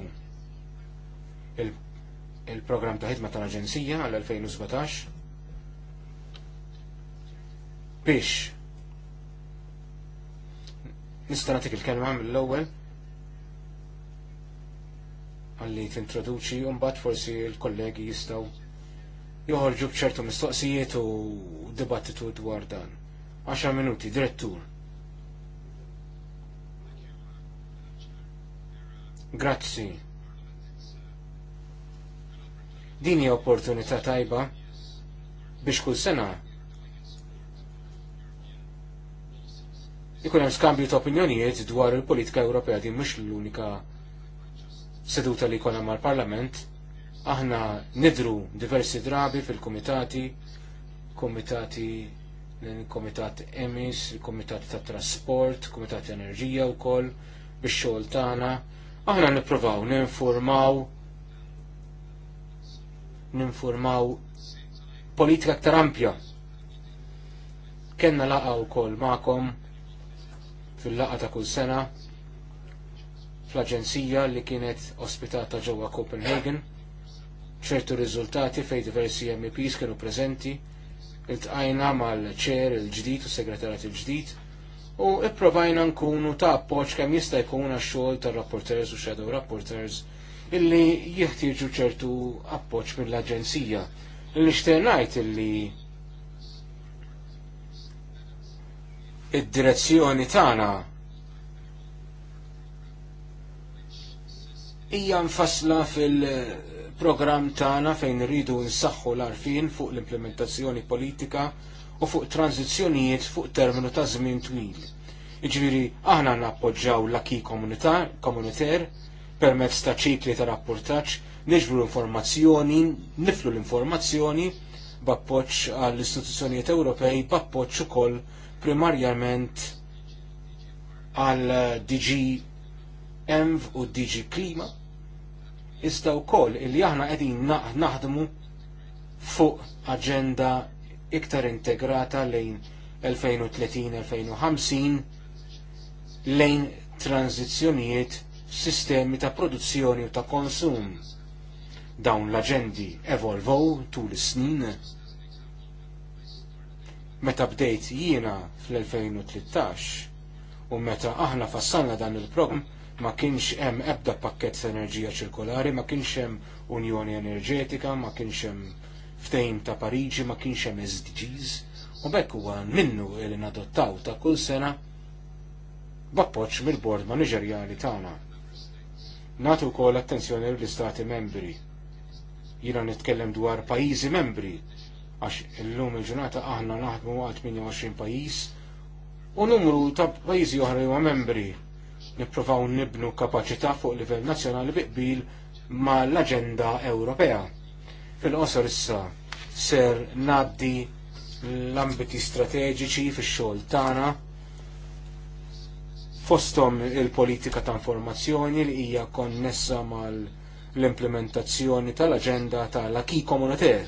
il-program ta' ħidma tal-Aġenzija għal-2017 biex nista' nagħtik il-kelma mill-ewwel għalli tintroduċi un-bat forsi l-kollegi jistgħu joħorġu bċertu mistoqsijiet u dibattitu dwar dan. 10 minuti, direttur. Grazzi. Din hija opportunità tajba biex kull sena ikun hemm skambju ta' opinjonijiet dwar il-politika Ewropea din mhux l-unika seduta li kolla mal-parlament, aħna nidru diversi drabi fil-komitati, komitati komitat emis, komitat ta' trasport, komitat enerġija u koll, biex xogħol tagħna, aħna nippruvaw ninformaw ninformaw politika aktar ampja. Kenna laqa wkoll ma'kom fil-laqa ta' kull sena fl-aġenzija li kienet ospitata ġewwa Copenhagen, ċertu riżultati fej diversi MEPs kienu preżenti, iltqajna mal-ċer il-ġdid u segretarat il-ġdid, u ipprovajna nkunu ta' appoġġ kemm jista' jkun għax-xogħol tar-rapporters u shadow rapporters illi jeħtieġu ċertu appoġġ mill-aġenzija. Il-nixtieq ngħid illi id-direzzjoni tagħna hija nfasla fil-programm tagħna fejn irridu nsaxħu l-arfin fuq l-implementazzjoni politika u fuq tranzizzjonijiet fuq terminu ta' żmien twil. Iġviri, aħna nappoġġaw l-aki komunitar permezz ta' ċikli ta' rapportaċ, neġbru informazzjoni niflu l-informazzjoni, b'appoġġ għall-istituzzjonijiet Ewropej, b'appoġġ ukoll primarjament għal DG Enf u DG Klima, iżda wkoll illi aħna qegħdin naħdmu fuq aġenda iktar integrata lejn 2030-2050 lejn tranzizzjonijiet sistemi ta' produzzjoni u ta' konsum. Dawn l-aġendi evolvow tul is-snin. Meta bdejt jiena fl-2013 u meta aħna fassalna dan il program ma kienx hemm ebda pakkett ta' enerġija ċirkolari, ma kienx hemm Unjoni Enerġetika, ma kienx hemm ftejn ta' Pariġi, ma kienx hemm SDGs. U bekk huwa minnu li nadottaw ta' kull sena b'appoġġ mill-bord maniġerjali tagħna. Natu wkoll attenzjoni l-istati membri. Jiena nitkellem dwar pajjiżi membri għax illum il-ġurnata aħna naħdmu għal 28 pajjiż u numru ta' pajjiżi oħra huma membri nippruvaw nibnu kapaċità fuq livell nazzjonali biqbil mal-Aġenda Ewropea. Fil-qosor issa ser naddi l-ambiti strateġiċi fix-xogħol tagħna fosthom il-politika ta' informazzjoni li hija konnessa mal l-implementazzjoni tal-aġenda tal-aki komunitar.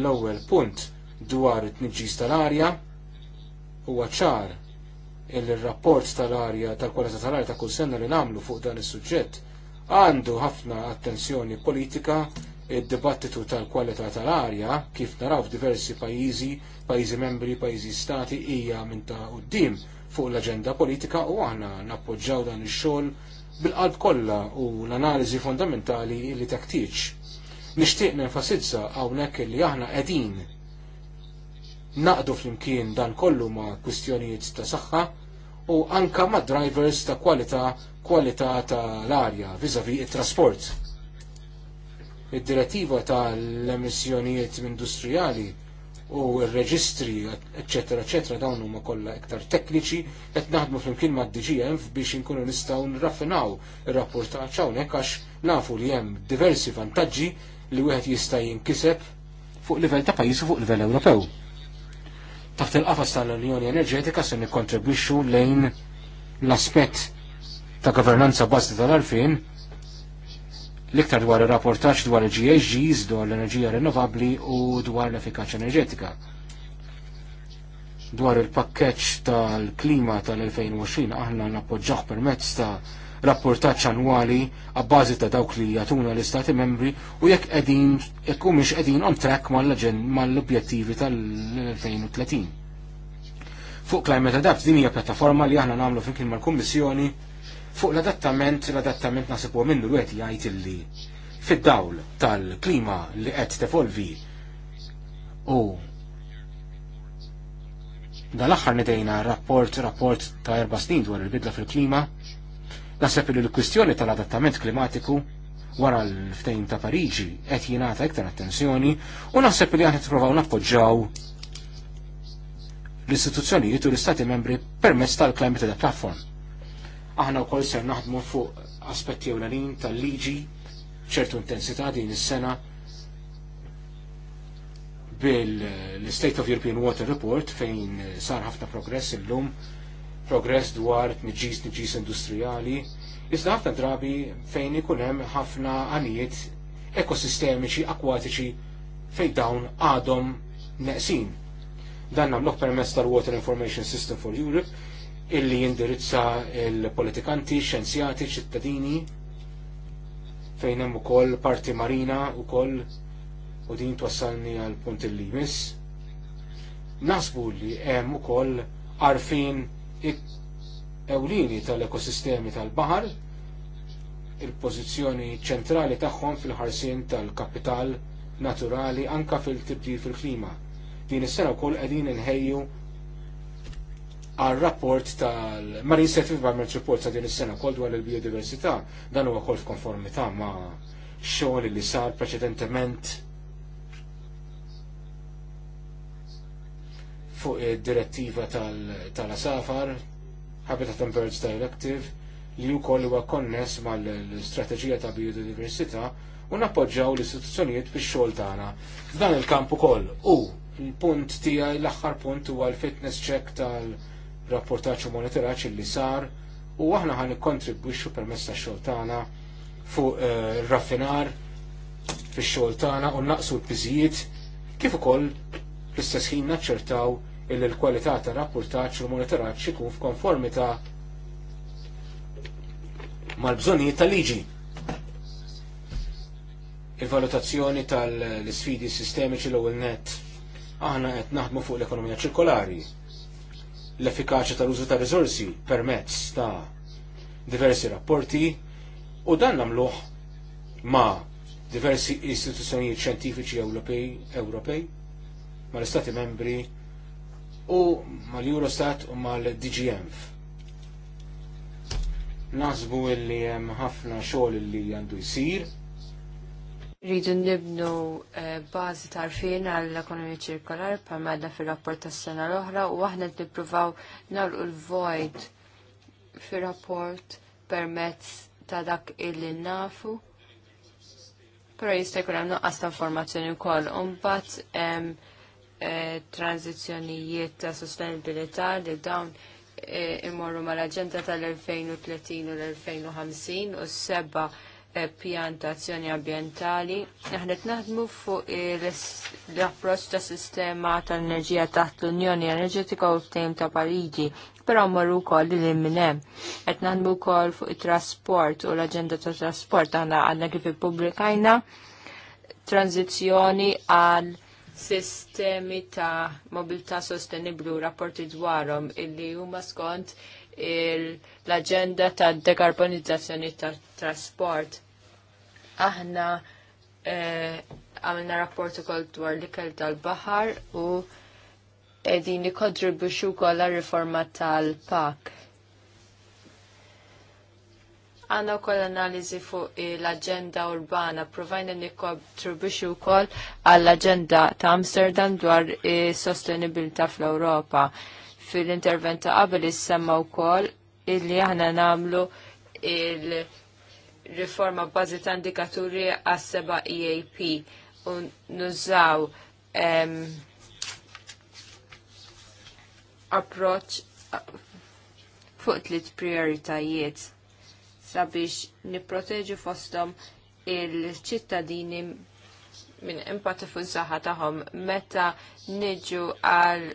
L-ewwel punt dwar it-tniġġis tal-arja huwa ċar il-rapport tal-arja tal-kwalità tal-arja ta' kull sena li nagħmlu fuq dan is-suġġett għandu ħafna attenzjoni politika id-dibattitu tal-kwalità tal-arja kif naraw f'diversi pajjiżi, pajjiżi membri, pajjiżi stati hija minn ta' quddiem fuq l-aġenda politika u aħna nappoġġaw dan ix-xogħol bil-qalb kollha u l-analiżi fondamentali li taktieġ. Nixtieq nenfasizza hawnhekk li aħna qegħdin naqdu flimkien dan kollu ma' kwistjonijiet ta' saħħa u anka ma' drivers ta' kwalità kwalità tal-arja vis vis-à-vis it-trasport. Id-direttiva tal-emissjonijiet industrijali u r-reġistri, eccetera, eccetera, dawn huma kollha iktar tekniċi qed naħdmu flimkien mad DGM biex inkunu nistgħu nraffinaw ir-rapportaġġ rapport hawnhekk għax nafu li hemm diversi vantaġġi li wieħed jista' jinkiseb fuq livell ta' pajjiż u fuq livell Ewropew taħt il-qafas tal-Unjoni Enerġetika se nikkontribwixxu lejn l-aspett ta' governanza bażi tal-arfin l-iktar dwar ir-rapportaġġ dwar il-GHGs dwar l-enerġija rinnovabbli u dwar l-efikaċja enerġetika. Dwar il-pakkeġġ tal-klima tal-2020 aħna nappoġġaħ permezz ta' rapportat annwali għabbażi ta' dawk li jatuna l-Istati membri u jekk qegħdin jekk miex qegħdin on track mal-objettivi tal-2030. Fuq Climate Adapt din hija pjattaforma li aħna nagħmlu flimkien mal-Kummissjoni fuq l-adattament, l-adattament nasibu huwa minnu wieħed jgħid illi fid-dawl tal-klima li qed tevolvi u dal-aħħar nidejna rapport rapport ta' erba' snin dwar il-bidla fil-klima Naħseb li l-kwistjoni tal-adattament klimatiku wara l-ftejn ta' Pariġi qed jingħata iktar attenzjoni u naħseb li aħna tippruvaw nappoġġjaw l-istituzzjonijiet u l-istati membri permezz tal-Climate Data Platform. Aħna wkoll ser naħdmu fuq aspetti ewlenin tal-liġi ċertu intensità din is-sena bil-State of European Water Report fejn sar ħafna progress illum lum progress dwar tniġis nġis industrijali, iżda ħafna drabi fejn ikun hemm ħafna għanijiet ekosistemiċi akwatiċi fejn dawn għadhom neqsin. Dan nagħmluh permezz tal-Water Information System for Europe illi jindirizza il-politikanti, xenzjati, ċittadini fejn hemm ukoll parti marina ukoll u din twassalni għal punt il-limis. Nasbu li hemm ukoll arfin ewlieni tal-ekosistemi tal-baħar, il-pożizzjoni ċentrali tagħhom fil-ħarsien tal-kapital naturali anka fil-tibdil fil-klima. Din is-sena wkoll qegħdin inħejju għal rapport tal-Marine Set Environment Report ta' din is-sena wkoll dwar il-biodiversità dan huwa wkoll f'konformità ma' xogħol li sar preċedentement fuq id-direttiva tal-Asafar, Habitat and Birds Directive, li wkoll huwa konness mal strategija ta' biodiversità u nappoġġaw l-istituzzjonijiet fix xogħol tagħna. F'dan il-kamp ukoll u l-punt tiegħi l-aħħar punt huwa l-fitness check tal-rapportaġġ u monitoraġġ li sar u aħna ħan ikkontribwixxu permezz tax-xogħol tagħna fuq eh, raffinar fix-xogħol tagħna u naqsu l-piżijiet kif ukoll l-istess ħin naċċertaw il l-kwalità ta' rapportaċ u monitoraċ ikun f'konformità mal-bżonijiet tal-liġi. Il-valutazzjoni tal-sfidi sistemiċi l ewwel net aħna qed naħdmu fuq l-ekonomija ċirkolari, l-effikaċja tal-użu ta' riżorsi permezz ta' diversi rapporti u dan nagħmluh ma' diversi istituzzjonijiet xjentifiċi Ewropej, Ewropej, ma' l-Istati membri u mal-Eurostat u mal-DGMF. Nasbu illi hemm ħafna xogħol li għandu jsir. Rridu nibnu eh, bażi tarfin għall-ekonomija ċirkolari bħal madna fir-rapport tas-sena l-oħra u aħna qed nippruvaw nagħlqu l-void fir-rapport permezz ta' dak illi nafu. Però jista' jkun hemm nuqqas ta' informazzjoni wkoll u mbagħad Eh, tranzizjonijiet ta' sostenibilità li dawn eh, imorru mal-Aġenda tal-2030 u l-2050 u s-seba eh, pjantazzjoni ambientali. Aħna naħdmu fuq l-approċċ ta' sistema tal-enerġija taħt l-Unjoni Enerġetika u t tejm ta' parigi, però mmorru wkoll li minn hemm. Qed naħdmu wkoll fuq it-trasport u l-aġenda tat trasport aħna għanna kif ippubblikajna tranzizzjoni għal sistemi ta' mobilità sostenibli u rapporti dwarhom illi huma skont l-agenda ta' dekarbonizzazzjoni ta' trasport. Aħna eh, għamilna eh, rapport ukoll dwar l-ikel tal-baħar u edin nikontribuxu wkoll għar riforma tal-PAK Għanna wkoll analiżi fuq l-aġenda urbana, provajna u wkoll għall-aġenda ta' Amsterdam dwar is-sostenibilità fl-Ewropa. Fil-intervent ta' qabel issemma wkoll illi aħna nagħmlu il-riforma bażi ta' indikaturi għas-seba' EAP u nużaw approach fuq tliet prioritajiet sabiex nipproteġu fostom il-ċittadini minn impatti fuq saħħa tagħhom meta niġu għal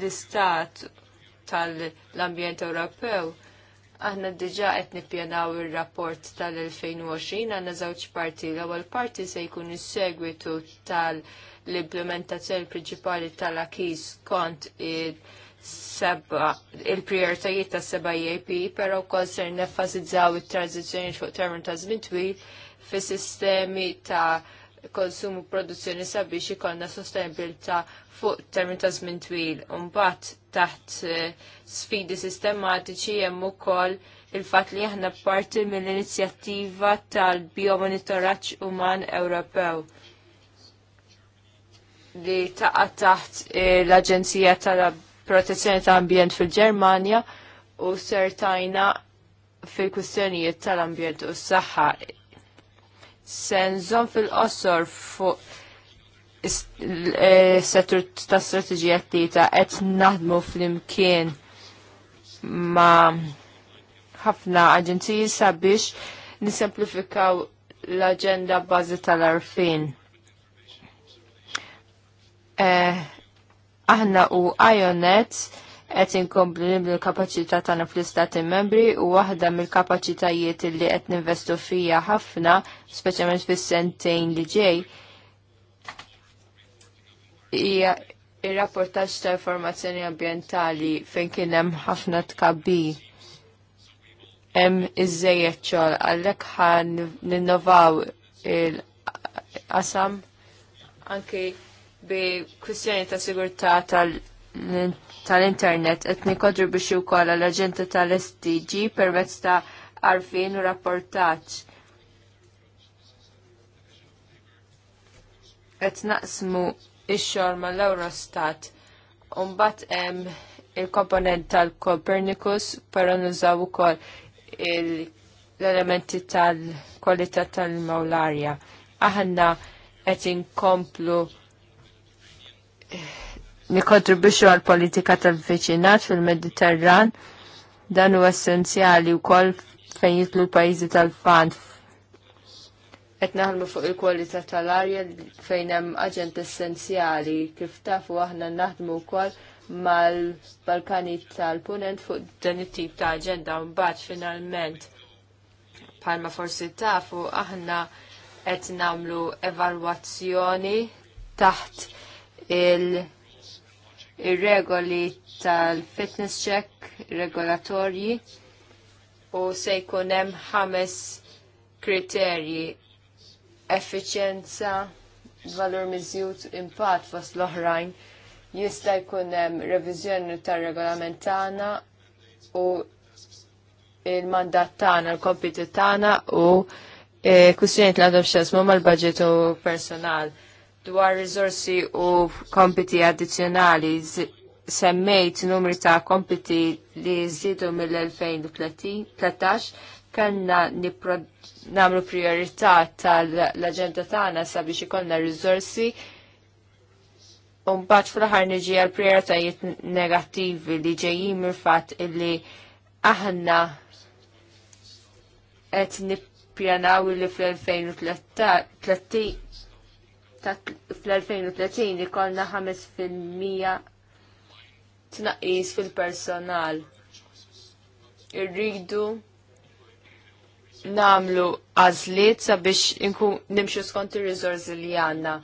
l-istat tal-ambjent Ewropew aħna diġa qed nippjanaw ir-rapport tal-2020 għandna żewġ parti. L-ewwel parti se jkun is-segwitu tal-implementazzjoni prinċipali tal-akis kont il- seba il-prioritajiet ta' seba EAP, pero wkoll ser neffasizzaw it transizjoni fuq termin ta' żmien twil fis-sistemi ta' konsumu produzzjoni sabiex ikonna sostenibilta fuq termin ta' żmien twil. Mbagħad taħt eh, sfidi sistematiċi hemm ukoll il-fatt li aħna parti mill-inizjattiva tal-biomonitoraġġ uman Ewropew li taqa' taħt eh, l-Aġenzija tal protezzjoni ta' ambjent fil-Ġermanja u sertajna fil-kwistjonijiet tal-ambjent u s-saħħa. Senżon fil-qosor fuq eh, settur ta' strategija t-tita qed naħdmu fl-imkien ma' ħafna aġenziji sabiex nisemplifikaw l-agenda bazi tal-arfin. Eh, aħna u Ionet qed inkomplu nibnu l-kapaċità tagħna fl-istati membri u waħda mill-kapaċitajiet li qed ninvestu fija ħafna, speċjalment fis-sentejn li ġej, hija ir-rapportaġġ ta' informazzjoni ambjentali fejn kien hemm ħafna tkabbi hemm iżejjed xogħol għalhekk ħan ninnovaw il-qasam anke bi kwistjoni ta' sigurtà tal-internet qed u kolla l aġenda tal-SDG permezz ta' arfin u rapportaġġ. Qed naqsmu ix-xogħol mal-Eurostat u mbagħad hemm il-komponent tal-Copernicus però nużaw ukoll l-elementi tal-kwalità tal-mawlarja. Aħna qed inkomplu nikontribuxu għal politika tal-veċinat fil-Mediterran dan u essenzjali u koll fejn jitlu l-pajizi tal-fand qed naħdmu fuq il-kwalità tal-arja fejn hemm aġent essenzjali kif tafu aħna naħdmu wkoll mal-Balkani tal-Punent fuq dan it-tip ta' aġenda mbagħad finalment palma forsi tafu aħna qed nagħmlu evalwazzjoni taħt il-regoli il regoli tal fitness check regolatorji u se jkun hemm ħames kriterji efficienza, valur miżjud, impatt fost l-oħrajn jista' jkun hemm reviżjoni tar-regolament tagħna u il-mandat tagħna, l-kompitu tagħna u e, eh, tal li mal budget u personal dwar rizorsi u kompiti addizjonali semmejt numri ta' kompiti li zidu mill-2013 kanna namlu priorità tal-agenda tagħna sabiex ikollna rizorsi u mbagħad fl aħħar niġi għal prioritajiet negattivi li ġejjin mill-fatt illi aħna qed nippjanaw li fl 2013 fl-2030 ikolna 5% tnaqqis fil-personal. Irridu namlu għazliet sabiex nimxu skont ir-riżorsi li għandna.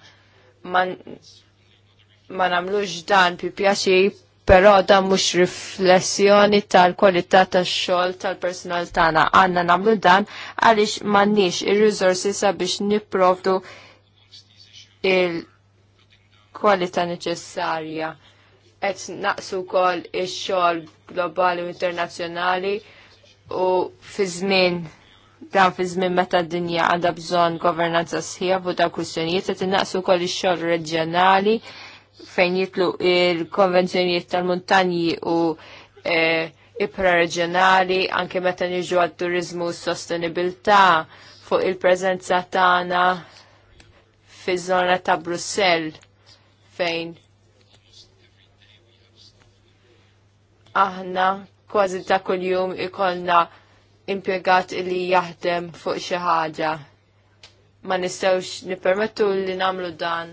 Ma namlux dan pi pjaċi, però dan mhux riflessjoni tal-kwalità tax-xogħol tal-personal tagħna. Għandna namlu dan għaliex m'għandniex ir-riżorsi sabiex nipprovdu il-kwalità neċessarja. Qed naqsu wkoll ix-xogħol globali u internazzjonali u fi żmien dan fi żmien meta d-dinja għandha bżonn governanza sħiħa u dawn kwistjonijiet qed innaqsu wkoll ix-xogħol reġjonali fejn jitlu il-konvenzjonijiet tal-muntanji u eh, ipra iprareġjonali anke meta niġu għat-turizmu s-sostenibilità fuq il-preżenza tagħna fi zona ta' Brussell fejn aħna kważi ta' kuljum ikolna impiegat li jaħdem fuq xi ħaġa. Ma nistgħux nippermettu li nagħmlu dan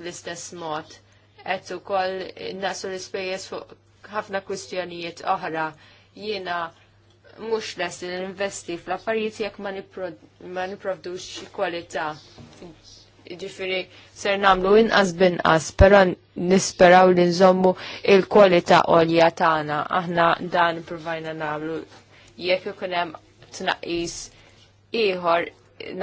l-istess mod. Qed ukoll naqsu l-ispejjeż fuq ħafna kwistjonijiet oħra. Jiena mhux lest li ninvesti fl-affarijiet jekk ma nipprovdux kwalità ġifiri ser namlu inqas binqas, pero nisperaw li nżommu il kualita olja tagħna. Aħna dan provajna namlu jekk ikun hemm tnaqqis ieħor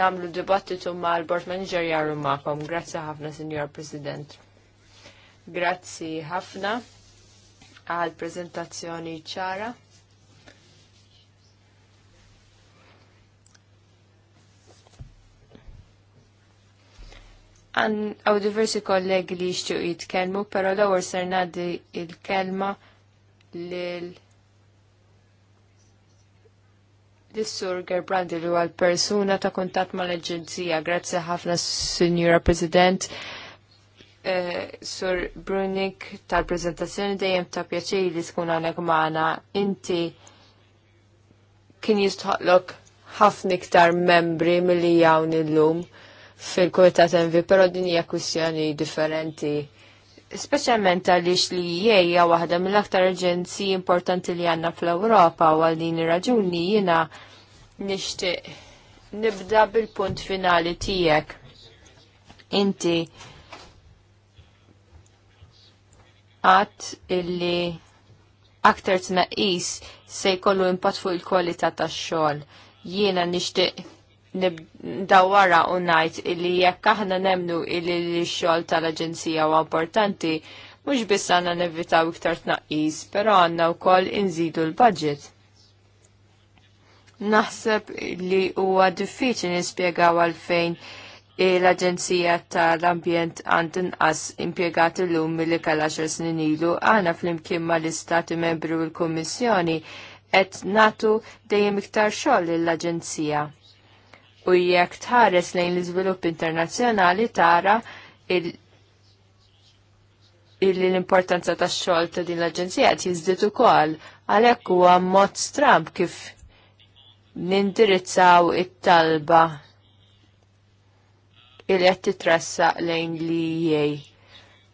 namlu dibattitu mal-Bord Manager jarru magħkom. Grazzi ħafna, Sinjor President. Grazzi ħafna għal prezentazzjoni ċara. għaw diversi kollegi li jixtiequ jitkellmu, però l-ewwel ser ngħaddi l-kelma lil Sur Gerbrandi li għal persuna ta' kontat ma' l-Aġenzija. Grazzi ħafna, Signora President. Eh, Sur Brunik tal-prezentazzjoni dejjem ta' pjaċej li tkun għandek magħna. Inti kien jistħoqlok ħafna iktar membri milli hawn illum. lum fil-Kumitat Envi, però din hija kwistjoni differenti. Speċjalment għaliex li hija waħda mill-aktar aġenziji importanti li għandna fl-Ewropa u għal din ir-raġuni jiena nixtieq nibda bil-punt finali tiegħek. Inti għat illi aktar tnaqis se jkollu impatt fuq il-kwalità tax-xogħol. Jiena nixtieq nibdawara u najt illi jekk aħna nemnu illi li xol tal-Aġenzija u importanti, mux biss għanna nevitaw iktar tnaqqis, pero għanna u koll inżidu l-budget. Naħseb li huwa diffiċli nispjegaw għalfejn l-Aġenzija tal-Ambjent għand inqas impjegat illum milli kellha xar snin ilu, aħna flimkien mal-Istati Membri u l-Kummissjoni qed natu dejjem iktar xogħol lill-Aġenzija u jekk tħares lejn l-iżvilupp internazzjonali tara l-importanza tax xogħol ta' din l-aġenzija qed jiżdied ukoll għalhekk huwa mod stramb kif nindirizzaw it-talba il qed titressaq lejn li jgħi.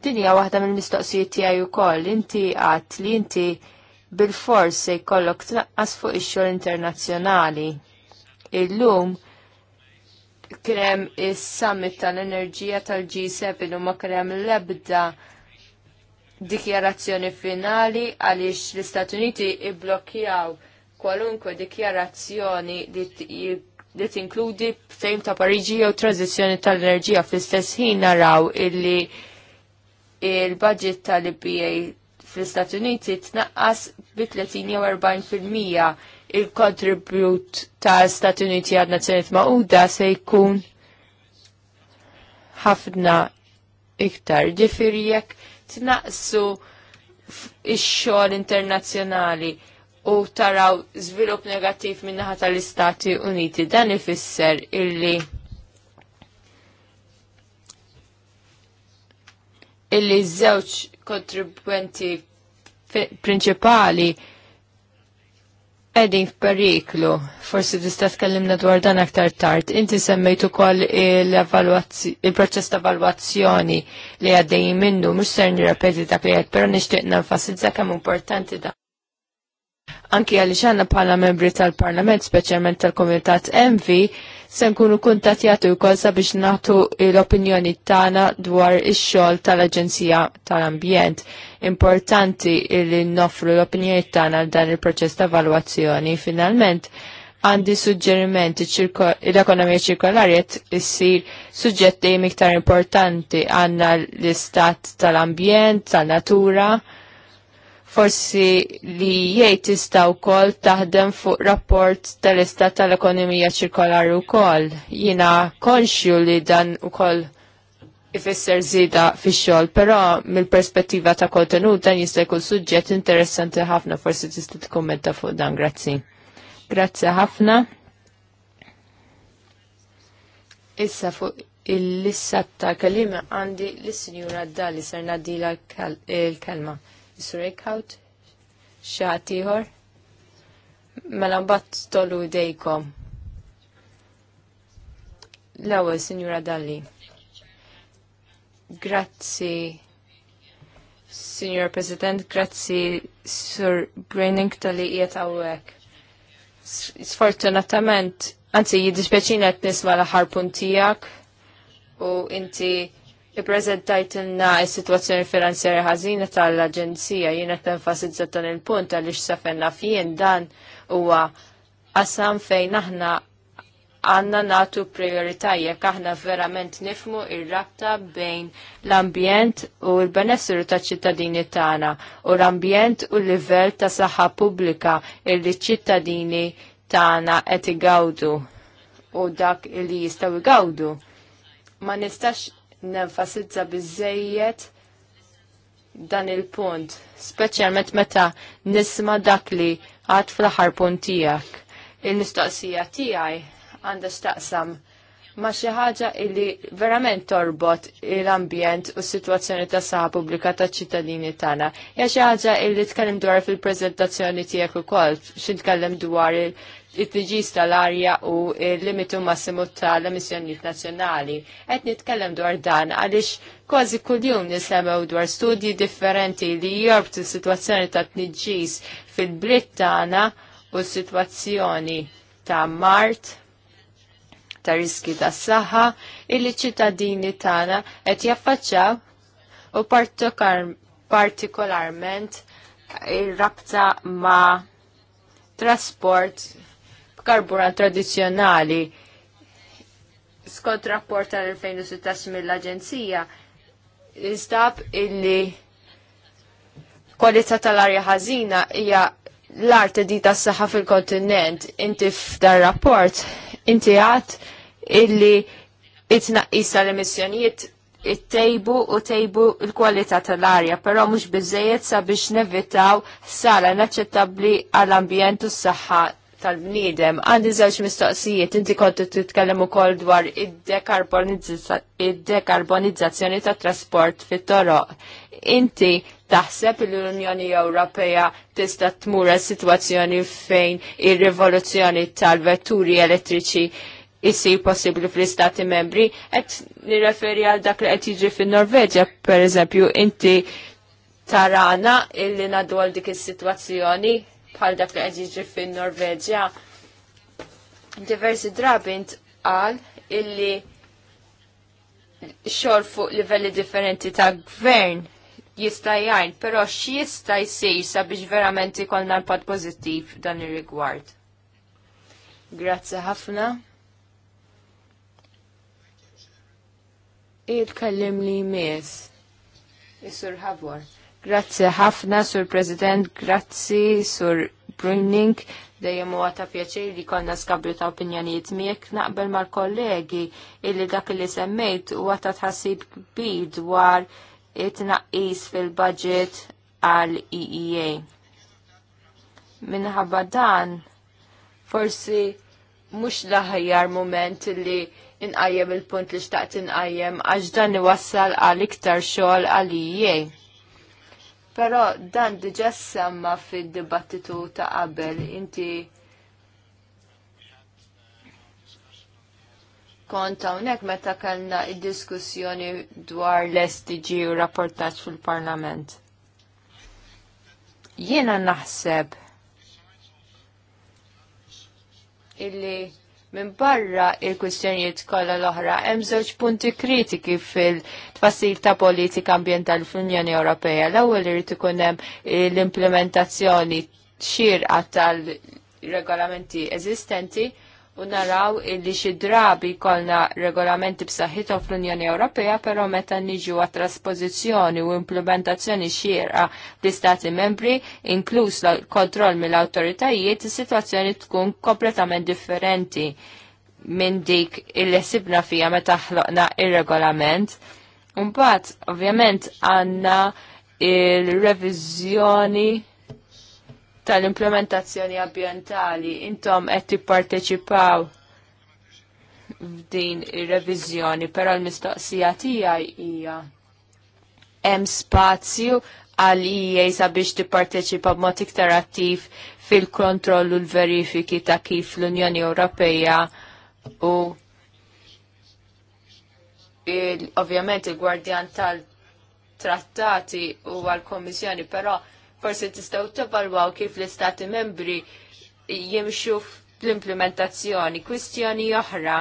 Din hija waħda mill-mistoqsijiet tiegħi wkoll inti qatt li inti bil-fors se jkollok tnaqqas fuq ix-xogħol internazzjonali. Illum krem is-summit tal-enerġija tal-G7 u ma krem l-ebda dikjarazzjoni finali għaliex l-Istati Uniti ibblokjaw kwalunkwe dikjarazzjoni li tinkludi fejm ta' Pariġi jew tranzizzjoni tal-enerġija fl-istess ħin naraw illi il-budget tal-IBA fl-Istati Uniti tnaqqas bi 30 jew 40 fil-mija il-kontribut ta' Stati Uniti għad Nazzjoniet Mauda se jkun ħafna iktar. Ġifiri jekk tnaqsu ix-xogħol internazzjonali u taraw żvilupp negattiv min-naħa tal-Istati Uniti dan ifisser illi illi żewġ kontribwenti prinċipali edin f'periklu. Forsi tista' tkellimna dwar dan aktar tard. Inti semmejt ukoll il-proċess ta' evalwazzjoni li għaddej minnu, mhux ser nirrepeti ta' li pero però nixtieq nenfasizza kemm importanti da. Anki għaliex għandna bħala membri tal-Parlament, speċjalment tal-Kumitat Envi, se nkunu kuntatjati wkoll sabiex nagħtu l-opinjoni tagħna dwar ix-xogħol tal-Aġenzija tal-Ambjent. Importanti li noffru l-opinjoni tagħna għal dan il-proċess ta' evalwazzjoni finalment għandi suġġerimenti l-ekonomija ċirkolari qed issir suġġetti miktar importanti għandna l-istat tal-ambjent, tal-natura, tal ambjent tal natura forsi li jgħid tista' wkoll taħdem fuq rapport tal-istat tal-ekonomija ċirkolari wkoll. Jiena konxju li dan ukoll ifisser żieda fix-xogħol, però mill-perspettiva ta' kontenut dan jista' jkun suġġett interessanti ħafna forsi tista' tikkummenta fuq dan, grazzi. Grazzi ħafna. Issa fuq il-lissa ta' kalima għandi l-Sinjura Dali ser nadila l-kelma. Surekaut, xaħatiħor, mela mbatt tolu dejkom. L-ewel, Signora Dalli. Grazzi, Signor President, grazzi Sur Braining tali li jiet għawek. Sfortunatament, anzi, jiddispeċina għet nisma l puntijak u inti Ippreżentajtilna s-sitwazzjoni finanzjarja ħażina tal-Aġenzija jiena tenfasizza dan il-punt għaliex safenna fien dan huwa qasam fejn aħna għanna natu prioritajja jekk aħna verament nifmu ir-rabta bejn l-ambjent u l-benessru taċ ċittadini tagħna u l-ambjent u l-livell ta' saħħa pubblika illi ċittadini tagħna qed igawdu u dak li jistgħu igawdu ma nistax nenfasizza bizzejiet dan il-punt, speċjalment meta nisma dak li għad fl-aħħar punt tiegħek. il nistoqsija tiegħi għanda staqsam ma xi ħaġa li verament torbot l-ambjent u s-sitwazzjoni ta' saħa pubblika ta' ċittadini tagħna. Ja xi ħaġa li tkellem dwar fil-preżentazzjoni tiegħek ukoll, xi tkellem dwar il- it-tġis tal-arja u il-limitu massimu tal-emissjonijiet nazzjonali. Qed nitkellem dwar dan għaliex kważi kuljum nisemmew dwar studji differenti li jorbtu s-sitwazzjoni ta' tniġġis fil-Brittana u s-sitwazzjoni ta' Mart ta' riski ta' saħħa illi ċittadini tagħna qed jaffaċċaw u partikolarment ir-rabta ma' trasport karburant tradizjonali. Skont rapport tal-2016 mill-Aġenzija, instab illi kwalità tal-arja ħażina hija l-art di tas saħħa fil-kontinent. Inti f'dar rapport, inti għad illi itnaqqis tal-emissjonijiet it-tejbu u tejbu l-kwalità tal-arja, però mhux biżejjed sabiex nevitaw sala naċċettabbli għall-ambjent u s-saħħa tal-bniedem. Għandi żewġ mistoqsijiet, inti kontu titkellem ukoll dwar id-dekarbonizzazzjoni tat trasport fit-toroq. Inti taħseb li l-Unjoni Ewropea tista' tmur situazzjoni fejn ir-rivoluzzjoni tal-vetturi elettriċi issir possibbli fl-istati membri, qed nirreferi għal dak li qed jiġi fin-Norveġja, pereżempju, inti tarana illi nadwal dik is-sitwazzjoni bħal dak li qed jiġri fin-Norveġja. Diversi drabi intqal illi xor fuq livelli differenti ta' gvern jista' jgħin, però x'jista' jsir sabiex verament ikollna l l-pad pożittiv dan ir-rigward. Grazzi ħafna. Il-kallim li jmiss. Isur ħabwar. Grazzi ħafna, Sur President, grazie, Sur Brunning, dejjem huwa ta' pjaċir li konna skabru ta' opinjonijiet miegħek naqbel mal-kollegi illi dak li semmejt huwa ta' tħassib kbir dwar it-tnaqqis fil-budget għal EEA. Minħabba dan, forsi mhux l-aħjar moment li inqajjem il-punt li xtaqt inqajjem għax dan iwassal għal iktar xogħol għal EEA Però dan diġa semma fid-dibattitu ta' qabel inti kont hawnhekk meta kellna id-diskussjoni dwar l-SDG u rapportaċ fil-Parlament. Jiena naħseb illi minn barra il-kwistjonijiet kollha l-oħra hemm żewġ punti kritiki fil-tfassil ta' politika ambjentali fl-Unjoni Ewropea. L-ewwel irid ikun hemm l-implementazzjoni xirqa tal-regolamenti eżistenti u naraw illi xi drabi kolna regolamenti b'saħħithom fl-Unjoni Ewropea, però meta niġu għat traspożizzjoni u implementazzjoni xierqa l-Istati membri, inkluż l-kontroll mill-awtoritajiet, is-sitwazzjoni tkun kompletament differenti minn dik illi sibna fija meta ħloqna ir-regolament. bat, ovvjament għandna il-reviżjoni tal-implementazzjoni ambientali intom qed tipparteċipaw f'din ir-reviżjoni, però l-mistoqsija tiegħi hija hemm spazju għal EA sabiex tipparteċipa b'mod iktar attiv fil-kontroll u l-verifiki ta' kif l-Unjoni Ewropea u il, ovvjament il-gwardjan tal-trattati u għal-Komissjoni, però forsi tistgħu tevalwaw kif l-istati membri jimxu l-implementazzjoni. Kwistjoni oħra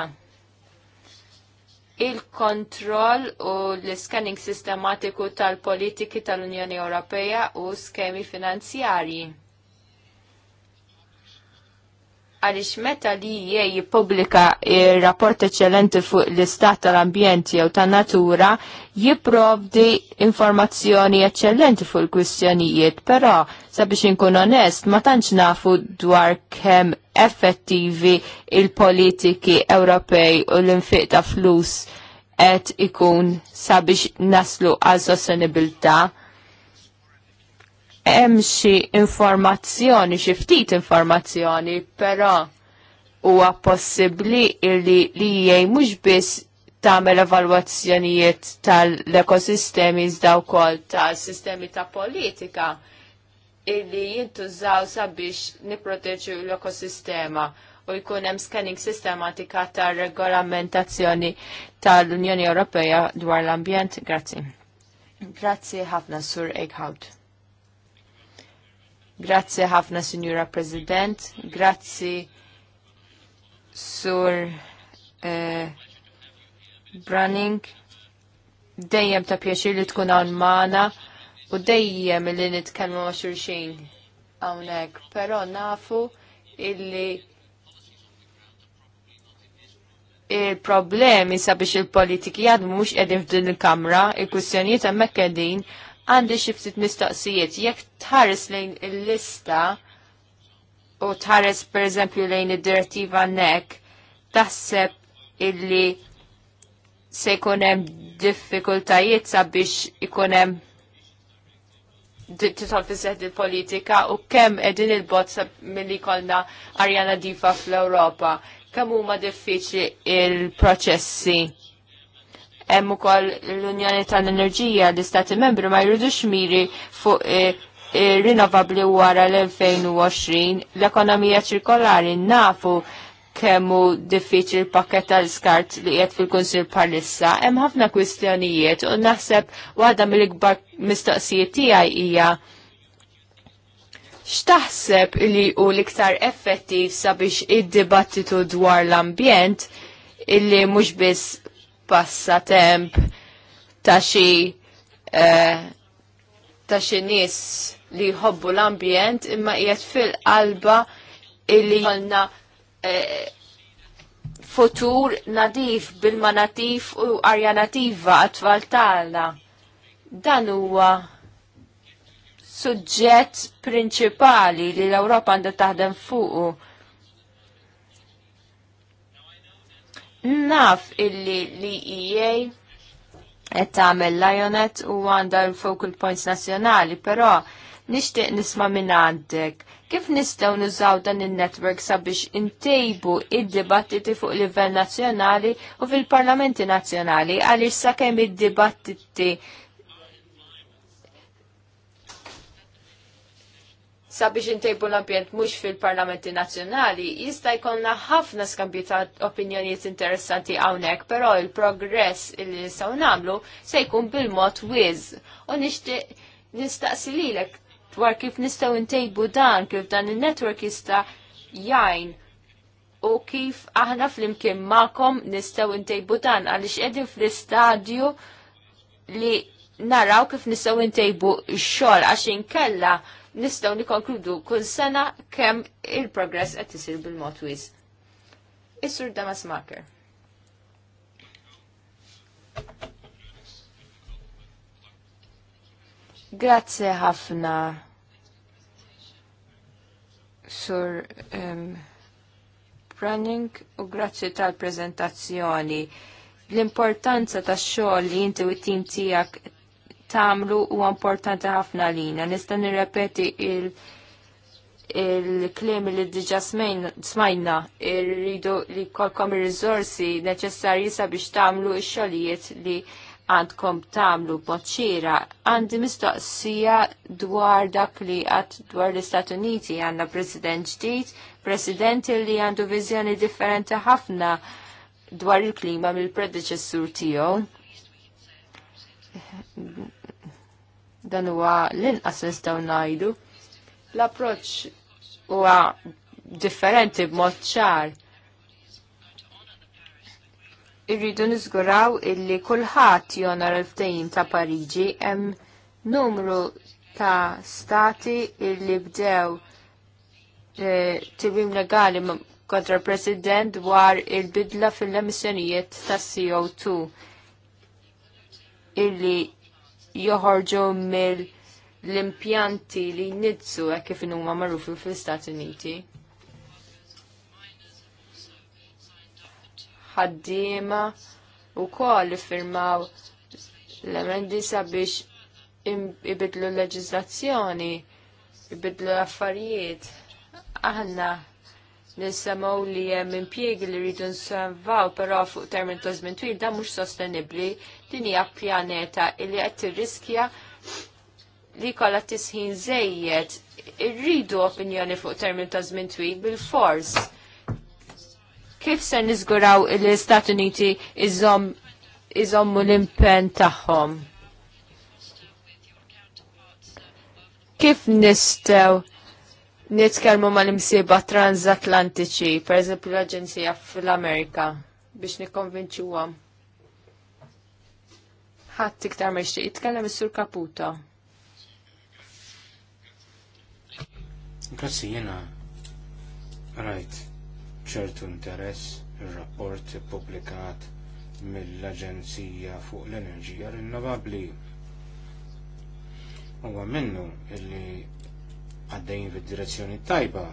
il-kontroll u l-scanning sistematiku tal-politiki tal-Unjoni Ewropea u skemi finanzjarji għalix meta li jie jipublika rapport eccellenti fuq l-istat tal-ambjent jew tan natura jiprovdi informazzjoni eccellenti fuq il-kwistjonijiet, però sabiex inkun onest ma tantx nafu dwar kemm effettivi il-politiki Ewropej u l-infiq ta' flus qed ikun sabiex naslu għal sostenibilità hemm xi informazzjoni, xi ftit informazzjoni, però huwa possibbli li li jgħi mhux biss tagħmel evalwazzjonijiet tal-ekosistemi iżda wkoll tal-sistemi ta' politika illi jintużaw sabiex niproteġu l-ekosistema u jkun hemm scanning sistematika tar regolamentazzjoni tal-Unjoni Ewropea dwar l-ambjent. Grazzi. Grazzi ħafna Sur Eichhout. Grazzi ħafna, Signora President. Grazie, Sur eh, Branning. Dejjem ta' pjaċir li tkun għan maħna u dejjem li nitkellmu ma' xurxin għawnek. Pero nafu illi il-problemi sabiex il-politiki għad mux edin f'din il-kamra, il-kustjonijiet hemmhekk qegħdin. il għandi xi ftit mistoqsijiet jekk tħares lejn il-lista u tħares pereżempju lejn id-direttiva nek taħseb illi se jkun hemm diffikultajiet sabiex ikun hemm titħol fisseħd il-politika u kemm edin il-bot mill-li kolna Arjana Difa fl-Europa. Kemm huma diffiċli il-proċessi hemm ukoll l-Unjoni tal-Enerġija l-Istati Membri ma jridux miri fuq eh, eh, rinnovabli wara l-2020. L-ekonomija ċirkolari nafu kemmu l pakket tal-skart li jgħet fil-konsil parissa. hemm ħafna kwistjonijiet u naħseb waħda mill-ikbar mistoqsijiet tiegħi hija x'taħseb li hu l-iktar effettiv sabiex id-dibattitu dwar l-ambjent illi mhux biss passatemp ta' xi eh, ta' xi nies li jħobbu l-ambjent imma qiegħed fil-qalba illi jkollna eh, futur nadif bilma natif u arja nativa għatfal tagħna. Dan huwa suġġett prinċipali li l-Ewropa għandha taħdem fuqu Naf illi li EA qed tagħmel Lionet u għandha l-focal points nazzjonali, però nixtieq nisma' minn għandek. Kif nistgħu nużaw dan in-network sabiex intejbu id-dibattiti fuq livell nazzjonali u fil-parlamenti nazzjonali għaliex sakemm id-dibattiti sabiex intejbu l-ambjent mhux fil-parlamenti nazzjonali, jista' jkollna ħafna skambju ta' opinjonijiet interessanti hawnhekk, però il-progress li nistgħu nagħmlu se jkun bil-mod wiz. U nixtieq nistaqsi lilek dwar kif nistgħu ntejbu dan, kif dan in-network jista' jgħin u kif aħna flimkien magħkom nistgħu ntejbu dan għaliex qegħdin fl-istadju li naraw kif nistgħu ntejbu x-xogħol għax inkella kella nistgħu nikkonkludu kull sena kemm il-progress qed isir bil-mod wis. Is-Sur Damas Marker. Grazie ħafna, Sur um, Branning, u grazie tal-prezentazzjoni. L-importanza ta' xogħol li inti u tim tiegħek tamlu u importanti ħafna lina. Nista nirrepeti il- il li diġa smajna irridu li kolkom il-rizorsi neċessarji sabiex tamlu il-xolijiet li għandkom tamlu boċċira. Għandi mistoqsija dwar dak li għad dwar l-Istat Uniti għanna president ġdijt, president li għandu vizjoni differenti ħafna dwar il-klima mill-predeċessur tiegħu Dan huwa l-inqas nistgħu ngħidu. L-approċċ huwa differenti b'mod ċar. Irridu niżguraw illi kulħadd jona il-ftehim ta' Pariġi hemm numru ta' stati illi bdew e, tibim legali kontra president dwar il-bidla fil-emissjonijiet ta' CO2 illi joħorġu mill l-impjanti li jnidsu hekk kif huma magħrufi fl-Istati Uniti. Ħaddiema wkoll iffirmaw l-emendi sabiex ibidlu l-leġiżlazzjoni, ibidlu l-affarijiet. Aħna nissemaw li hemm impjiegi li rridu nsemvaw, però fuq termin ta' żmien twil dan mhux sostenibbli din hija pjaneta li qed tirriskja li t tisħin żejjed irridu opinjoni fuq termin ta' żmien twil bil-fors. Kif se niżguraw l stat Uniti iżommu l-impenn tagħhom? Kif nistgħu nitkellmu mal-imsiba transatlantiċi, per eżempju l-Aġenzija fl-Amerika, biex nikkonvinċuhom? ħadd iktar ma jixtieq jitkellem is-Sur Kaputa. Grazzi jiena rajt ċertu interess ir-rapport ippubblikat mill-Aġenzija fuq l-Enerġija Rinnovabbli. Huwa minnu illi għaddejjin fid-direzzjoni tajba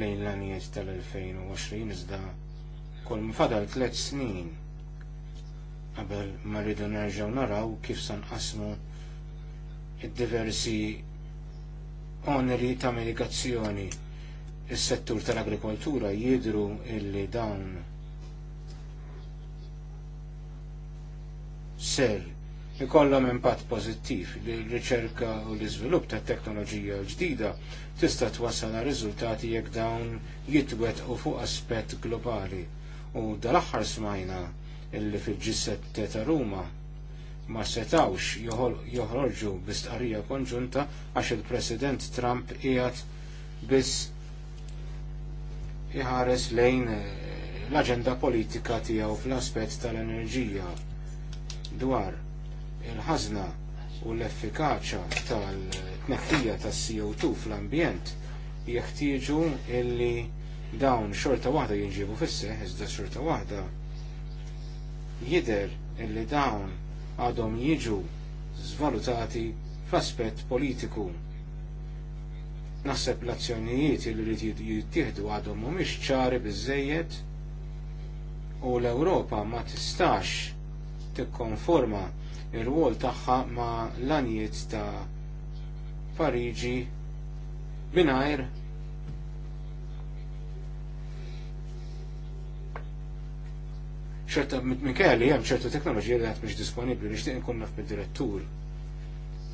lejn l-anijiet tal-2020 iżda kull mfadal tliet snin Qabel ma rridu nerġgħu naraw kif san qasmu id-diversi oneri ta' mitigazzjoni. Is-settur tal-agrikoltura jidhru illi dawn ser ikollhom impatt pożittiv li r-riċerka u l-iżvilupp tat teknoloġija ġdida tista' twassal għal riżultati jekk dawn jitwet u fuq aspett globali. U dal-aħħar smajna illi fil-ġisset teta Ruma ma setawx joħorġu bistqarrija konġunta għax il-President Trump qiegħed biss iħares lejn eh, l-aġenda politika tiegħu fl-aspett tal-enerġija dwar il-ħażna u l-effikaċja tal-tneħħija tas-CO2 fl-ambjent jeħtieġu illi dawn xorta waħda jinġibu fisse, iżda xorta waħda jider illi dawn għadhom jiġu zvalutati f'aspett politiku. Naħseb l-azzjonijiet li rrid jittieħdu għadhom mhumiex ċari biżejjed u l-Ewropa ma tistax tikkonforma ir-rwol tagħha ma l-anijiet ta' Pariġi binajr ċerta minn kelli hemm ċerta teknoloġija li għat mhix disponibbli nixtieq inkun naf mid-direttur.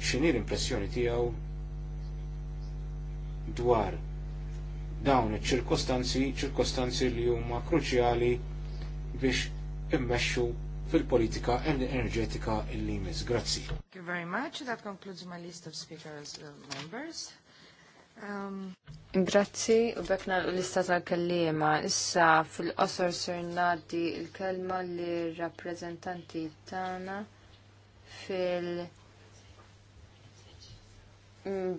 X'inhi l-impressjoni tiegħu dwar dawn iċ-ċirkostanzi, ċirkostanzi li huma kruċjali biex immexxu fil-politika enerġetika il-limis. Grazzi. Thank you very much. That concludes my list of speakers uh, members. Um... Grazzi, u bekna l-lista tal-kellima. Issa fil-qosor sernadi nadi il-kelma li rappresentanti tana fil-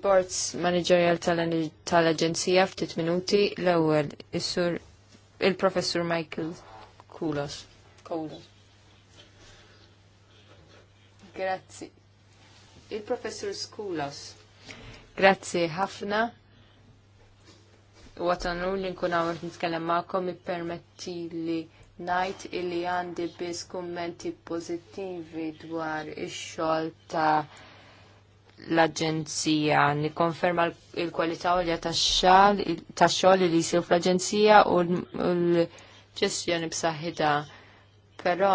Boards Managerial tal-Aġenzija ftit minuti l-ewwel is-sur il-Professur Michael Kulos. Kulos. Grazzi. Il-Professur Skulos. Grazzi ħafna u li nkun għamur nitkellem ma'kom permetti li najt illi għandi biss kummenti pozittivi dwar ix-xogħol ta' l-Aġenzija. Nikonferma l-kwalità għolja ta' xogħol li jisir fl-Aġenzija u l-ġestjoni b'saħħitha. Però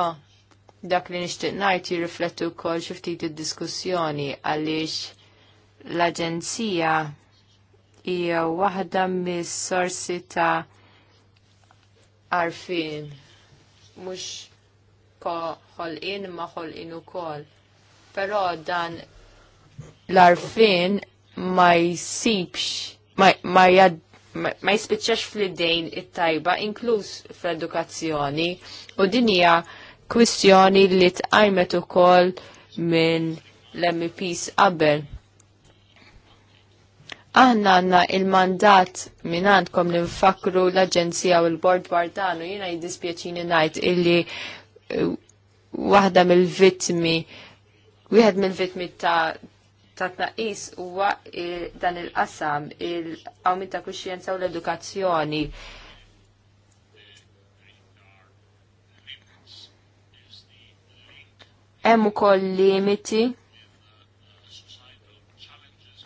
dak li nixtieq ngħid jirriflettu wkoll xi ftit id-diskussjoni għaliex l-Aġenzija hija waħda mis-sorsi ta' arfin. Mhux ħolqien ma ħolqin ukoll. Però dan l-arfin ma jsibx ma, ma jad ma jispiċċax fl-idejn it-tajba, inkluż fl-edukazzjoni, u din hija kwistjoni li tqajmet ukoll minn l-MPs qabel. Aħna għanna il-mandat minn għandkom li nfakru l-Aġenzija u l-Bord Bardano jina jiddispjaċini najt illi uh, waħda mill-vitmi, wieħed mill-vitmi ta' ta' tnaqis huwa eh, dan il-qasam, il-għawmin ta' kuxjenza u l-edukazzjoni. hemm ukoll limiti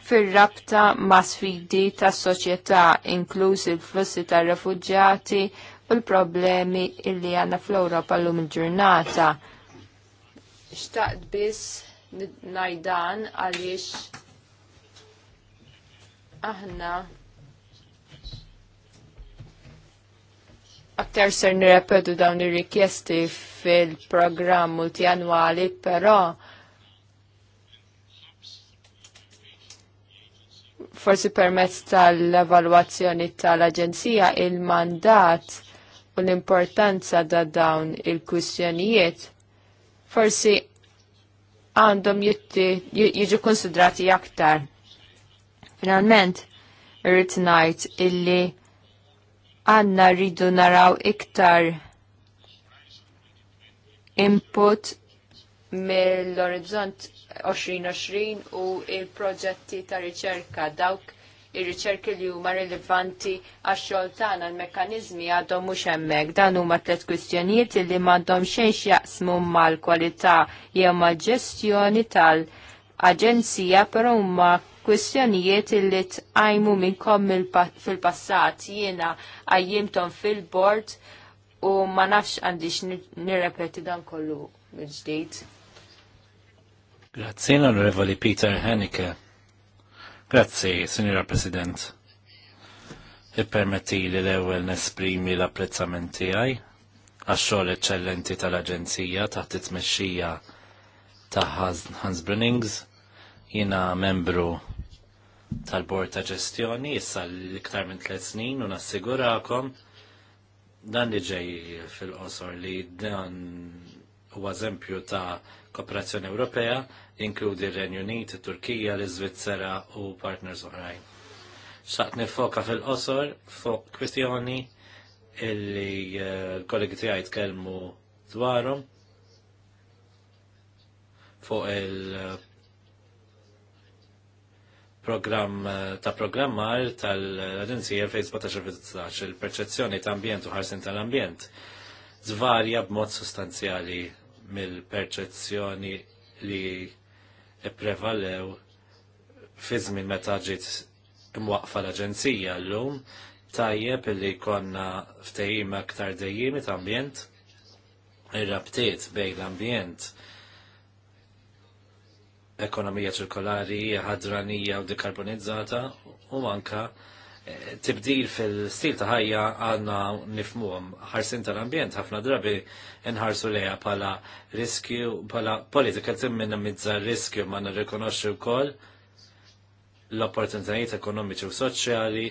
fir-rabta ma' sfidi tas soċjetà inkluż l flussi tar-refuġjati u l-problemi illi għandna fl-Ewropa llum il-ġurnata. Xtaqt biss najdan għaliex aħna aktar ser nirrepedu dawn ir-rikjesti fil-programm multianwali, però forsi permezz tal-evalwazzjoni tal-Aġenzija il-mandat u l-importanza da dawn il-kwistjonijiet forsi għandhom jiġu konsidrati aktar. Finalment, irrit ngħid illi għanna rridu naraw iktar input mill-orizzont 2020 u il-proġetti ta' riċerka dawk ir-riċerki li huma rilevanti għax-xogħol tagħna l-mekkaniżmi għadhom mhux hemmhekk. Dan huma tliet kwistjonijiet li m'għandhom xejn jaqsmu mal-kwalità jew mal-ġestjoni tal-aġenzija, però huma kwistjonijiet li tqajmu minnkom fil-passat jiena għajjimthom fil-bord u ma nafx għandix nirrepeti dan kollu mill-ġdid. Grazie onorevoli Peter Henike. Grazzi, Signora President. Ippermetti li l-ewel nesprimi l-apprezzament tiegħi għax-xogħol eċċellenti tal-Aġenzija taħt it-tmexxija ta' Hans Brunnings, jiena membru tal-Bord ta' Ġestjoni issa l-iktar minn tliet snin u nassigurakom dan li ġej fil-qosor li dan huwa eżempju ta' Kooperazzjoni Ewropea inkludi r-Renju Unit, Turkija, l-Iżvizzera u partners oħrajn. Xaqt nifoka fil-qosor fuq kwistjoni illi eh, l-kollegi tiegħi tkellmu dwarhom fuq il- eh, program eh, ta' programmar tal-Agenzija fl-17 il-perċezzjoni ta' ambjent u ħarsin tal-ambjent zvarja b'mod sostanzjali mill-perċezzjoni li prevalew fi żmien meta ġiet imwaqfa l-Aġenzija llum tajjeb li konna ftehim aktar dejjimi ta' ambjent ir-rabtiet bejn l-ambjent ekonomija ċirkolari, ħadranija u dekarbonizzata u manka tibdil fil-stil ta' ħajja għanna nifmuhom ħarsin tal-ambjent ħafna drabi nħarsu leja pala riskju, pala politika timmina mizza riskju ma nirrikonoxxu wkoll l-opportunitajiet ekonomiċi u soċjali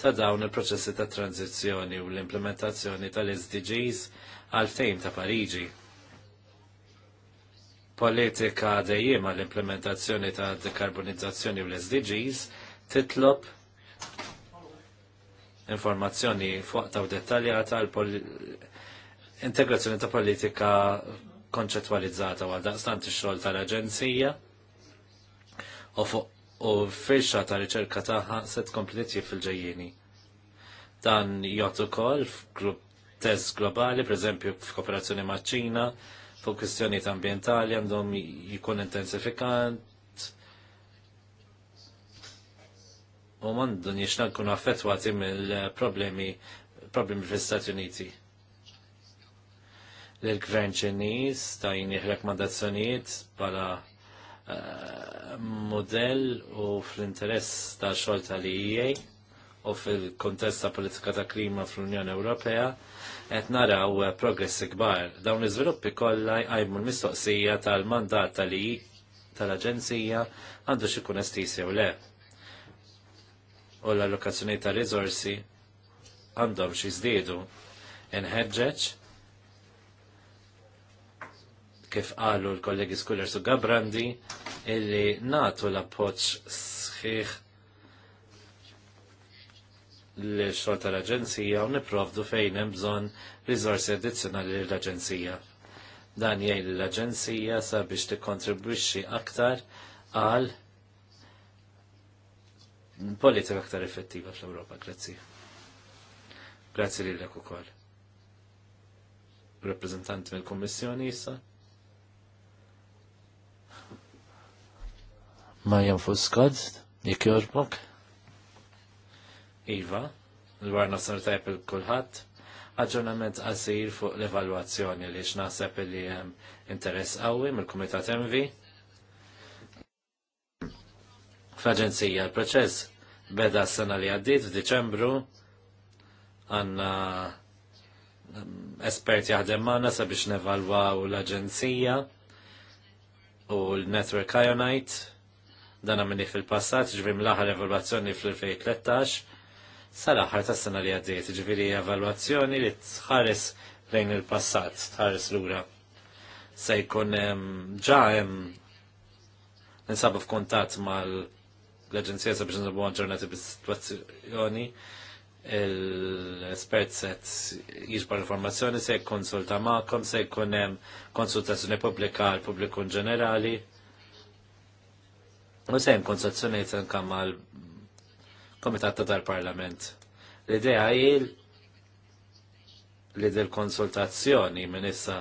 ta' dawn il-proċessi ta' tranzizjoni u l-implementazzjoni tal-SDGs għal fejn ta' Pariġi. Politika dejjem għal implementazzjoni ta' dekarbonizzazzjoni u l-SDGs titlob informazzjoni fuqta u dettaljata l-integrazzjoni ta' politika konċettualizzata għal daqstant ix-xogħol tal-Aġenzija u fuq u fisha ta' riċerka tagħha se tkompli fil-ġejjieni. Dan jgħod ukoll f'grupp test globali, pereżempju f'kooperazzjoni maċ-Ċina, fuq kwistjonijiet ambjentali għandhom jkun intensifikant u mandun jixna kunu affettwati mill-problemi problemi fl-Stati Uniti. L-gvern ċiniż ta' jini rekomandazzjoniet bħala eh, model u fl-interess ta' xogħol tal-EA u fil-kontest ta' politika ta' klima fl-Unjoni Ewropea qed naraw eh, progressi kbar. Dawn iż-żviluppi kollha jqajmu l-mistoqsija tal-mandat tal tal-Aġenzija għandu xikun estis jew le u l-allokazzjoni ta' rizorsi għandhom xi żdiedu inħeġġeġ kif qalu l-kollegi skuller su Gabrandi illi natu l-appoġġ sħiħ l-xogħol tal-Aġenzija u niprovdu fejn hemm bżonn riżorsi addizzjonali l-Aġenzija. Dan jgħin l-Aġenzija sabiex tikkontribwixxi aktar għal politika aktar effettiva fl-Europa, grazzi. Grazzi li l-ek ukoll. Rappresentanti mill-Kommissjoni issa. Marjan Fuskad, jek jorbok. Iva, l-warna sartajp il-kulħat. Aġġornament għasir fuq l-evaluazzjoni li xnaħseb li jem interess għawi mill-Komitat MV fl-Aġenzija. l proċess beda s-sena li għaddit f'Diċembru għanna um, esperti jaħdem maħna sabiex nevalwaw l-Aġenzija u l-Network Ionite dan għamini fil-passat ġvim laħar evalwazzjoni fl-2013 sal-aħħar tas sena li għaddiet ġviri evalwazzjoni li tħares lejn il-passat tħares l-ura se jkun um, ġa hemm um, ninsabu f'kuntatt mal l-Aġenzija sabiex nżommu ġurnati bis-situazzjoni l-espert set jiġbar informazzjoni se konsulta maqom se jkun hemm konsultazzjoni pubblika għal pubbliku ġenerali. U se konsultazzjoni konsultazzjonijiet kam għal komitat ta' tal-Parlament. L-idea jil li del konsultazzjoni minn issa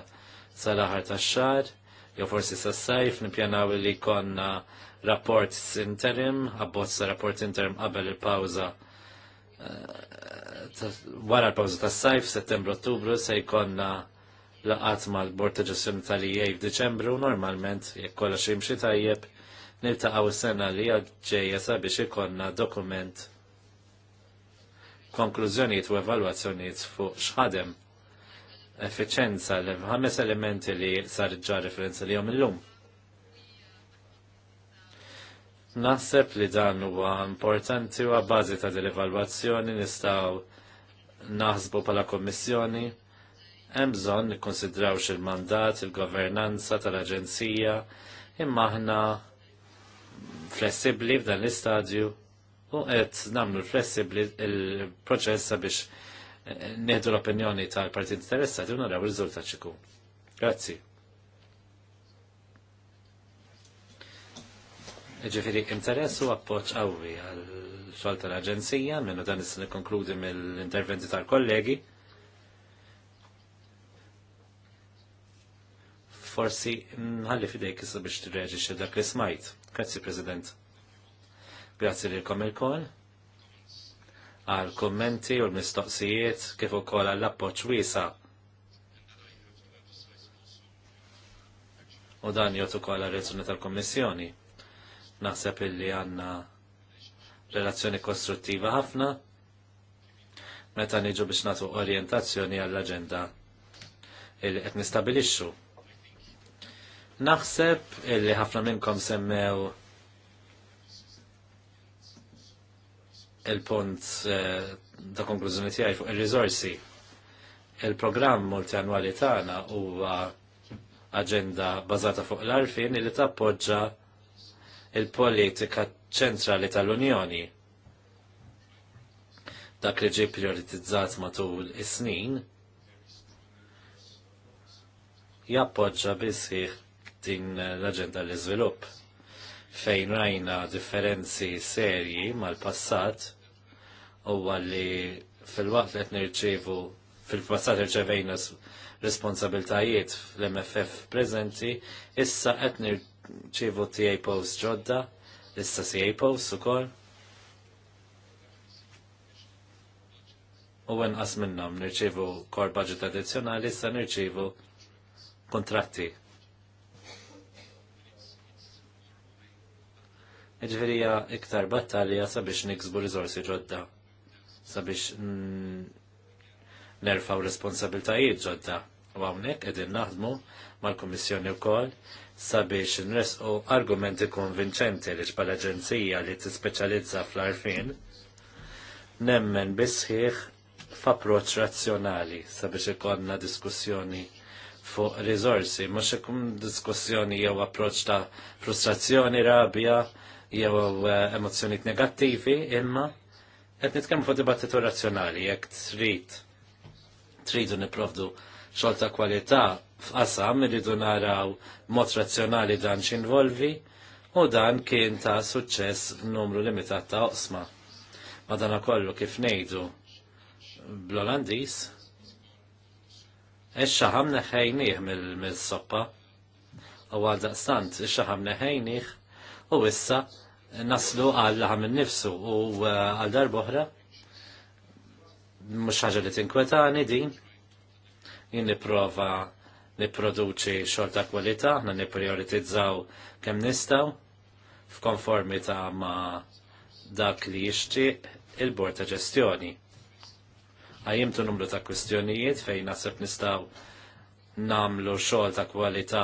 sal-aħar tax-xahar jew forsi sas-sajf nippjanaw li konna rapport interim, abbozza rapport interim qabel il-pawza eh, wara l-pawza tas sajf settembru-ottubru se jkollna laqat mal-Bord ta' Ġestjoni tal-EA f'Diċembru normalment jekk kollox jimxi tajjeb niltaqgħu s-sena li ġejja sabiex ikonna dokument konklużjonijiet u evalwazzjonijiet fuq x'ħadem effiċenza l ħames elementi li sar ġar referenza li jom illum. lum Naħseb li dan huwa importanti u bażi ta' dil-evalwazzjoni nistgħu naħsbu bħala kommissjoni hemm bżonn nikkonsidraw il-mandat, il-governanza tal-aġenzija, imma aħna flessibbli f'dan l-istadju u qed nagħmlu flessibbli il-proċess sabiex eh, nieħdu l-opinjoni tal-partit interessati u naraw riżultat xikun. Grazzi. Ġifiri, interess u appoċ għawi għal xogħol tal-Aġenzija, minnu dan is nikkonkludi mill-interventi tal-kollegi. Forsi nħalli fidejk issa biex tirreġixxi dak li smajt. Grazzi President. Grazzi lilkom il-kol għal kommenti u l-mistoqsijiet kif ukoll għall appoġġ wiesa. U dan jotu ukoll għal reazzjoni tal-Kummissjoni. Naħseb illi għanna relazzjoni kostruttiva ħafna meta niġu biex natu orientazzjoni għall-agenda illi qed nistabilixxu. Naħseb illi ħafna minnkom semmew il-punt eh, ta' konklużjoni tiegħi fuq ir-riżorsi. Il-programm multianwali tagħna huwa aġenda bażata fuq l-arfin li tappoġġa il-politika ċentrali tal-Unjoni. Dak li ġie prioritizzat matul is-snin jappoġġa bisħiħ din l-aġenda l-iżvilupp fejn rajna differenzi serji mal-passat u li fil-waqt li qed nirċievu fil-passat irċevejna responsabiltajiet fl-MFF preżenti, issa qed ċivu TA Post ġodda, issa CA Post u kol. U qas minnom nirċivu kor budget addizjonali, issa nirċivu kontratti. Iġverija iktar battalja sabiex niksbu rizorsi ġodda, sabiex nerfaw responsabiltajiet ġodda. U għamnek edin naħdmu mal-Komissjoni u kol sabiex nresqu argumenti konvinċenti li xbal aġenzija li tispeċjalizza fl-arfin nemmen bisħiħ f'approċċ razzjonali sabiex ikonna diskussjoni fuq rizorsi, mux ikun diskussjoni jew approċ ta' frustrazzjoni, rabja, jew eh, emozjoni negattivi, imma qed nitkellmu fuq dibattitu razzjonali, jekk trid tridu niprovdu xogħol ta' kwalità f'qasam irridu naraw mod razzjonali dan x'involvi u dan kien ta' suċċess f'numru limitat ta' oqsma. dan kollu kif ngħidu bl-Olandis Ix-xaħam neħejnieh mill-soppa u għaldaqstant daqstant ix-xaħam neħejnieh u issa naslu għal ħam nifsu u uh, għal darboħra mux ħaġa li tinkwetani din jien niprofa nipproduċi xogħol ta' kwalità, aħna niprioritizzaw kemm nistgħu f'konformità ma' dak li jixtieq il-bord ta' ġestjoni. Għajimtu numru ta' kwistjonijiet fejn naħseb nistgħu namlu xogħol ta' kwalità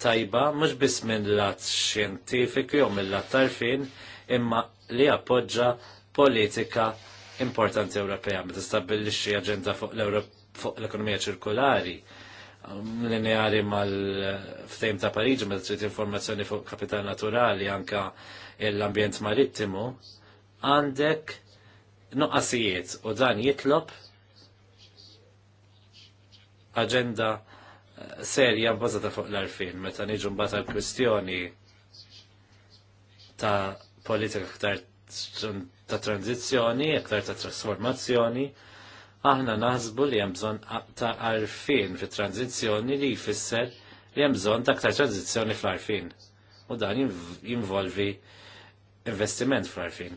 tajba, mhux biss minn lat xjentifiku jew minn lat tarfin, imma li appoġġa politika importanti Ewropea, meta tistabbilixxi aġenda fuq l fuq l-ekonomija ċirkolari, lineari mal-ftejm ta' Pariġi meta trid informazzjoni fuq kapital naturali anka l-ambjent marittimu għandek nuqqasijiet u dan jitlob aġenda eh, serja bbażata fuq l-arfin meta niġu mbagħad għall-kwistjoni ta' politika aktar ta' tranzizzjoni, aktar ta' trasformazzjoni, aħna naħsbu li hemm bżonn ta' arfin fit tranzizzjoni li jfisser li hemm bżonn ta' aktar tranzizzjoni fl-arfin. U dan jinvolvi investiment fl-arfin.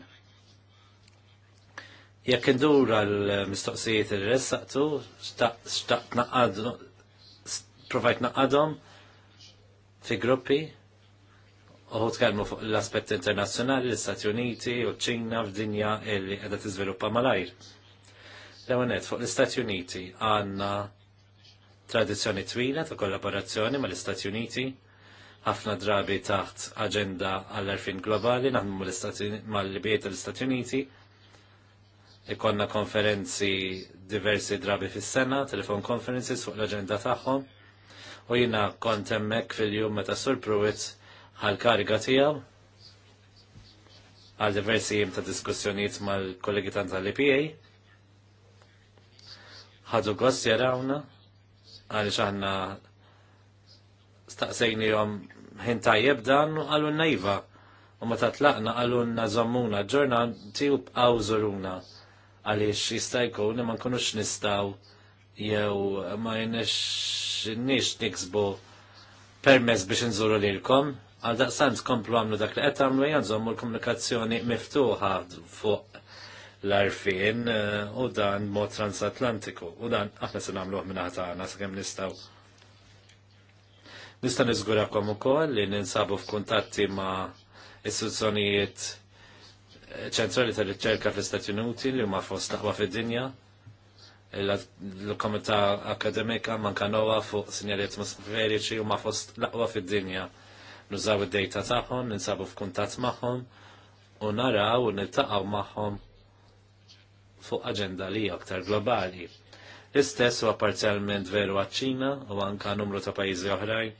Jekk indur għal-mistoqsijiet li ressaqtu, xtaqt naqadu, provajt naqadhom fi gruppi, uħu tkallmu fuq l-aspett internazzjonali l-Istati Uniti u ċina f'dinja li qiegħda tiżviluppa malajr l fuq l-Istati Uniti għanna tradizjoni twila ta' kollaborazzjoni ma' l-Istati Uniti, ħafna drabi taħt agenda għall erfin globali, naħdmu mal libijiet l-Istati Uniti, ikonna konferenzi diversi drabi fis-sena, telefon conferences fuq l-agenda tagħhom, u jina kont hemmhekk fil-jum meta Sur Pruitt għal-kariga tiegħu għal diversi jim ta' diskussjonijiet mal-kollegi tant tal-IPA ħadu gost jarawna għaliex xaħna staqsejni jom ħin tajjeb dan u għallu najva u ma tatlaqna għallu nażammuna ġorna u bqaw zuruna għaliex jista' jkun ma nkunux nistaw jew ma jnex nix niksbu permess biex nżuru lilkom għal daqsant komplu għamlu dak li qed tagħmlu u l komunikazzjoni miftuħa fuq l-arfin eh, u dan mod transatlantiku. U dan aħna se nagħmluh minn ħatana sakemm nistgħu. Nista' niżgurakom ukoll li ninsabu f'kuntatti ma' istituzzjonijiet eh, ċentrali tal-riċerka fl-Istati Uniti li huma fost taħwa fid-dinja l-Komità Akademika mankanowa fuq sinjaliet atmosferiċi u ma fost laqwa fid-dinja. Nużaw id-dejta tagħhom, ninsabu f'kuntatt magħhom u naraw u niltaqgħu magħhom fuq aġenda li aktar globali. L-istess huwa parzjalment veru għaċ-Ċina u anka numru ta' pajjiżi oħrajn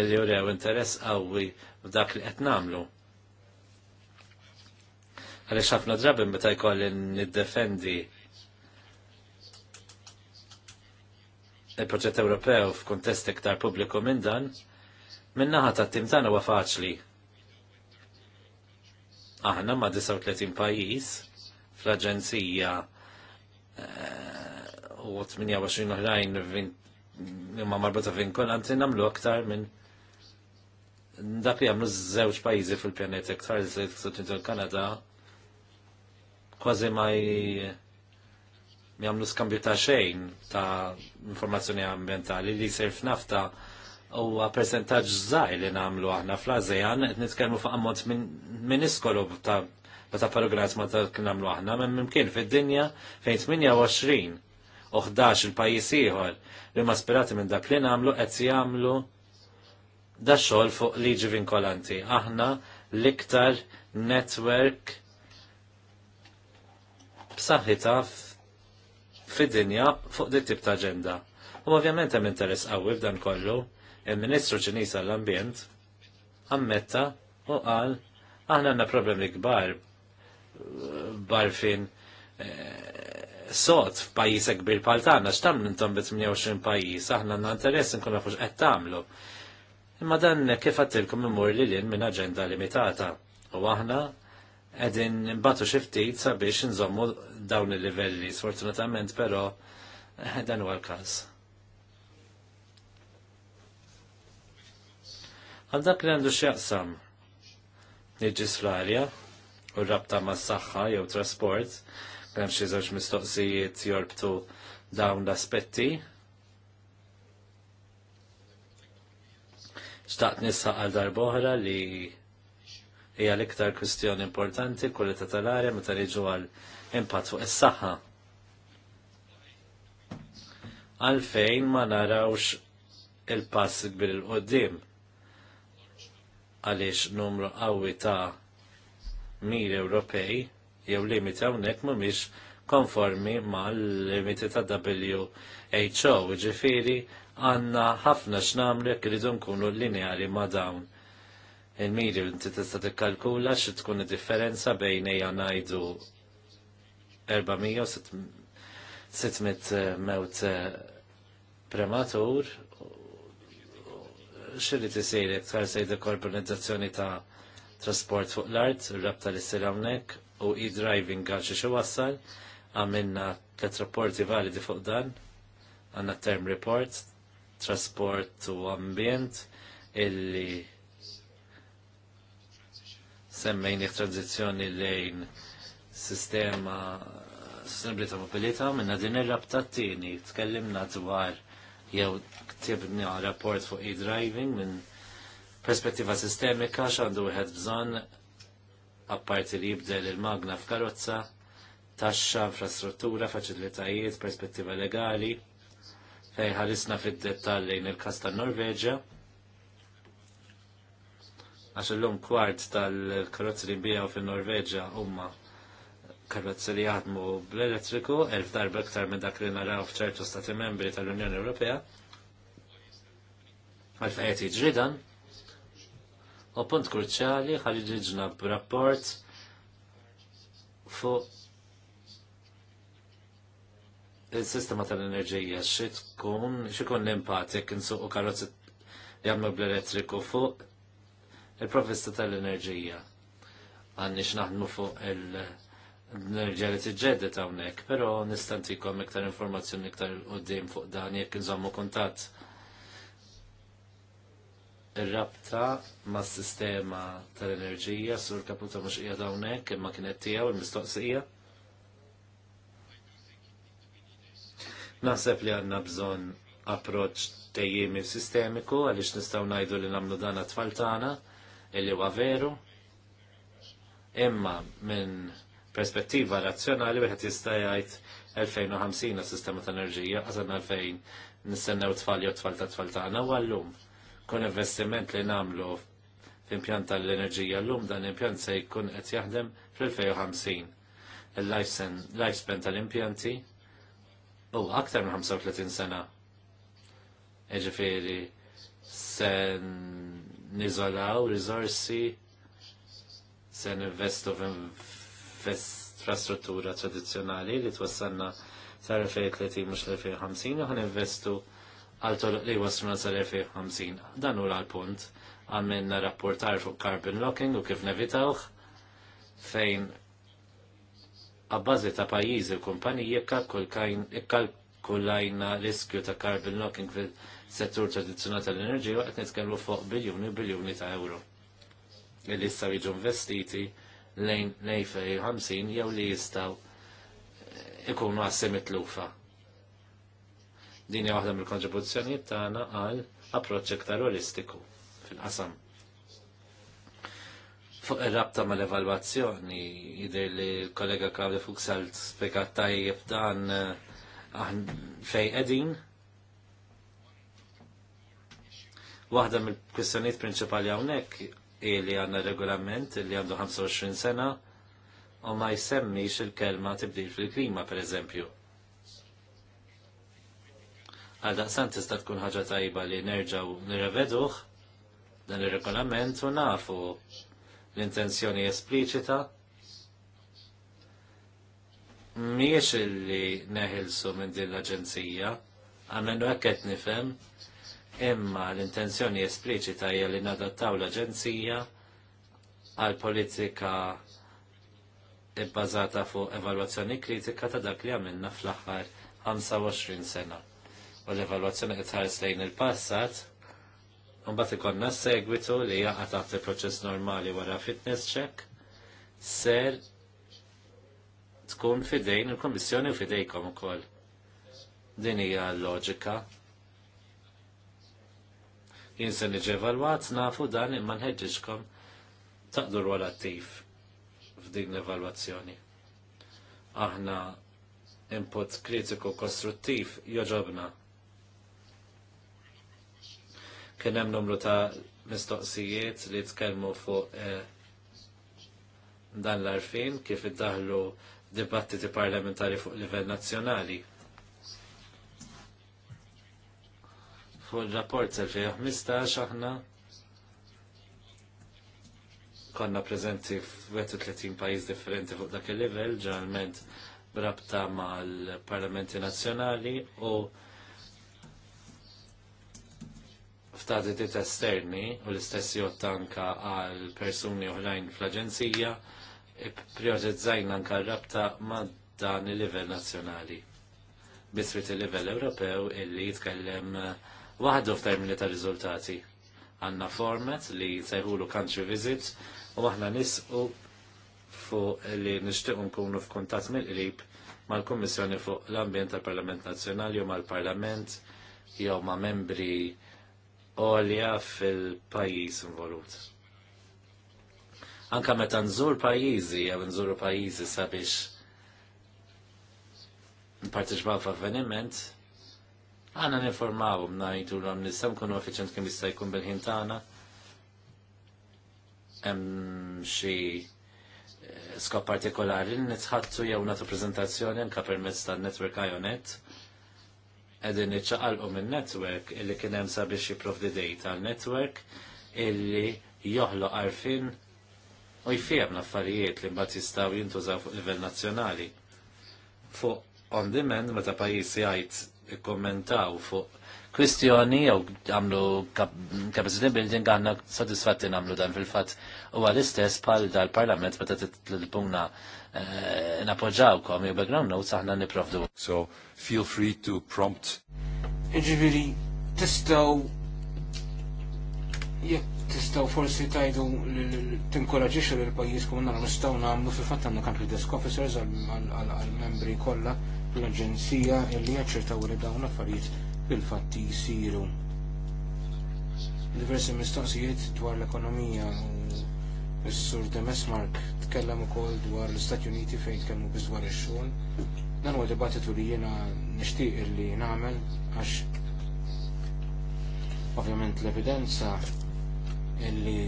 illi jurew interess qawwi f'dak li qed nagħmlu. Għaliex ħafna drabi meta jkolli niddefendi il-proġett Ewropew f'kuntest iktar pubbliku minn dan, naħa ta' tim tagħna huwa faċli. Aħna ma' 39 pajjiż fl-Aġenzija eh, u 28 oħrajn imma marbuta vinkolanti namlu aktar minn dak li għamlu żewġ pajjiżi fil-pjanet aktar li se jtqsod kanada kważi ma jagħmlu skambju ta' xejn ta' informazzjoni ambientali li jsir f'nafta u percentaġġ zaħi li nagħmlu aħna fl azijan qed nitkellmu fuq ammont iskolu ta' meta paragonat ma ta' kien nagħmlu aħna minn mimkien fid-dinja fejn 28 u 11 il-pajjiż ieħor li ma spirati minn dak li nagħmlu qed jamlu da fuq liġi vinkolanti. Aħna l-iktar network b'saħħitha fid-dinja fuq dit tip ta' aġenda. U ovvjament hemm interess qawwi f'dan kollu, il-Ministru Ċinisa l-Ambjent ammetta u qal aħna għandna problemi kbar barfin eh, sot f'pajjiż kbir bħal tagħna x'tamlu intom bi 28 pajjiż, aħna għandna interess nkun nafux qed tagħmlu. Imma dan kif għattilkom imur li lin minn aġenda limitata. U aħna qegħdin nbatu xi ftit sabiex nżommu dawn il-livelli. Sfortunatament però eh, dan huwa l-każ. Għal dak li għandu x'jaqsam niġġis fl-arja, u rabta ma' s-saxħa jew trasport, għem xie żewġ mistoqsijiet jorbtu dawn l-aspetti. Xtaqt nisħaq għal darboħra li hija l-iktar kwistjoni importanti ta' tal-arja meta niġu għal impatt fuq is-saħħa. Għalfejn ma narawx il-pass kbir il-qoddim għaliex numru qawwi ta' Mir Ewropej jew limiti hawnhekk mhumiex konformi mal-limiti ta' WHO, ġifiri għanna ħafna x'namlu jekk iridu nkunu lineari ma' dawn. Il-miri inti tista' tikkalkula xi tkun differenza bejn ejja ngħidu 400 eh, mewt eh, prematur xirri isir iktar sejda korporizzazzjoni ta' trasport fuq l-art, rabta li s hawnhekk u e-driving għal xi wassal, għamilna tliet rapporti validi fuq dan, għandna term report, trasport u ambjent illi semmejn tranzizjoni lejn sistema sustainabli ta' mobilita minna din ir-rabta t-tieni, tkellimna dwar jew ktibna rapport fuq e-driving minn Perspettiva sistemika x'għandu wieħed bżonn apparti li jibdel il-magna f'karozza, taxxa, infrastruttura, faċilitajiet, perspettiva legali, fejħalisna fil fid-dettall lejn il-kas tan-Norveġja. Għax l-lum kwart tal-karozzi li nbijaw fin-Norveġja huma karozzi li jaħdmu bl-elettriku, elf darba ktar minn dak li naraw f'ċertu stati membri tal-Unjoni Ewropea. Għalfejn qed jiġri u punt kruċjali ħalli ġiġna b'rapport fuq il-sistema tal-enerġija xi tkun xi kun l-impatt jekk insuqu karozzi jagħmlu bl-elettriku fuq il-provvista tal-enerġija. Għanni naħdmu fuq l-enerġija li ta' hawnhekk, però nistantikom iktar informazzjoni iktar qudiem fuq dan jekk nżommu kuntatt ir-rabta ma' sistema tal-enerġija sur kaputa mhux ija dawnek imma kienet tiegħu il-mistoqsija. Naħseb li għandna bżonn approċċ tejjimi sistemiku għaliex nistgħu ngħidu li nagħmlu dan tfal tagħna illi huwa veru. Imma minn perspettiva razzjonali wieħed jista' jgħid 2050 sistema ta' enerġija għażan 2000 nistennew tfal jew tfal ta' tfal tagħna u għallum kon investiment li namlu f'impjant tal-enerġija l-lum dan impjant se jkun qed jaħdem fl-2050. Il-lifespan tal-impjanti u aktar minn 35 sena. Eġifieri se niżolaw riżorsi se investu f'infrastruttura tradizzjonali li twassalna sar 2030 mhux 2050 u ħan investu għal toluq li wasluna sal-2050. Dan u l-punt għamilna rapportar fuq carbon locking u kif nevitawħ fejn għabbażi ta' pajizi u kumpaniji ikkalkulajna riskju ta' carbon locking fil-settur tradizzjonali tal-enerġija waqt nitkellmu fuq biljuni biljuni ta' euro. Illi jistgħu jiġu investiti lejn lejn 50 jew li jistgħu ikunu għassim it-tlufa Din hija waħda mill-kontribuzzjonijiet tagħna għal approċċ iktar fil-qasam. Fuq ir-rabta mal-evalwazzjoni jidher li l-kollega Kavli Fuxalt spjegat tajjeb dan eh, fejn qegħdin. Waħda mill-kwistjonijiet prinċipali hawnhekk li għandna regolament li għandu 25 sena u ma jsemmix il-kelma tibdil fil-klima, per eżempju. Għal daqsan tista' tkun ħaġa tajba li nerġaw nirreveduh dan ir-regolament u nafu l-intenzjoni espliċita miex li neħilsu minn din l-aġenzija, għamennu għakket nifem, imma l-intenzjoni espliċita hija li nadattaw l-Aġenzija għal politika bbażata fuq evalwazzjoni kritika ta' dak li għamilna fl-aħħar 25 sena u l-evalwazzjoni qed tħares lejn il-passat, Mbagħad ikonna segwitu li jaqa' taħt il-proċess normali wara fitness check ser tkun fidejn il kummissjoni u fidejkom ukoll. Din hija l-loġika. Jien se niġi evalwat nafu dan imma nħeġġiġkom taqdu rwol attiv f'din l-evalwazzjoni. Aħna input kritiku kostruttiv joġobna Kien hemm numru ta' mistoqsijiet li tkellmu fuq eh, dan l-arfin kif iddaħlu dibattiti parlamentari fuq livell nazzjonali. Fuq il-rapport 2015 aħna konna prezenti f-31 pajis differenti fuq dak il livell ġalment brabta mal-parlamenti nazzjonali u f'taditit esterni u l-istess ottanka għal persuni oħrajn fl-Aġenzija, e prioritizzajn anka rabta ma' dan il-livell nazzjonali. Bisrit il-livell Ewropew illi jitkellem eh, waħdu f'termini ta' riżultati. Għanna format li jsejħulu country visit u aħna nisqu fuq li nixtiequ nkunu f'kuntatt mill-qrib mal-Kummissjoni fuq l-Ambjent tal-Parlament Nazzjonali u mal-Parlament jew ma' membri għolja fil-pajis involut. Anka meta nżur pajizi, jew nżuru pajizi sabiex nparteċbaw f'avveniment, għana n-informaw mnajdu l-għam nisem kunu uffiċent kim jistajkun bil-ħin tagħna. Hemm xi eh, skop partikolari n nitħattu jew nagħtu preżentazzjoni anke permezz tal netwerk Ionet edin iċċaqalqu minn network illi kien hemm sabiex jipprovdi data l network illi joħloq għarfin u jfiem l-affarijiet li mbagħad jistgħu jintużaw fuq livell nazzjonali. Fuq on demand meta pajjiż jgħid ikkommentaw fuq kwistjoni jew għamlu capacity building għandna sodisfatti nagħmlu dan fil-fatt huwa l-istess pal dal-Parlament meta titlbuna Eh, napoġawkom, jew background notes aħna niprovdu. So, feel free to prompt. Iġviri, tistaw, jek tistaw forsi tajdu tinkoraġiċu l-pajiskom għanna nistgħu namlu fil fatt għanna country desk officers għal-membri kolla l-agenzija illi jaċċertaw li dawn affarijiet fil-fatti jisiru. Diversi mistoqsijiet dwar l-ekonomija u Is-sur Demes Mark tkellem ukoll dwar l-Istati Uniti fejn kellu biżwar ix-xogħol. Dan huwa dibattitu li jiena nixtieq li nagħmel għax ovvjament l-evidenza illi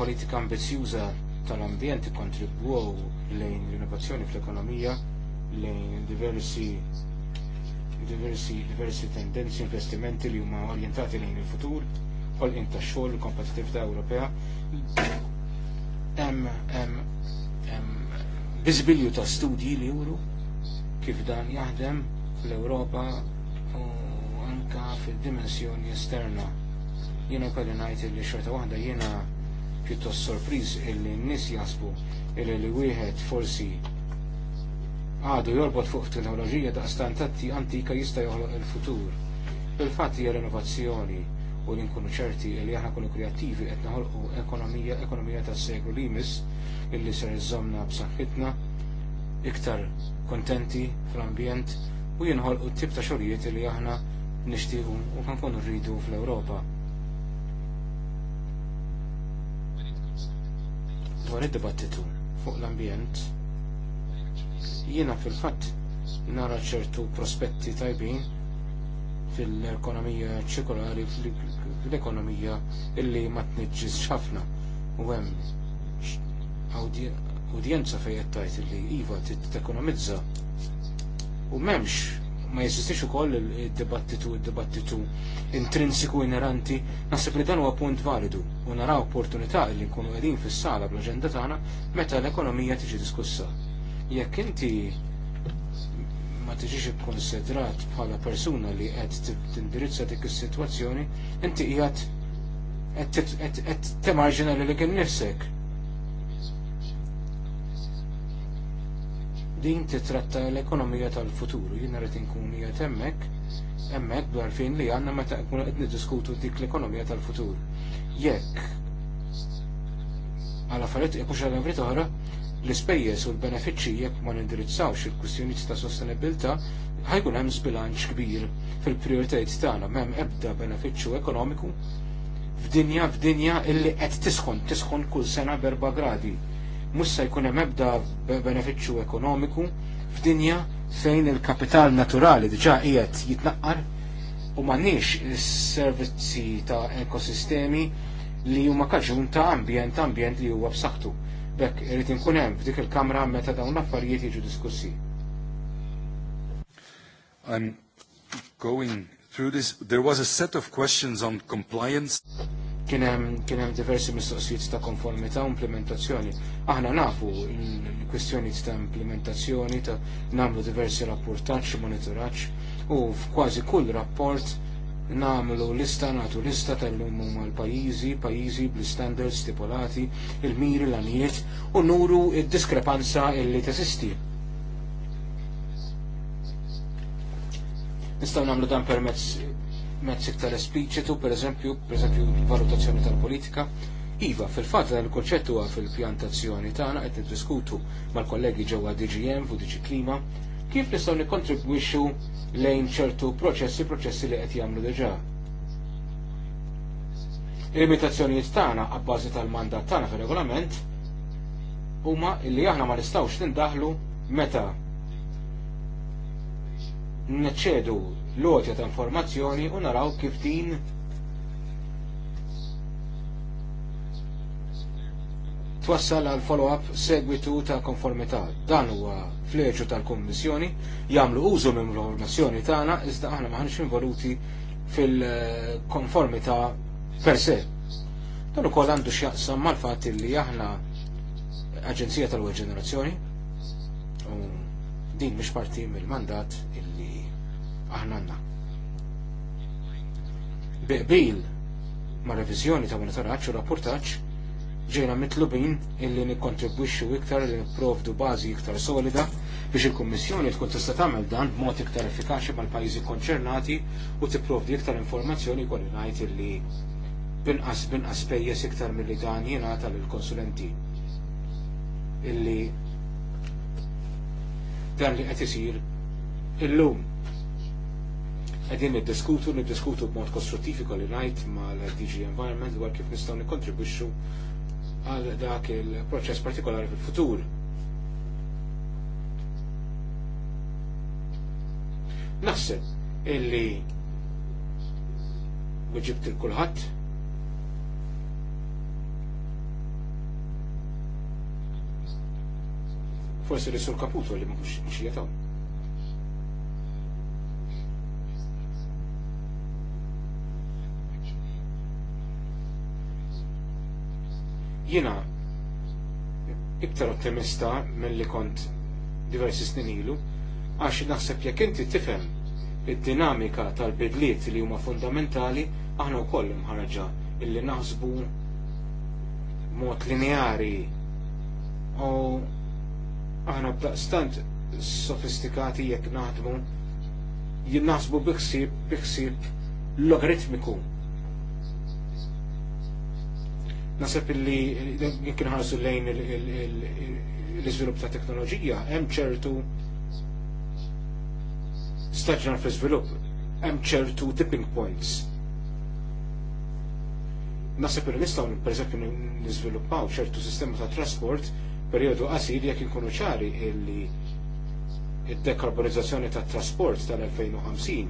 politika ambizjuża tal-ambjent ikkontribwew lejn l-innovazzjoni fl-ekonomija lejn diversi diversi, diversi tendenzi investimenti li huma orjentati lejn il-futur il-ħolqien tax-xogħol, il-kompetitività Ewropea. Hemm hemm hemm biżbilju ta' studji li juru kif dan jaħdem fl-Ewropa u anka fil-dimensjoni esterna. Jiena kolli ngħid li xorta waħda jiena pjuttost sorpriż illi n-nies jasbu illi li wieħed forsi għadu jorbot fuq teknoloġija da' stantatti antika jista' joħloq il-futur. Bil-fatt hija l-innovazzjoni u li nkunu ċerti li aħna kunu kreattivi qed naħolqu ekonomija ekonomija tas-segru li jmiss illi ser iżżomna b'saħħitna iktar kontenti fl-ambjent u jinħolqu t-tip ta' xogħlijiet li aħna nixtiequ u nkunu rridu fl-Ewropa. Dwar id-dibattitu fuq l-ambjent, jiena fil-fatt nara ċertu prospetti tajbin fil-ekonomija ċikolari, fl ekonomija illi ma tniġġis ħafna u hemm awdjenza fejn qed tajt li iva tekonomizza. u m'hemmx ma jeżistix ukoll id-dibattitu id-dibattitu intrinsiku ineranti naħseb li dan huwa punt validu u naraw opportunità li nkunu qegħdin fis-sala bl-aġenda tagħna meta l-ekonomija tiġi diskussa. Jekk inti ma tiġiġ ikkonsidrat bħala persuna li qed tindirizza dik is-sitwazzjoni, inti qiegħed qed temarġina lilek innifsek. Din titratta l-ekonomija tal-futuru, jien rrid inkun qiegħed hemmhekk hemmhekk dwar fejn li għandna meta nkunu qed niddiskutu dik l-ekonomija tal-futur. Jekk għal affarijiet ikux għal oħra, l-ispejjeż u l-benefiċċji jekk ma nindirizzawx il-kwistjonijiet ta' sostenibilità ħajkun hemm sbilanċ kbir fil prioritajiet tagħna m'hemm ebda benefiċċju ekonomiku f'dinja f'dinja illi qed tisħon tisħon kull sena berba gradi. Mhux se jkun hemm ebda benefiċċju ekonomiku f'dinja fejn il-kapital naturali diġà qiegħed jitnaqqar u m'għandniex is-servizzi ta' ekosistemi li huma kaġun ta' ambjent ambjent li huwa b'saħħtu bekk irrit inkun hemm f'dik il-kamra meta dawn l-affarijiet jiġu diskussi. I'm going through this. There was a set of questions on compliance. Kien hemm diversi mistoqsijiet ta' konformità u implementazzjoni. Aħna nafu l-kwistjonijiet ta' implementazzjoni ta' nagħmlu diversi rapportaġġ, monitoraġġ u f'kważi kull rapport namlu lista, natu lista tal-lum huma l-pajizi, pajizi bl-standards stipulati, il-miri l-anijiet, u nuru il diskrepanza illi tesisti. Nistaw namlu dan permezz mezz iktar espliċitu, per eżempju, per eżempju, valutazzjoni tal-politika, Iva, fil-fat dan il-konċett huwa fil-pjantazzjoni tagħna qed niddiskutu mal-kollegi ġewwa DGM VDG Klima kif nistgħu nikkontribwixxu lejn ċertu proċessi, proċessi li qed jagħmlu diġà. Il-limitazzjonijiet tagħna għabbażi tal-mandat tagħna fir-regolament huma li aħna ma nistgħux nindaħlu meta neċċedu l-għotja ta' informazzjoni u naraw kif din twassal għal follow-up segwitu ta' konformità. Dan huwa fleġu tal-Kommissjoni jagħmlu użu minn l-informazzjoni tagħna iżda aħna ma ħanx involuti fil-konformità per se. Dan ukoll għandu x'jaqsam mal-fatt li aħna Aġenzija tal-Ewwel Ġenerazzjoni u din mhix parti mill-mandat illi aħna għandna. Beqbil ma' reviżjoni ta' monitoraġġ u rapportaġġ ġejna mitlubin illi nikkontribwixxu iktar li nipprovdu bażi iktar solida biex il-Kummissjoni tkun tista' tagħmel dan b'mod iktar effikaċi mal-pajjiżi konċernati u tipprovdi iktar informazzjoni kolli ngħid illi binqas binqas pejjeż iktar milli dan jingħata lill-konsulenti illi dan li qed isir illum għedin niddiskutu, niddiskutu b'mod kostruttiv kolli ngħid ma l-DG Environment dwar kif nistaw nikkontribwixxu għal dak il-proċess partikolari fil-futur. Naħseb illi weġibt il-kulħadd forse li sur kaputo li ma kux xietaw. Jiena iktar ottimista milli kont diversi snin ilu, għax naħseb jekk inti tifhem id-dinamika tal-bidliet li huma fundamentali, aħna wkoll imħarġa illi naħsbu mod lineari u aħna b'daqstant sofistikati jekk naħdmu jinnaħsbu biħsib biħsib logaritmiku Naseb illi jekk ħarsu lejn l-iżvilupp ta' teknoloġija, hemm ċertu staġnar fl iżvilupp hemm ċertu tipping points. Naseb illi nistgħu pereżempju niżviluppaw ċertu sistema ta' trasport perjodu qasir jekk inkunu ċari illi id-dekarbonizzazzjoni tat trasport tal-2050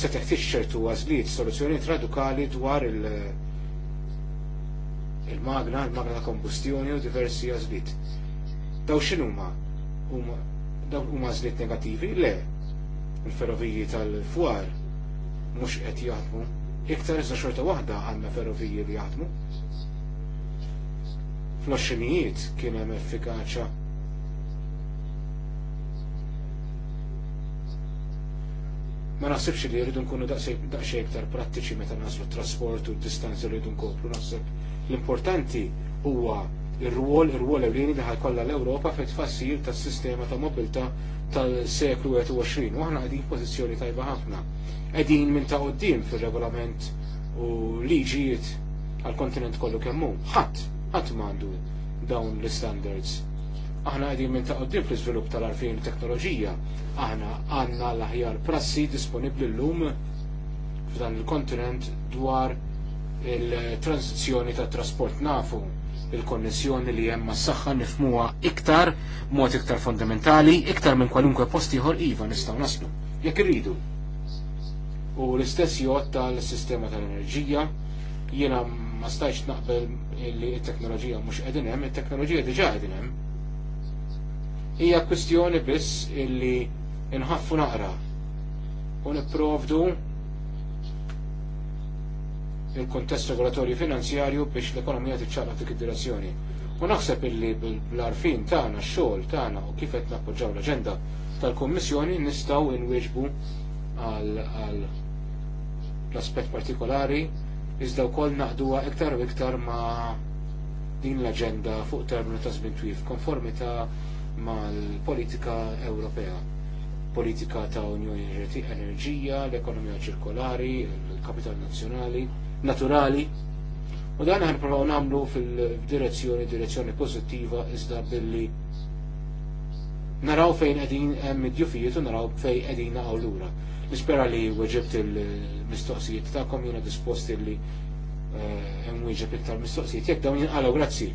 se teħtieġ ċertu għażliet soluzzjonijiet radikali dwar il- il-magna, il-magna ta' kombustjoni u diversi għazlit. Daw x'inhuma? Daw huma għażliet negativi? Le. Il-ferroviji tal fuar mhux qed jaħdmu. Iktar iżda xorta waħda għanna ferroviji li jaħdmu. fl oċċinijiet kien hemm effikaċja ma naħsibx li jridu nkunu daqsxejn iktar prattiċi meta naslu trasport u distanzi li jridu nkopru naħseb l-importanti huwa ir-rwol ir-rwol ewlieni li kollha l-Ewropa fit tfassir tas-sistema ta' mobilità tal-seklu 21 u aħna qegħdin pożizzjoni tajba ħafna. Qegħdin minn ta' qoddim fir-regolament u liġijiet għall kontinent kollu kemm hu. Ħadd ħadd m'għandu dawn l-standards aħna għedin minn ta' għoddim fl-izvilup tal-arfin teknoloġija. Aħna għanna l-aħjar prassi disponibli l-lum f'dan il-kontinent dwar il-transizjoni ta' trasport nafu il-konnessjoni li hemm s-saxħa nifmuwa iktar mod iktar fondamentali, iktar minn kwalunkwe post ieħor iva nistgħu naslu. Jekk irridu. U l-istess jgħod tal-sistema tal-enerġija jiena ma stajtx naqbel li t-teknoloġija mhux qegħdin hemm, it-teknoloġija diġà qegħdin hija kwistjoni biss illi nħaffu naqra u nipprovdu il-kontest regolatorju finanzjarju biex l-ekonomija tiċċaqlaq dik id-direzzjoni. U naħseb illi bl-arfin tagħna x-xogħol tagħna u kif qed nappoġġaw l-aġenda tal-Kummissjoni nistgħu nwieġbu għal l-aspett partikolari iżda wkoll naħduha iktar u iktar ma' din l-aġenda fuq terminu ta' żmien twif konformi ta' mal-politika Ewropea. Politika ta' Unjoni Enerġija, l-ekonomija ċirkolari, l kapital nazzjonali, naturali. U dan għan provaw namlu fil-direzzjoni, direzzjoni pozittiva, iżda billi naraw fejn edin hemm id-djufijiet u naraw fejn edin għaw lura. Nispera li weġibt il-mistoqsijiet tagħkom jena disposti li eh, hemm weġib iktar mistoqsijiet. Jekk dawn jinqalgħu grazzi.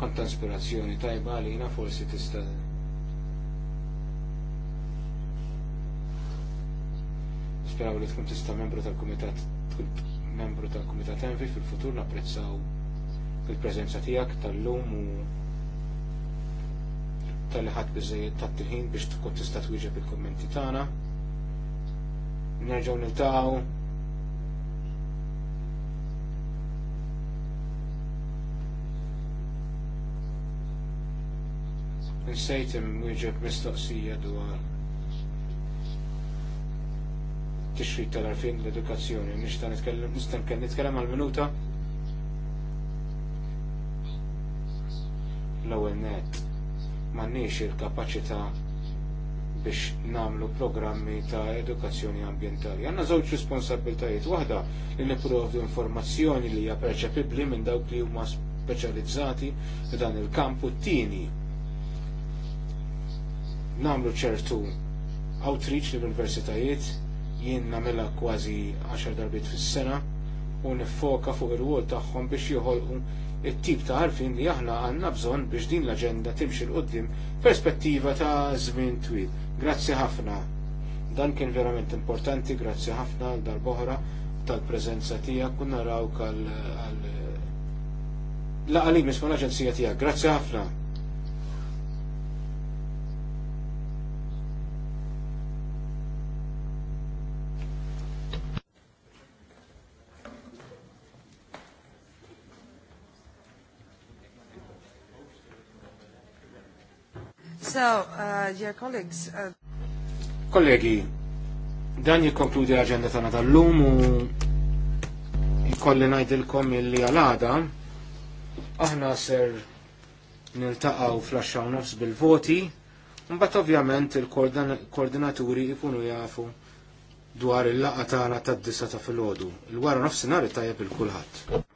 Kont ta' inspirazzjoni tajba għalina forsi tista' nisperaw li tkun tista' membru tal-kumitat membru tal-kumitat Envi fil-futur napprezzaw il-preżenza tiegħek tal-lum u tal-li ħadd biżejjed tat-tilħin biex tkun tista' twieġeb il-kummenti tagħna. Nerġgħu niltaqgħu Nsejt imwieġeb mistoqsija dwar tixri tal-arfin l-edukazzjoni. Nista' nitkellem nitkellem għal-minuta. L-ewwel net m'għandniex il-kapaċità biex namlu programmi ta' edukazzjoni ambientali. Għanna żewġ responsabiltajiet. Waħda li niprovdu informazzjoni li hija perċepibbli minn dawk li huma speċjalizzati f'dan il-kampu t namlu ċertu outreach l-universitajiet, jien namela kważi 10 darbit fis-sena u nifoka fuq ir wol tagħhom biex joħolqu it-tip ta' għarfin li aħna għandna bżonn biex din l-aġenda timxi l qoddim perspettiva ta' żmien twil. Grazzi ħafna. Dan kien verament importanti, grazzi ħafna għal darboħra tal prezenza tiegħek kun narawk għal laqalim isma l-aġenzija tiegħek. Grazzi ħafna. So, uh, dear colleagues. Uh... Kollegi, dan jikkonkludi l-agenda tagħna tal-lum u jkolli ngħidilkom illi għal-għada, aħna ser niltaqgħu flasġaw nofs bil-voti, mbagħad ovvjament il-koordinaturi jkunu jafu dwar il-laqa tagħna tad-disa ta' filgħodu. Il-wara nofsinhar tajjeb il-kulħadd.